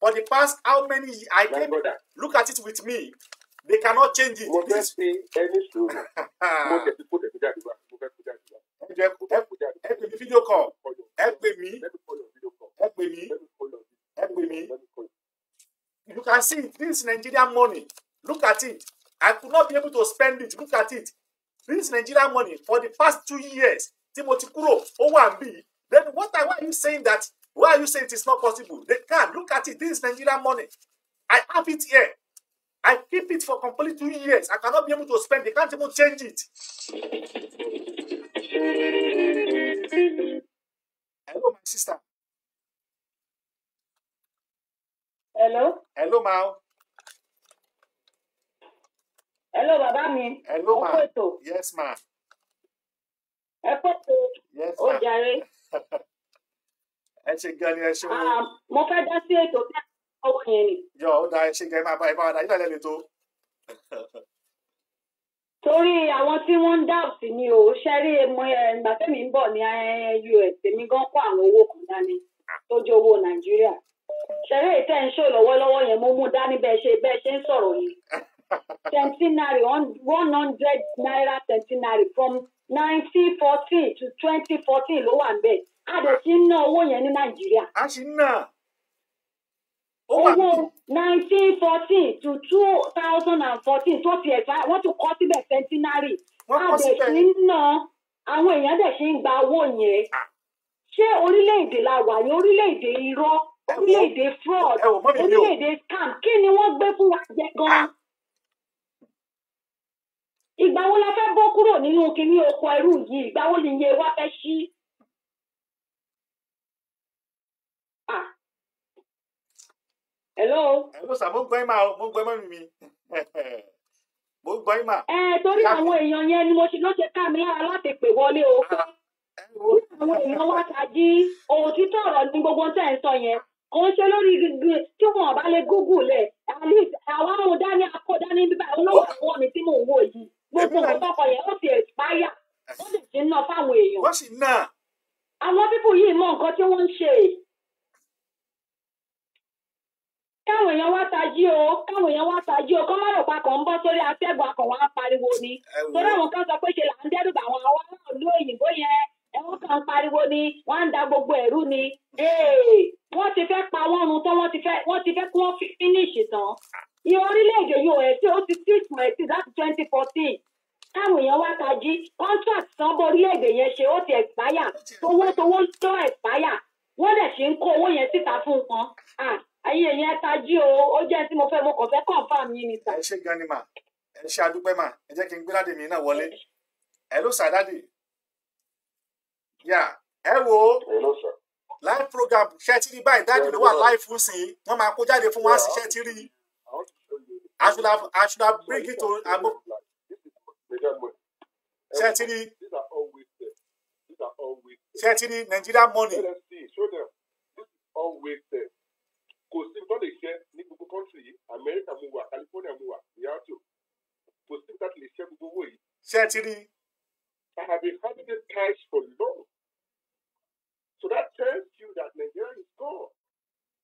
for the past how many years i My came brother, look at it with me they cannot change it. mo fẹ́ fi ẹni sùúrù mo tẹ̀ fi Help tẹ̀ fi jáde wá mo fẹ́ fi jáde wá. ẹ pè mí fídíò kọ ẹ pè mí ẹ pè mí ẹ pè mí you can see this Nigerian money look at it i could not be able to spend it look at it this Nigerian money for the past two years tí mo ti kúrò ó wà ń bì then what are you saying that Why are you saying it is not possible? They can. Look at it. This is Nigerian money. I have it here. I keep it for complete two years. I cannot be able to spend. They can't even change it. Hello, my sister. Hello. Hello, ma. Hello, bàbá mi. Hello, ma. Yes, ma. Ẹ Yes, ma. ẹ ṣe gan ni ẹ ṣe wọn. Ah, mo fẹ́ dá sí ètò tí a kọ́wọ́ yẹn ni. yọ ó da ẹ ṣe gan ẹ máa bá ẹ bá wa dá nílẹ̀ lẹ́tọ́. torí àwọn tí wọ́n ń dáàbò ni o ṣẹ́rí mo ìgbà tẹ́mi ń bọ̀ ní us èmi gan kó àwọn owó kan dání lójú owó nàìjíríà ṣẹ́rí ètò ẹ̀ ń ṣò lọ́wọ́lọ́wọ́ yẹn mo mú dání bẹ́ẹ̀ ṣe bẹ́ẹ̀ ṣe ń sọ̀rọ̀ yìí centenary one hundred naira centenary from nineteen fourteen to twenty fourteen ló wà ń bẹ́ẹ̀. a ń ná owó yẹn ní nàìjíríà. a sì ń ná. owó nineteen fourteen to two thousand and fourteen tó ti ẹ̀fà wọ́n kọ́ síbẹ̀ ná àwọn èèyàn dẹ̀ ṣe ń gba owó yẹn. Ah. ṣé orílẹ̀-èdè la wà ní orílẹ̀-èdè irọ́ orílẹ̀-èdè fraud orílẹ̀-èdè scam kí ni wọ́n gbé fún wa jẹ gan ah. la fẹ́ bọ́ kúrò nínú kinní oko ẹrú yìí ìgbà wo fẹ́ hello. hello sir mo ń gbọ́ ẹ̀ máa mo ń gbọ́ ẹ̀ mọ́ mi mo ń gbọ́ ẹ̀ máa. ẹ torí àwọn èèyàn yẹn ni mo ṣe ló ṣe ká mi lára láti pè wọlé o ah, àwọn èèyàn wá tají òtítọ́ ọ̀rọ̀ ní gbogbo tẹ̀ ń sọ yẹn kò ń ṣe lórí gbígbé tí wọn bá lè google ẹ àlìs àwa mo dání akọ dání bíbá olówó àwọn mi tí mò ń wò yìí gbogbo nǹkan tọkọ yẹn ó ti expire ó sì ti ń ná fáwọn èèyàn. wọ́n sì ná. àwọn pípọ̀ yìí mọ nǹkan tí wọ́n ń ṣe. káwọn èèyàn wá tají o káwọn èèyàn wá tají o kọ́ má ń bọ́ sórí pariwo ni torí àwọn kan sọ pé ṣe là ń dẹ́rùbà àwọn àwọn aráàlú òyìnbó yẹn ẹ̀wọ̀n kan pariwo ni wọ́n ń da gbogbo ẹ̀rú ni wọ́n ti fẹ́ pa wọ́n run tán wọ́n ti fẹ́ wọ́n tán ní orílẹ̀-èdè yìí ò ó ti láti twenty fourteen káwọn èèyàn wá tají contract san bó orílẹ̀-èdè yẹn ṣe ó ayé yẹn tají o ó jẹ́ tí mo fẹ́ mo kàn fẹ́ confirm yín ni sà. ẹ ṣe gan ni mà ẹ ṣe àdúpẹ́ mà ẹ jẹ́ kí n gbé ládé mi náà wọlé ẹ ló sà yà ẹ wo live program ṣe ti rí báyìí dáàdì ló wà live fún sí wọn máa kó jáde fún wa sí ṣe ti rí I should have, I should have bring it to abo ṣe ti money kò sí tó lè ṣe ní gbogbo kọ́ńtì yìí amẹ́ríkà mo wà california mo wà ìyáàtò kò sí tó lè ṣe gbogbo owó yìí. ṣé ẹ ti rí i. I have been having this cash for long. So that tells you that Nigeria is gone.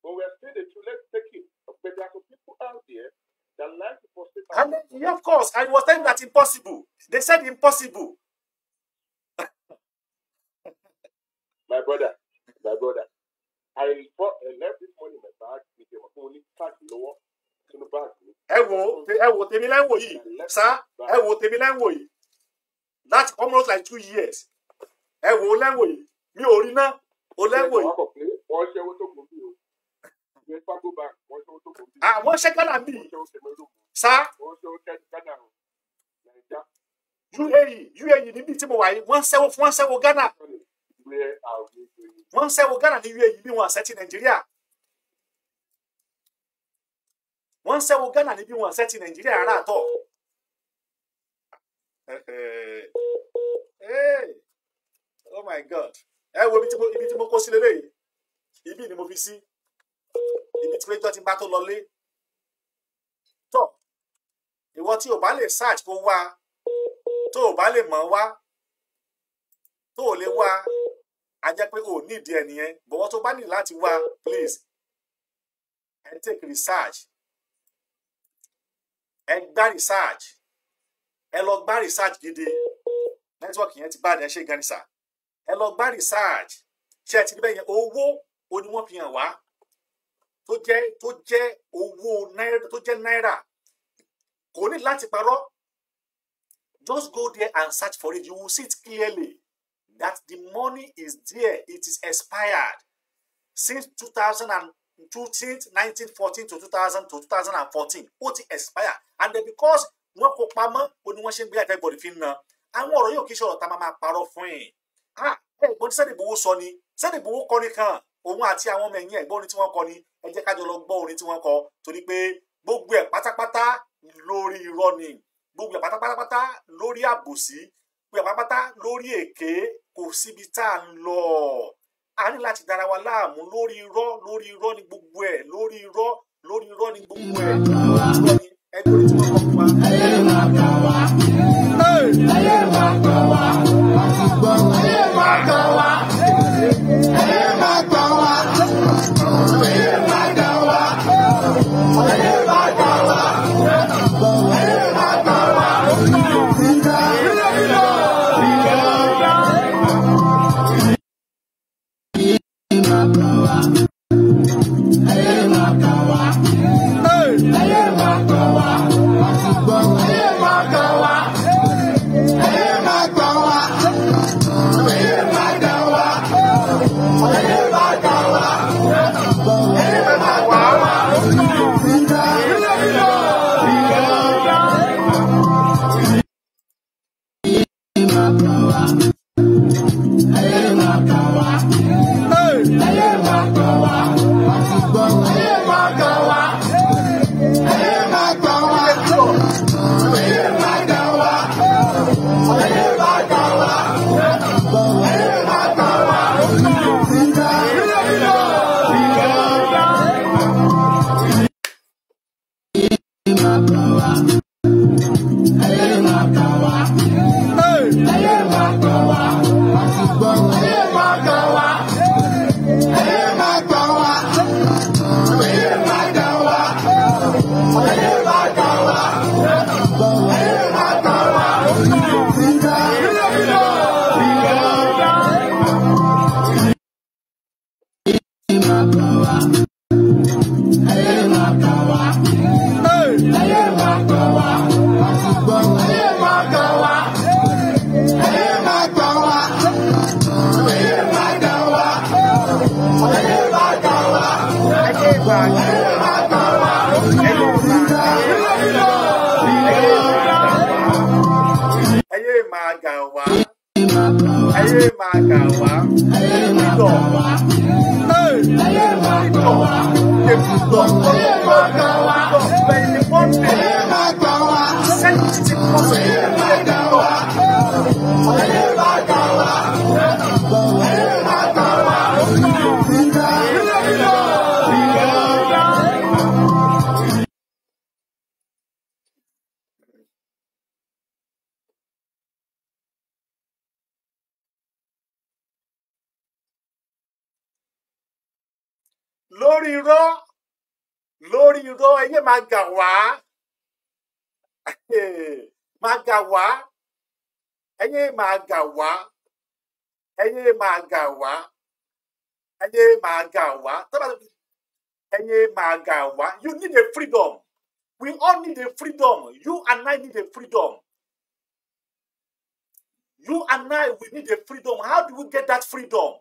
But we are still the two. Let's take it. But there are some people out there that like to post it. And then, yeah, of course. I was telling that impossible. They said impossible. my brother, my brother àìfọ electric monument bá gbèdé wọn fún wọn ní káàdì lọ́wọ́ sínú báàgì mi. ẹ wo ẹ wo tèmi lẹ́ ń wò yìí sá ẹ wo tèmi lẹ́ ń wò yìí láti almost like two years ẹ wo lẹ́ ń wò yìí mi ò rí náà o lẹ́ ń wò yìí. wọ́n ṣẹ́wó tó kù bí o ní fago bank wọ́n ṣẹ́wó tó kù bí. àwọn ṣẹ́ gánà mi sá. wọ́n ṣẹ́wó gánà o nàìjà. UAE UAE níbi tí mo wà yìí wọ́n ṣẹ́wó fún wọ́n ṣẹ́wó gánà where are we going. wọ́n ń sẹ́wọ́ Ghana ní uae bí wọ́n àṣẹ ti Nàìjíríà wọ́n ń sẹ́wọ́ Ghana ní bí wọ́n àṣẹ ti Nàìjíríà ara àtọ̀. Eh, eh. oh my god ẹ wo ibi tí mo kó sí lélẹ́yìí ibi ni mo fi sí ibi tí péjọ ti bá tó lọlé tọ ìwọ tí o bá lè search kó wá tó o bá lè mọ̀ wá tó o lè wá a jẹ́ pé ò ní ìdí ẹ̀ nìyẹn bọ̀wọ́ tó bá ní láti wá please ẹ take research ẹ gbá research ẹ lọ gbá research gidi network yẹn ti bàdàn ṣe gan nìsa ẹ lọ gbá research ṣe ti bẹ́ẹ̀ yẹn owó oní wọ́n fi hàn wá tó jẹ́ tó jẹ́ owó náírà tó jẹ́ náírà kò ní láti parọ́ just go there and search for it you will see it clearly that the money is there, it is expired since 2002, since 1914 to 2000 to 2014, ó ti expire and then because wọ́n kó pamọ́ o ni wọ́n ṣe ń gbé everybody fi ń na àwọn ọ̀rọ̀ yóò kí sọ̀rọ̀ tá a máa parọ́ fún yìí ah ẹ̀gbọ́n tí sẹ́dìbòwò sọ ni sẹ́dìbòwò kọ́ nìkan òun àti àwọn ọmọ ẹ̀yìn ẹ̀gbọ́n orin tí wọ́n kọ ni ẹ jẹ́ kájọ lọ gbọ́ orin tí wọ́n kọ torí pé gbogbo ẹ̀ pátápátá running. irọ́ ni gbogbo ẹ̀ pátápátá lórí àbòsí pé àpapátá lórí èké kò síbi tá à ń lọ a ní láti dára wa láàmú lórí irọ́ lórí irọ́ ni gbogbo ẹ̀ lórí irọ́ lórí irọ́ ni gbogbo ẹ̀ lórí irọ́ ni ẹgbẹ́ tí wọ́n kọ́ fún wa. need a freedom. You and I need a freedom. You and I, we need a freedom. How do we get that freedom?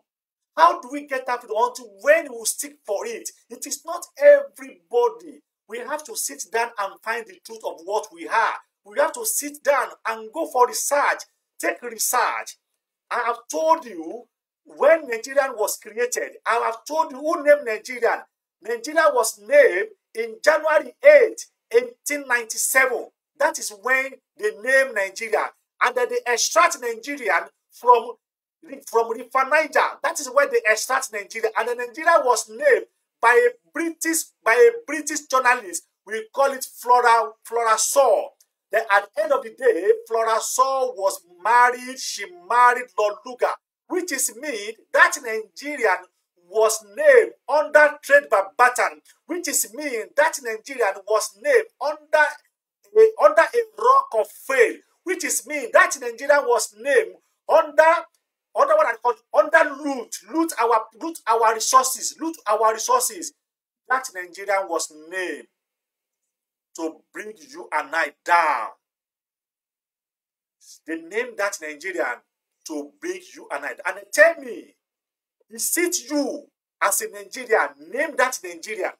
How do we get that freedom? Until when we seek for it? It is not everybody. We have to sit down and find the truth of what we are. We have to sit down and go for research. Take research. I have told you when Nigeria was created. I have told you who named Nigeria. Nigeria was named in January 8, 1897. That is when they named Nigeria. And then they extract Nigerian from, from River Niger. That is where they extract Nigeria. And then Nigeria was named by a British, by a British journalist. We call it Flora, Flora Saw. Then at the end of the day, Flora Saw was married. She married Lord Luga, which is mean that Nigerian was named under trade by Babatan, which is mean that Nigerian was named under a, under a rock of fail, which is mean that Nigerian was named under under what I call under loot, loot our loot our resources, loot our resources. That Nigerian was named to bring you and I down. They named that Nigerian to bring you and I down. And they tell me since you as a Nigerian name that Nigerian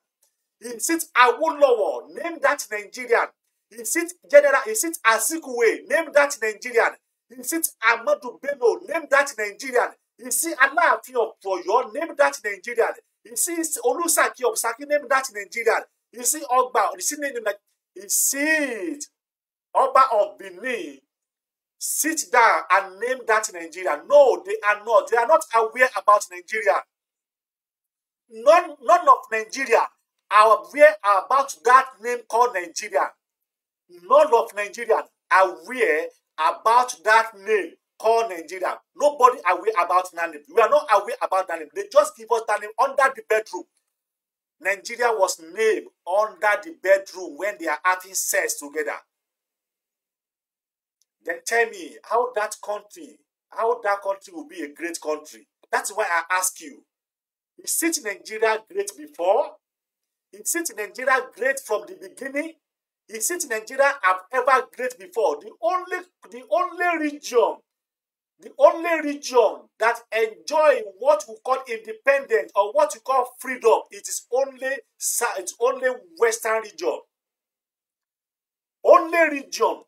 he sits Awolowo name that Nigerian he sits General he sits Azikiwe name that Nigerian he sits Amadu Bello name that Nigerian he sits Aláàfin of Ọ̀yọ́ name that Nigerian he sits Olúsàkí of Ṣakí name that Nigerian he sits Ogba. he sits Ọba of Benin sit down and name that Nigeria. No, they are not. They are not aware about Nigeria. None, none of Nigeria are aware about that name called Nigeria. None of Nigeria are aware about that name called Nigeria. Nobody aware about that name. We are not aware about that name. They just give us that name under the bedroom. Nigeria was named under the bedroom when they are having sex together. Then tell me how that country, how that country will be a great country. That's why I ask you. Is it Nigeria great before? Is it Nigeria great from the beginning? Is it Nigeria have ever great before? The only, the only region, the only region that enjoy what we call independence or what we call freedom, it is only, it's only Western region. Only region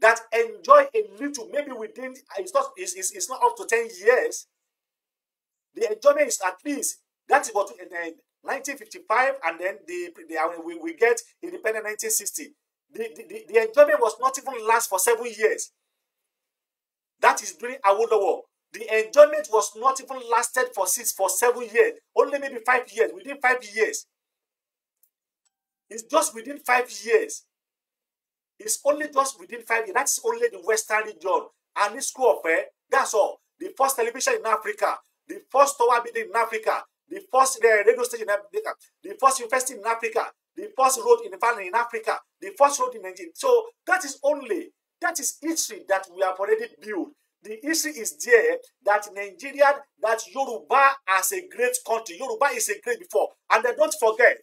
that enjoy a little, maybe within, it's not, it's, it's, it's not up to 10 years, the enjoyment is at least, that's about 1955, and then the, the uh, we, we get independent 1960. The, the, the enjoyment was not even last for seven years. That is during war. The enjoyment was not even lasted for six, for seven years, only maybe five years, within five years. It's just within five years It's only just within five years. That's only the Western region. And this school of eh, that's all. The first television in Africa, the first tower building in Africa, the first eh, radio station in Africa, the first university in Africa, the first road in Valley in Africa, the first road in Nigeria. So that is only, that is history that we have already built. The history is there that Nigeria, that Yoruba as a great country. Yoruba is a great before. And then don't forget,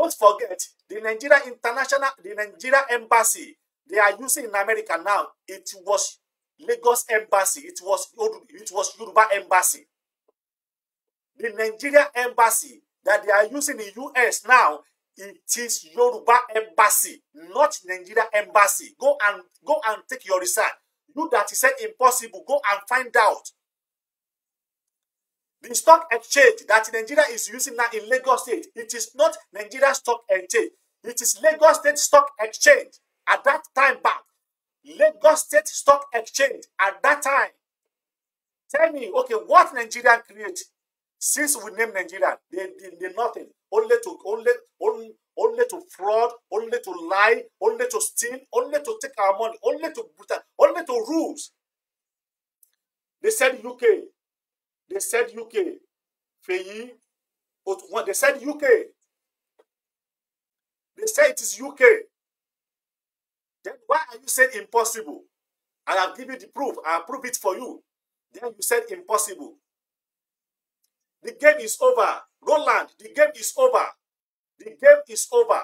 Don't forget, the Nigeria International, the Nigeria Embassy, they are using in America now. It was Lagos Embassy. It was it was Yoruba Embassy. The Nigeria Embassy that they are using in US now. It is Yoruba Embassy, not Nigeria Embassy. Go and go and take your research. You that is said impossible. Go and find out The stock exchange that Nigeria is using now in Lagos State, it is not Nigeria Stock Exchange. It is Lagos State Stock Exchange. At that time back, Lagos State Stock Exchange at that time. Tell me, okay, what Nigerian create since we name Nigeria? They did nothing. Only to only only only to fraud, only to lie, only to steal, only to take our money, only to only to rules. They said UK, they said UK Fèyí Otúnwàn they said UK they said it is UK then why are you saying impossible and I give you the proof I prove it for you then you said impossible the game is over Roland the game is over the game is over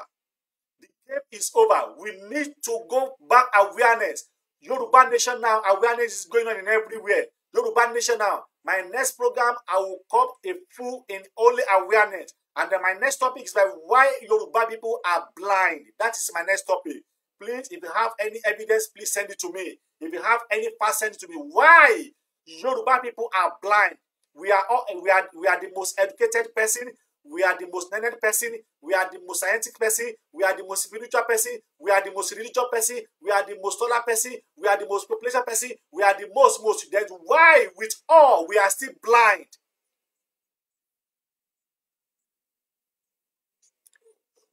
the game is over we need to go back awareness Yoruba nation now awareness is going on in everywhere Yoruba nation now My next program, I will come a fool in only awareness. And then my next topic is like why Yoruba people are blind. That is my next topic. Please, if you have any evidence, please send it to me. If you have any past, send it to me. Why Yoruba people are blind? We are all we are we are the most educated person. We are the most learned person. We are the most scientific person. We are the most spiritual person. We are the most religious person. We are the most solar person. We are the most population person. We are the most, most. Then why, with all, we are still blind?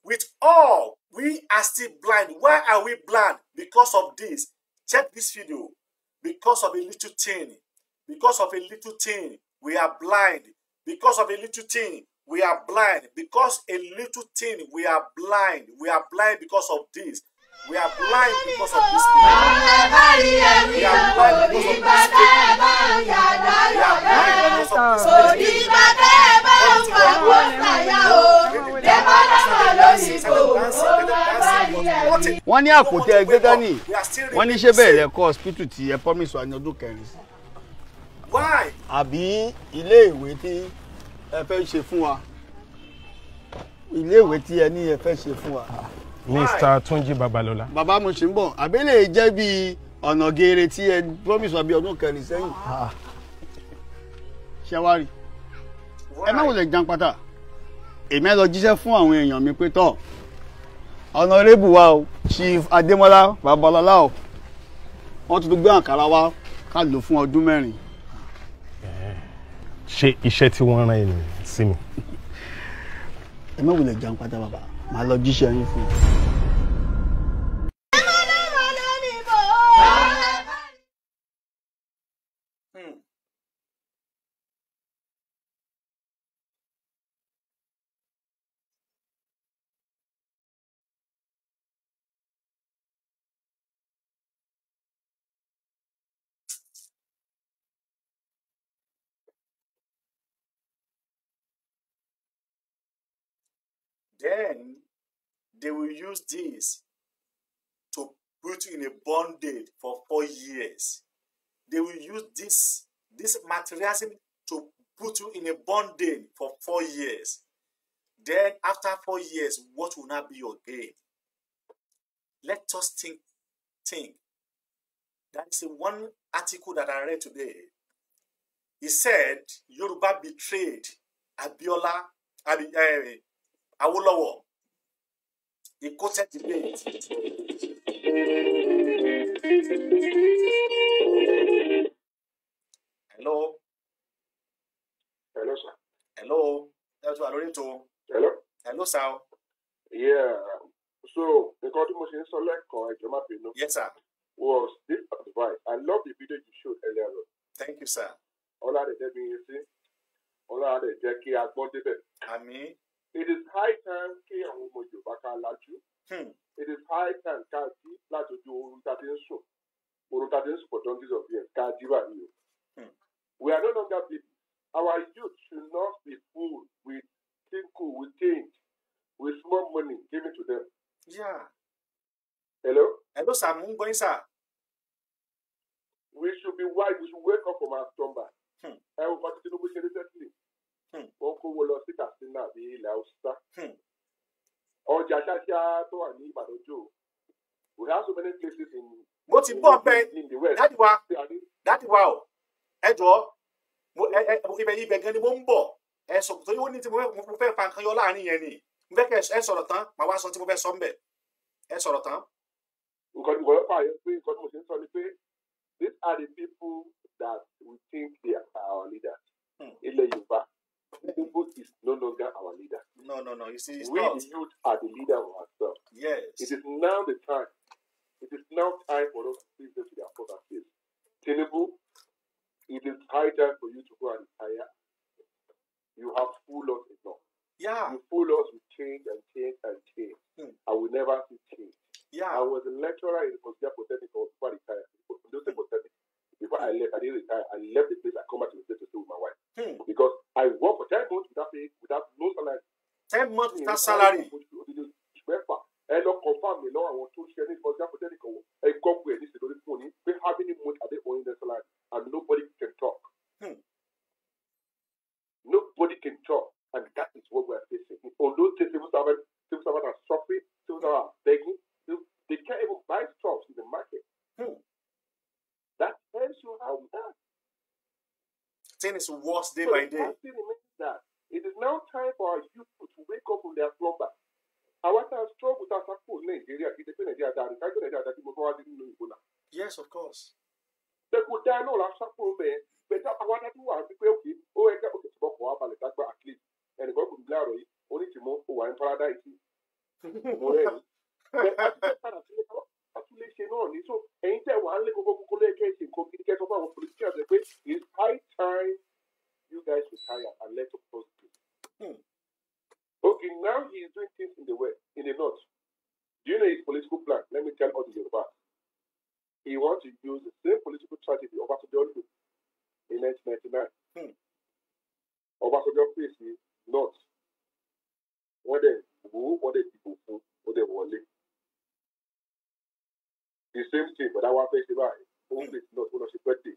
With all, we are still blind. Why are we blind? Because of this. Check this video. Because of a little thing. Because of a little thing, we are blind. Because of a little thing, We are blind because a little thing. We are blind. We are blind because of this. We are blind because of this thing. We are blind because of this thing. We are blind because of this thing. wọ́n ní àpótẹ́ ẹgbẹ́ dání wọ́n ní ṣé bẹ́ẹ̀ lẹ́kọ́ hospital ti ẹ promise ọdún kẹrin sí. àbí ilé ìwé tí ẹ fẹ́ ṣe fún wa iléèwé tí ẹ ní ẹ fẹ́ ṣe fún wa. Mr Túnjí Babalọlá. bàbá mo ṣì ń bọ̀ àbẹ́lẹ̀ jẹ́ bí ọ̀nà geere tí ẹ promise wa bí ọdún kẹrin sẹ́yìn ah. ṣẹwárì ẹ má wọlé jan èmi ẹ lọ jíṣẹ́ fún àwọn èèyàn mi pé tọ́ honorable wa o chief Ademola Babalola. o wọ́n tuntun gbé àǹkárá wa ká lò fún ọdún mẹ́rin ṣé iṣẹ́ tí wọ́n rán ẹni sí mi. ẹ má wulẹ̀ jẹun pátá bàbá màá lọ jíṣẹ́ yín fún un. they will use this to put you in a bondage for four years. They will use this, this materialism to put you in a bondage for four years. Then after four years, what will not be your gain? Let us think, think. That is the one article that I read today. He said Yoruba betrayed Abiola, Abi, uh, Awolowo the quotient debate. hello. hello sir. hello ẹ tún wà lórí ètò. hello. hello sir. yeah so nǹkan tí mo ṣe ń yes sir. was this advice I love the video you showed earlier thank you sir. All rẹ̀ jẹ́ bí see. All ọlá rẹ̀ jẹ́ kí a gbọ́n débẹ̀. àmín. It is high time kí àwọn ọmọ Yorùbá ká lajú. Hmm. It is high time ká jí láti ojú oorun tàbí ń sùn. Oorun tàbí ń sùn for donkeys of years ká jí báyìí o. Hmm. We are no longer babies. Our youth should not be fooled with tinku, with change, with small money given to them. Yeah. Hello? Hello, sir. Mo ń gbọ́ yín, sir. We should be wise. We should wake up from our slumber. Hmm. Ẹ wo pàtó Tinubu ṣe recently. Hmm, ó kówó lọ sí Katsina àbí ilẹ̀ Haúsá hmm. ọjà ṣáṣá tó wà ní Ìbàdàn jò we have so many places in. mo ti gbọ́ pé dáàdì wa dáàdì wa o ẹ jọ̀ọ́ ibẹ̀ ibẹ̀ gan ni mo ń bọ̀ ẹ sọ tó yóò ní tí mo fẹ́ fa nǹkan yọ láàrin yẹn ni mo fẹ́ kẹ́ ẹ sọ̀rọ̀ tán màá wá sọ tí mo fẹ́ sọ ń bẹ̀ ẹ sọ̀rọ̀ tán. nǹkan ìwọ yóò pààyàn pé nǹkan tí mo ṣe ń sọ ni pé these are the people that we think they are our leaders hmm. ilẹ̀ Yorùbá Tinubu is no longer our leader. No, no, no. You see, it's we not. youth are the leader of ourselves. Yes. It is now the time. It is now time for us to give them to their proper place. Tinubu, it is high time for you to go and retire. You have fooled us enough. Yeah. You fooled us with change and change and change. Hmm. I will never see change. Yeah. I was a lecturer in Kosia Polytechnic. I was retired. Don't say Polytechnic before I left, I didn't retire. I left the place. I come back to the place to stay with my wife hmm. because I worked for ten months without pay, without no salary. ten months hmm. without salary. mẹ́fà ẹ lọ confam mi lọ́wọ́ àwọn tó ń ṣe ní ọjà fún tẹ́lẹ̀ kan ẹ gbọ́ pé ẹ ní ìṣèlú fún mi pé how many months are they owing their salary and nobody can talk. Hmm. nobody can talk and that is what we are facing. although civil servants civil servants are suffering civil servants are begging they can't even buy stuff in the market. Hmm. That tells you how bad. Sin is worse day so by day. That it is now time for our youth to wake up from their slumber. Our time struggle with our people in Nigeria. It depends Nigeria that the country Nigeria that people didn't know Ebola. Yes, of course. They could die no last couple men. But àwọn adájú wà ní pé òkè ó ẹgbẹ́ òkè tí wọ́n kọ̀ wá balẹ̀ dágbà at least ẹnìkan kò ní bí àròyìn onítìmọ́ òwà ní paradise. Mo rẹ̀ àtúnlé ṣe náà ní so ẹ̀yin tẹ̀ wá lé gbogbo gbogbo lẹ́ẹ̀kẹ́ ṣe nǹkan gidi kẹ́ fún àwọn politicians pé it's high time you guys retire and let us post this. Hmm. Okay, now he is doing things in the west, in the north. Do you know his political plan? Let me tell all the Yorubas. He wants to use the same political strategy Obasanjo did in 1999. Hmm. Obasanjo faced north. Wọ́n dẹ̀ wò ó, wọ́n dẹ̀ dìbò fún, ó dẹ̀ wọlé the same thing but our face is right. ó ń not one of the ṣe birthday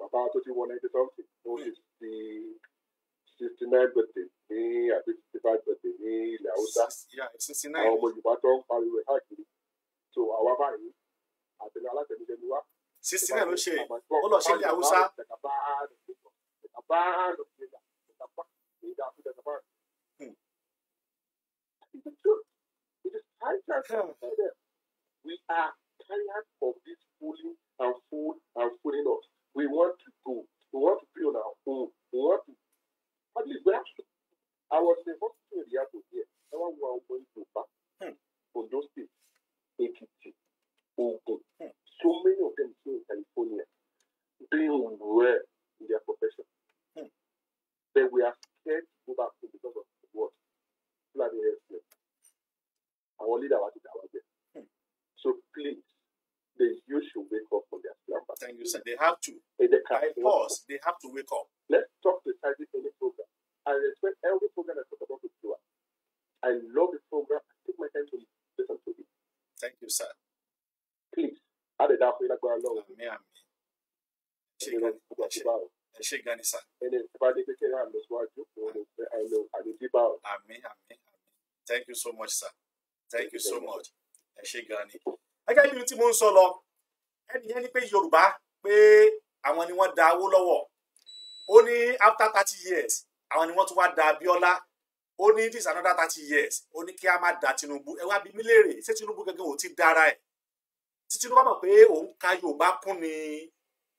bàbá tó ti wọ ninety something the sixty nine birthday me, àbí sixty five birthday ní ilẹ̀ haúsá àwọn ọmọ yorùbá tó ń pariwo ẹ̀ káàkiri so àwa báyìí àtẹlẹ alátẹnudẹ ni wá. sixty nine ló ṣe ó lọ sí ilẹ̀ haúsá. We are tired of this fooling and fool and fooling us. We want to go. We want to be on our own. We want to. At least we have I was in hospital in the airport here. Someone who was going to back hmm. from those states, APT, Ogun. Hmm. So many of them here in California doing well in their profession. Hmm. Then we are scared to go back to because of the world. People are the Our leader was it, our So please, they you should wake up from their slumber. Thank you, sir. They have to. If they can I pause. They have to wake up. Let's talk precisely any program. I respect every program I talk about with you. I love the program. I take my time to listen to it. Thank you, sir. Please, I add it up in a go along. Amen. Ṣé gani sa? Ẹni bá dé kékeré àmì síwájú, òun ló fẹ́ àìlò àdébíbá o. Àmín àmín àmín. Thank you so much, sir. Thank you so much. Ẹ ṣé gẹ́gẹ́ bí tí mo ń sọ lọ ẹnì yẹn ní pé yorùbá pé àwọn ni wọ́n da Awólọ́wọ̀ ó ní after thirty years àwọn ni wọ́n tún wá da Abíọ́lá ó ní this another thirty years ó ní kí a má da Tinubu ẹ wá bí mí léèrè ṣé Tinubu gẹ́gẹ́ ò ti dára ẹ̀ tí Tinubu bá mọ̀ pé òun ka yorùbá kún ni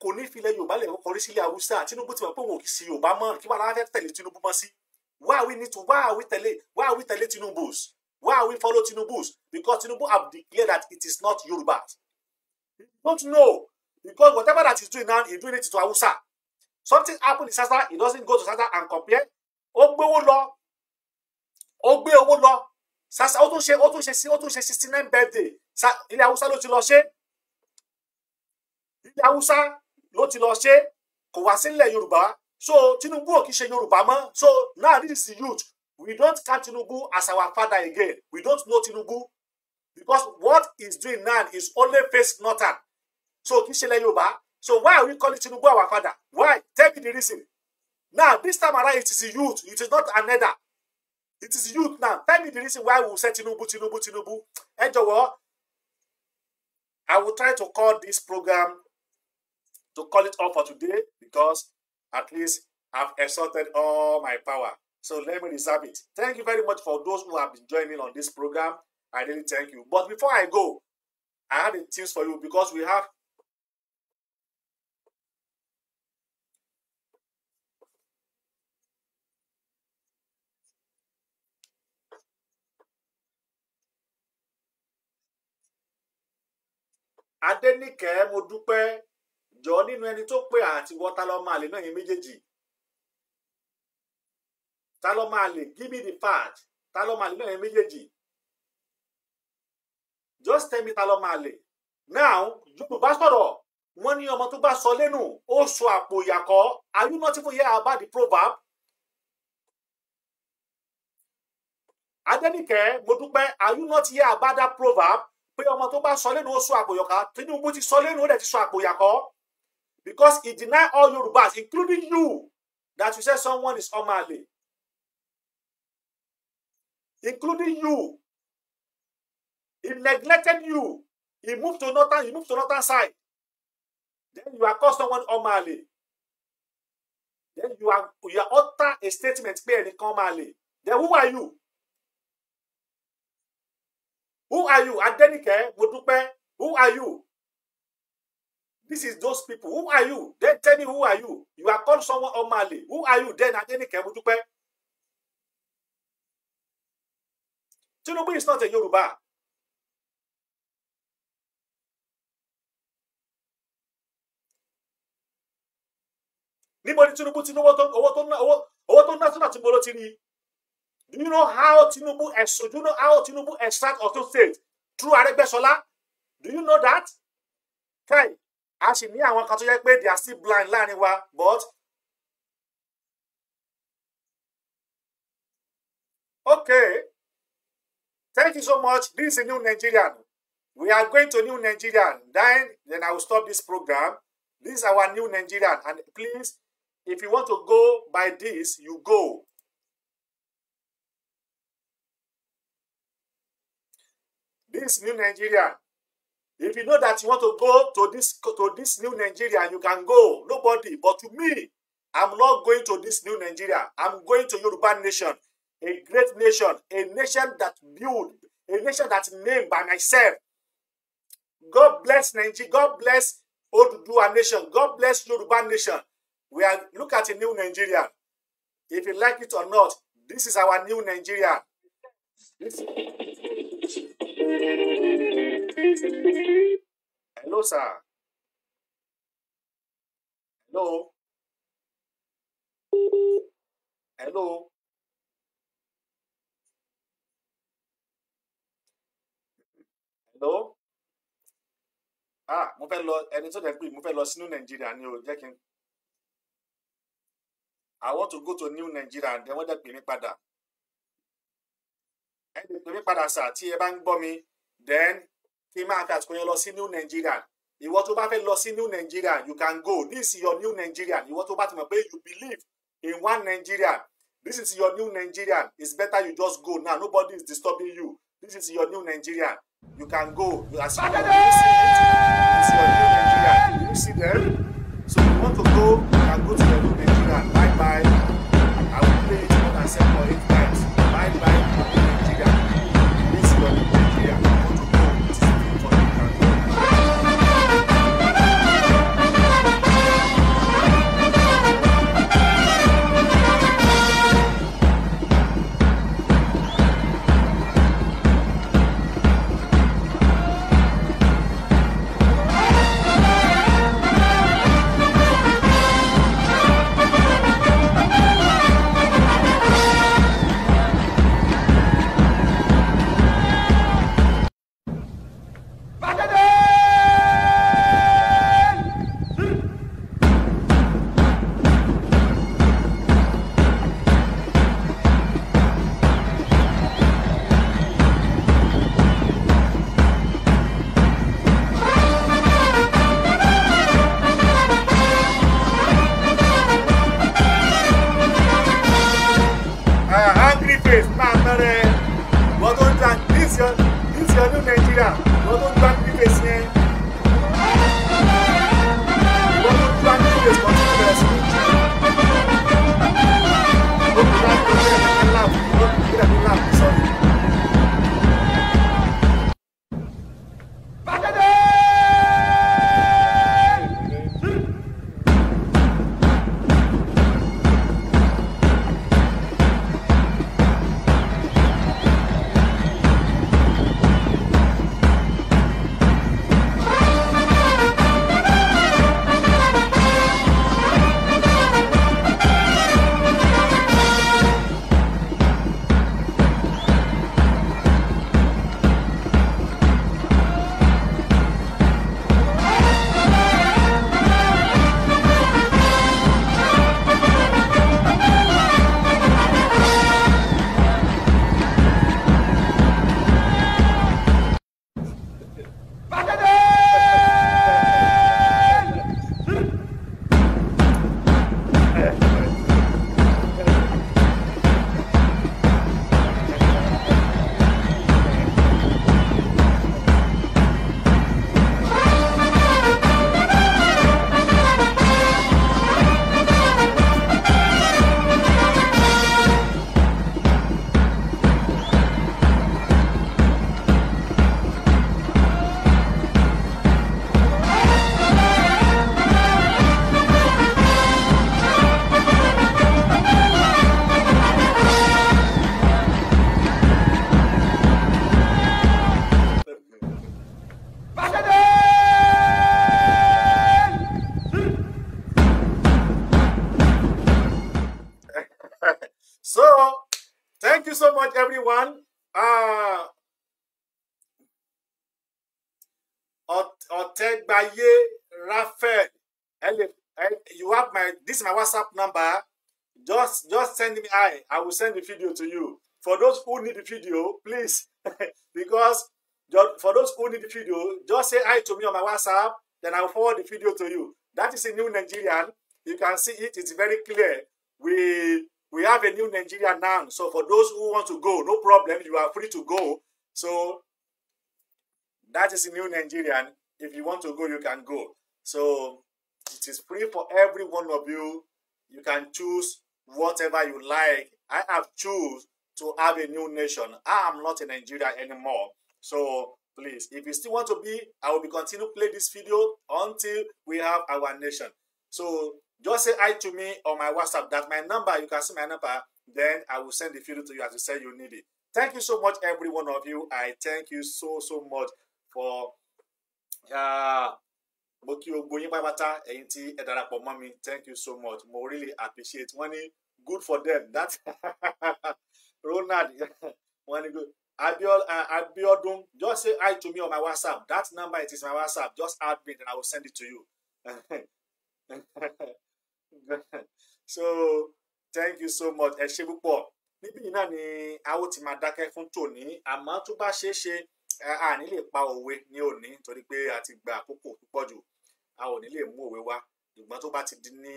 kò ní ìfilẹ̀ yorùbá lè kọrí sílẹ̀ haúsá Tinubu ti mọ̀ pé òun kì í ṣe yorùbá mọ́ kí wàá láwọn fẹ́ tẹ̀lé Tinubu mọ́ sí wá àwí tẹ̀lé Tinubu's Why are we follow Tinubu's? Because Tinubu have declared that it is not Yoruba. don't know. Because whatever that he's doing now, he's doing it to Hausa. Something happened in Sasa, he doesn't go to Sasa and compare. Ó gbé owó lọ. Ó gbé owó lọ. Sasa ó tún ṣe ó tún ṣe ó tún ṣe sixty nine birthday. Ilé Hausa ló ti lọ ṣe. Ilé Hausa ló ti lọ ṣe. Kò wá sílẹ̀ So Tinubu ò kì í ṣe Yorùbá So now this is the youth We don't count Tinubu as our father again. We don't know Tinubu because what he's doing now is only face northern. So kishele í So why are we calling Tinubu our father? Why? Tell me the reason. Now this time around it is youth. It is not another. It is youth now. Tell me the reason why we say Tinubu, Tinubu, Tinubu. Ẹ jọ̀wọ́, I will try to call this program to call it off for today because at least I've exhausted all my power. So let me reserve it. Thank you very much for those who have been joining on this program. I really thank you. But before I go, I have a tips for you because we have Adéníkẹ́ mo dúpẹ́ jọ nínú ẹni tó pé àti wọ́tálọ́mọ àlè náà yẹn méjèèjì ta ló máa lè give me the fact ta ló máa lè lẹ́yìn méjèèjì just tell me ta ló máa lè now yorùbá sọ̀rọ̀ wọ́n ní ọmọ tó bá sọ lẹ́nu ó sọ àpò ìyàkọ́ are you not even hear about the proverb adẹ́nìkẹ́ mo dúpẹ́ are you not hear about that proverb pé ọmọ tó bá sọ lẹ́nu ó sọ àpòyọ̀ká Tinubu ti sọ lẹ́nu ó dẹ̀ ti sọ àpòyàkọ́ because he deny all Yorubas including you that you say someone is ọmọ including you. He neglected you. He moved to northern, he moved to northern side. Then you are accuse someone ọmọàlè. Then you are you are utter a statement pé ẹnìkan ọmọàlè. Then who are you? Who are you? Adenike, Modupe, who are you? This is those people. Who are you? Then tell me who are you? You are called someone ọmọàlè. Who are you? Then Adenike, Modupe. Tinubu is not a Yoruba. níbo ni Tinubu ti ní owó tó owó tó national ti bolo ti rí do you know how Tinubu exo do you know how Tinubu extract Ọ̀ṣun state through Arẹ́gbẹ́ṣọlá do you know that kai a sì ní àwọn kan tó yẹ pé they are still blind láàrin wa but okay Thank you so much. This is New Nigerian. We are going to New Nigerian. Then, then I will stop this program. This is our New Nigerian. And please, if you want to go by this, you go. This New Nigerian. If you know that you want to go to this to this New Nigeria, you can go. Nobody. But to me, I'm not going to this New Nigeria. I'm going to Yoruba Nation a great nation, a nation that build, a nation that named by myself. God bless Nigeria. God bless Oduduwa nation. God bless Yoruba nation. We are look at a new Nigeria. If you like it or not, this is our new Nigeria. Hello, sir. Hello. Hello. pé ah mo fẹ́ lọ ẹni tó dẹ̀ pé mo fẹ́ lọ sí new ni o jẹ́ kí n I want to go to new Nigeria and then wọ́n dẹ̀ pè mí padà ẹ lè pè padà sà tí ẹ bá ń gbọ́ mi then kí n máa fi àsìkò yẹn lọ sí new Nigeria ìwọ tó bá fẹ́ lọ sí new Nigeria you can go this is your new Nigeria ìwọ tó bá ti mọ̀ pé you believe in one Nigeria this is your new Nigeria it's better you just go now nobody is disturbing you this is your new Nigeria you can go. As you, see it, you see them, you see them. So you want to go, you can go to the room Nigeria. Bye bye. I will play it more than seven or eight times. Bye bye, Nigeria. This is your send me I. I will send the video to you. For those who need the video, please, because for those who need the video, just say hi to me on my WhatsApp, then I will forward the video to you. That is a new Nigerian. You can see it, it's very clear. We we have a new Nigerian now. So for those who want to go, no problem, you are free to go. So that is a new Nigerian. If you want to go, you can go. So it is free for every one of you. You can choose whatever you like. I have choose to have a new nation. I am not a Nigeria anymore. So please, if you still want to be, I will be continue play this video until we have our nation. So just say hi to me on my WhatsApp. That's my number. You can see my number. Then I will send the video to you as you say you need it. Thank you so much, every one of you. I thank you so so much for uh mo kí gbogbo yín pátápátá ẹ̀yin tí ẹ darapọ̀ mọ́ mi thank you so much mo really appreciate wọ́n ní good for them that Ronald wọ́n ní good Abiodun just say hi to me on my WhatsApp that number it is my WhatsApp just add me then I will send it to you so thank you so much ẹ ṣe púpọ̀ níbí yìí náà ni a ó ti máa dákẹ́ fún tòní àmọ́ tó bá ṣeé ṣe a ní lè pa òwe ní òní torí pé a ti gba àkókò púpọ̀ jù a ò ní lè mú òwe wá ṣùgbọ́n tó bá ti di ní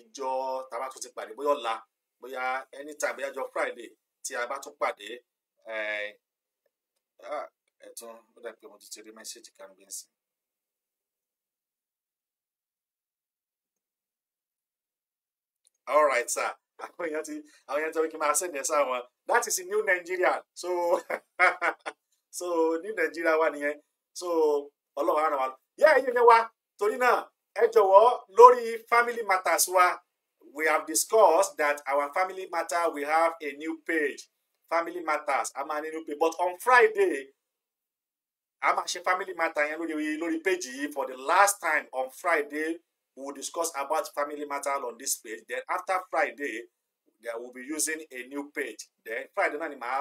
ìjọ tàbá tó ti pàdé bóyá ọ̀la bóyá anytime bóyá ọjọ́ Friday tí a bá tún pàdé ẹ̀tún ó dà pé mo ti ti rí mẹ́sẹ̀gì kan bí n sìn. all right sir àwọn èèyàn ti àwọn èèyàn ti wọ́n kí n máa sẹ́ni ẹ̀ sáwọn that is new Nigeria so so new Nigeria wà nìyẹn so ọlọ́run á ràn wá yẹ ẹ̀yin yẹn wa torí náà ẹ jọ̀wọ́ lórí family matters wa we have discussed that our family matter we have a new page family matters a máa ní new page but on Friday a máa ṣe family matter yẹn lórí lórí page yìí for the last time on Friday we will discuss about family matter on this page then after Friday they will be using a new page then Friday náà ni màá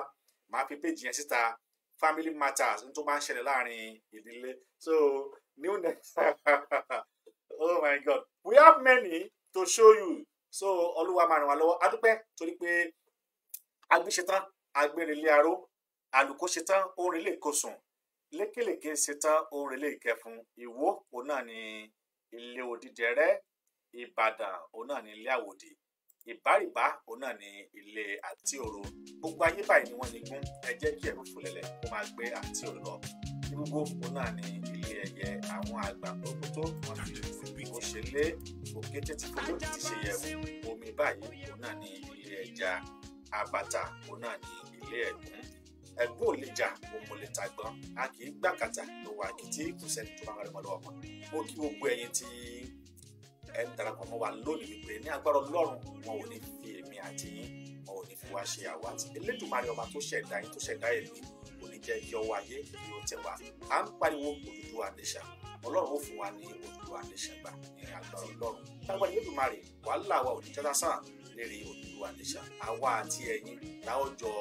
màá fi page yẹn síta family matters n tó máa ń ṣẹlẹ̀ láàrin ìdílé so. New next, oh my God we have many to show you so olúwa máa ràn wá lọ́wọ́ adúpẹ́ torí pé agbéṣetán agbérelé aró àlùkò ṣetán orin lè kó sùn lékèlèké ṣetán orin lè kẹfun ìwó òun náà ni ilé òdìdẹ rẹ ìbàdàn òun náà ni ilé àwòdì ìbárìbá òun náà ni ilé àti òro gbogbo ayé báyìí ni wọ́n ní gún ẹ jẹ́ kí ẹrú fúlẹ̀lẹ̀ kó máa gbé àti òro lọ gbogbo òun náà ni ẹ̀yẹ àwọn àgbà gbogbo wọ́n fi òṣèlé òkété tí kòtò ti ṣe yẹ̀wò omi báyìí òun náà ní ilé ẹja àbàtà òun náà ní ilé ẹ̀gún ẹ̀gbọ́n ò lè jà a kì í gbàkàtà tó wà kìtì kò sẹ́ni tó máa ń rẹ́mọ́ lọ́wọ́ wọn mo kí gbogbo ẹ̀yin tí ẹ ń darapọ̀ mọ́ wa lónìí wípé ní agbára ọlọ́run wọn ò ní fi èmi àti yín wọn ò ní fi wá ṣe àwa àti elédùnmarè ọba tó ṣẹ̀dá yín tó ṣẹ̀dá èmi kò ní jẹ́ yọ wáyé bí ó ti wà à ń pariwo Odùduwà nation ọlọ́run ó fún wa ní Odùduwà nation gbà ní agbára ọlọ́run táwọn Elédùmarè wàhálà wa ò ní jọ́dá sàn lérí Odùduwà nation àwa àti ẹ̀yin láwọ́ jọ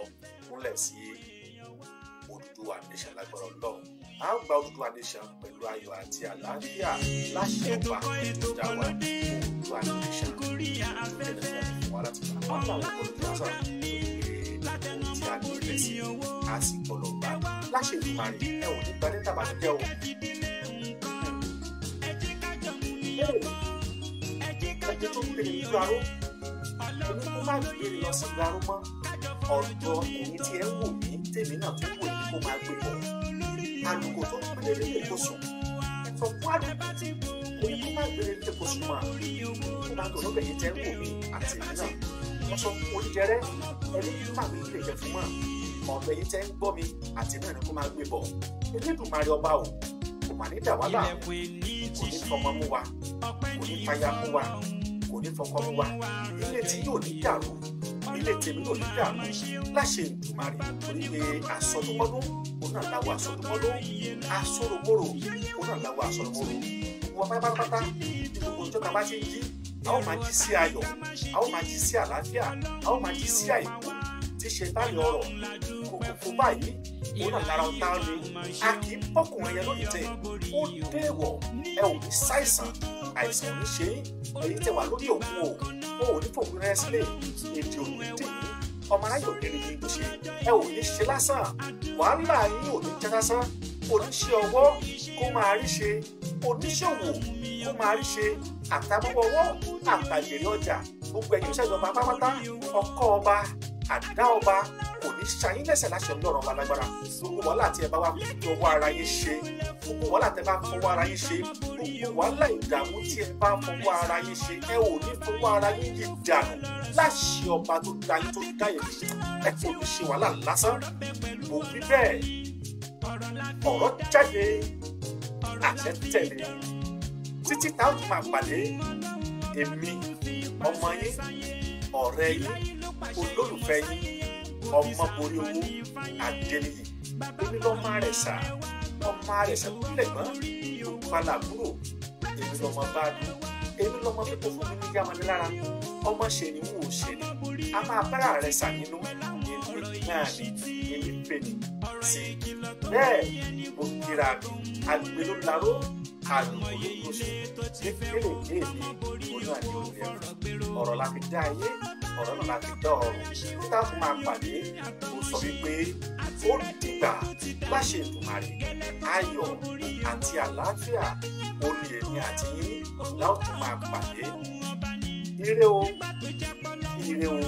múlẹ̀ sí Odùduwà nation lágbára ọlọ́run à ń gba Odùduwà nation pẹ̀lú ayọ̀ àti àlàáfíà láṣẹ ọba ìjà wa Odùduwà nation ìjẹ́lẹ̀ fún wa láti máa bá àwọn olùdásà lórí èrè ohun tí a ní ìrẹsì á sì láṣẹ ìdùnnà rẹ̀ ẹ ò ní gba ní tàbátúkẹ́ o. ẹni tó lè ní ìgbàrú èmi kó má gbé e lọ sí ìgbàrú mọ́ ọ̀dọ̀ èyí tí ẹ wò mí tèmi náà tó wò mí kó má gbé lọ. àlùkò tó ń gbélé lè kó sùn fọwọ́ àlùkò èyí kó má gbélé lè kó sùn mọ́ kó má gbọ́dọ̀ bẹ̀yẹ tẹ́ wò mí àti èmi náà wọ́n sọ oúnjẹ rẹ ẹni tó má gbélé lè jẹ fún mọ́ ọ̀nà èyí tẹ́ ń gbọ́ mi àti náà ni kó máa gbé bọ̀ Elédùmarè ọba o kò mà ní dà kò ní fọmọ mú wa kò ní fàyà mú wa kò ní fọkọ mú wa ilé tí yóò ní dàrú ilé tèmi yóò ní dàrú láṣẹ Èdùmarè torí pé àsọdúnmọ́dún òun náà láwọ àsọdúnmọ́dún àsọdúnmọ́rò òun náà láwọ àsọdúnmọ́rò wọn pátápátá gbogbo ìjọba bá ti ń máa jí sí ayọ̀ a máa jí sí àlàáfíà a máa jí sí àìkú tí ṣe táyọ̀ ọ̀rọ̀ kòkòkò báyìí òun náà lára ọ̀tá ni a kì í bọ́kùnrin yẹn lórí tẹ̀ ó déèwọ̀ ẹ ò ní ṣàìsàn àìsàn ò ní ṣe é èyí tẹ̀ wá lórí òkú o o ò ní fòkun rẹ sílẹ̀ èdè ò ní dì í ọmọ aráyè ò ní rí yín ṣe ẹ ò ní ṣe lásán wàhálà yín ò ní jẹ lásán oníṣẹ́ ọwọ́ kó máa rí ṣe oníṣòwò kó máa rí ṣe àtàbọ̀wọ̀ àtàgbèrè ọjà gbogbo ẹ̀yìn ìṣèjọba pátápátá ọkọ̀ ọba àdá ọba kò ní ṣayín lẹ́sẹ̀ láṣẹ ọlọ́run ọba lágbára gbogbo wàhálà tí ẹ bá wá fi ọwọ́ ara yín ṣe gbogbo wàhálà tí ẹ bá fọwọ́ ara yín ṣe gbogbo wàhálà ìdààmú tí ẹ bá fọwọ́ ara yín ṣe ẹ ò ní fọwọ́ ara yín yí dànù láṣẹ ọba tó dá yín tó dá yẹn ẹ kò ní ṣe wàhálà lásán kò bẹ́ẹ̀ ọ̀rọ̀ jáde àṣẹ tẹ̀lé títí táwọn máa pàdé èmi ọmọ yín ọ̀rẹ́ yín olólùfẹ́ yín ọmọ borí owó adéníyì èmi lọ́mọ rẹ̀ sá ọmọ rẹ̀ sá lẹ́gbọ́n ìpalà kúrò èmi lọ́mọ bá dùn èmi lọ́mọ tó tó fún mi ní yamani lára ọmọ ṣe ni wò ṣe ni a máa bára rẹ̀ sá nínú èmi náà ni èmi fèlè sí bẹ́ẹ̀ mo kíra mi káàdùn olókùnrin kékeré kéèké ojú àti ojú ẹ̀rọ ọ̀rọ̀ la fi dá ayé ọ̀rọ̀ náà la fi dá ọ̀rọ̀ títà fún máa pàdé mo sọ wípé ó dìgbà láṣẹ ìdùnmàrè ayọ̀ àti àlàáfíà orí èmi àti yín láòtún máa pàdé ire o ire o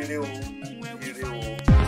ire o ire o.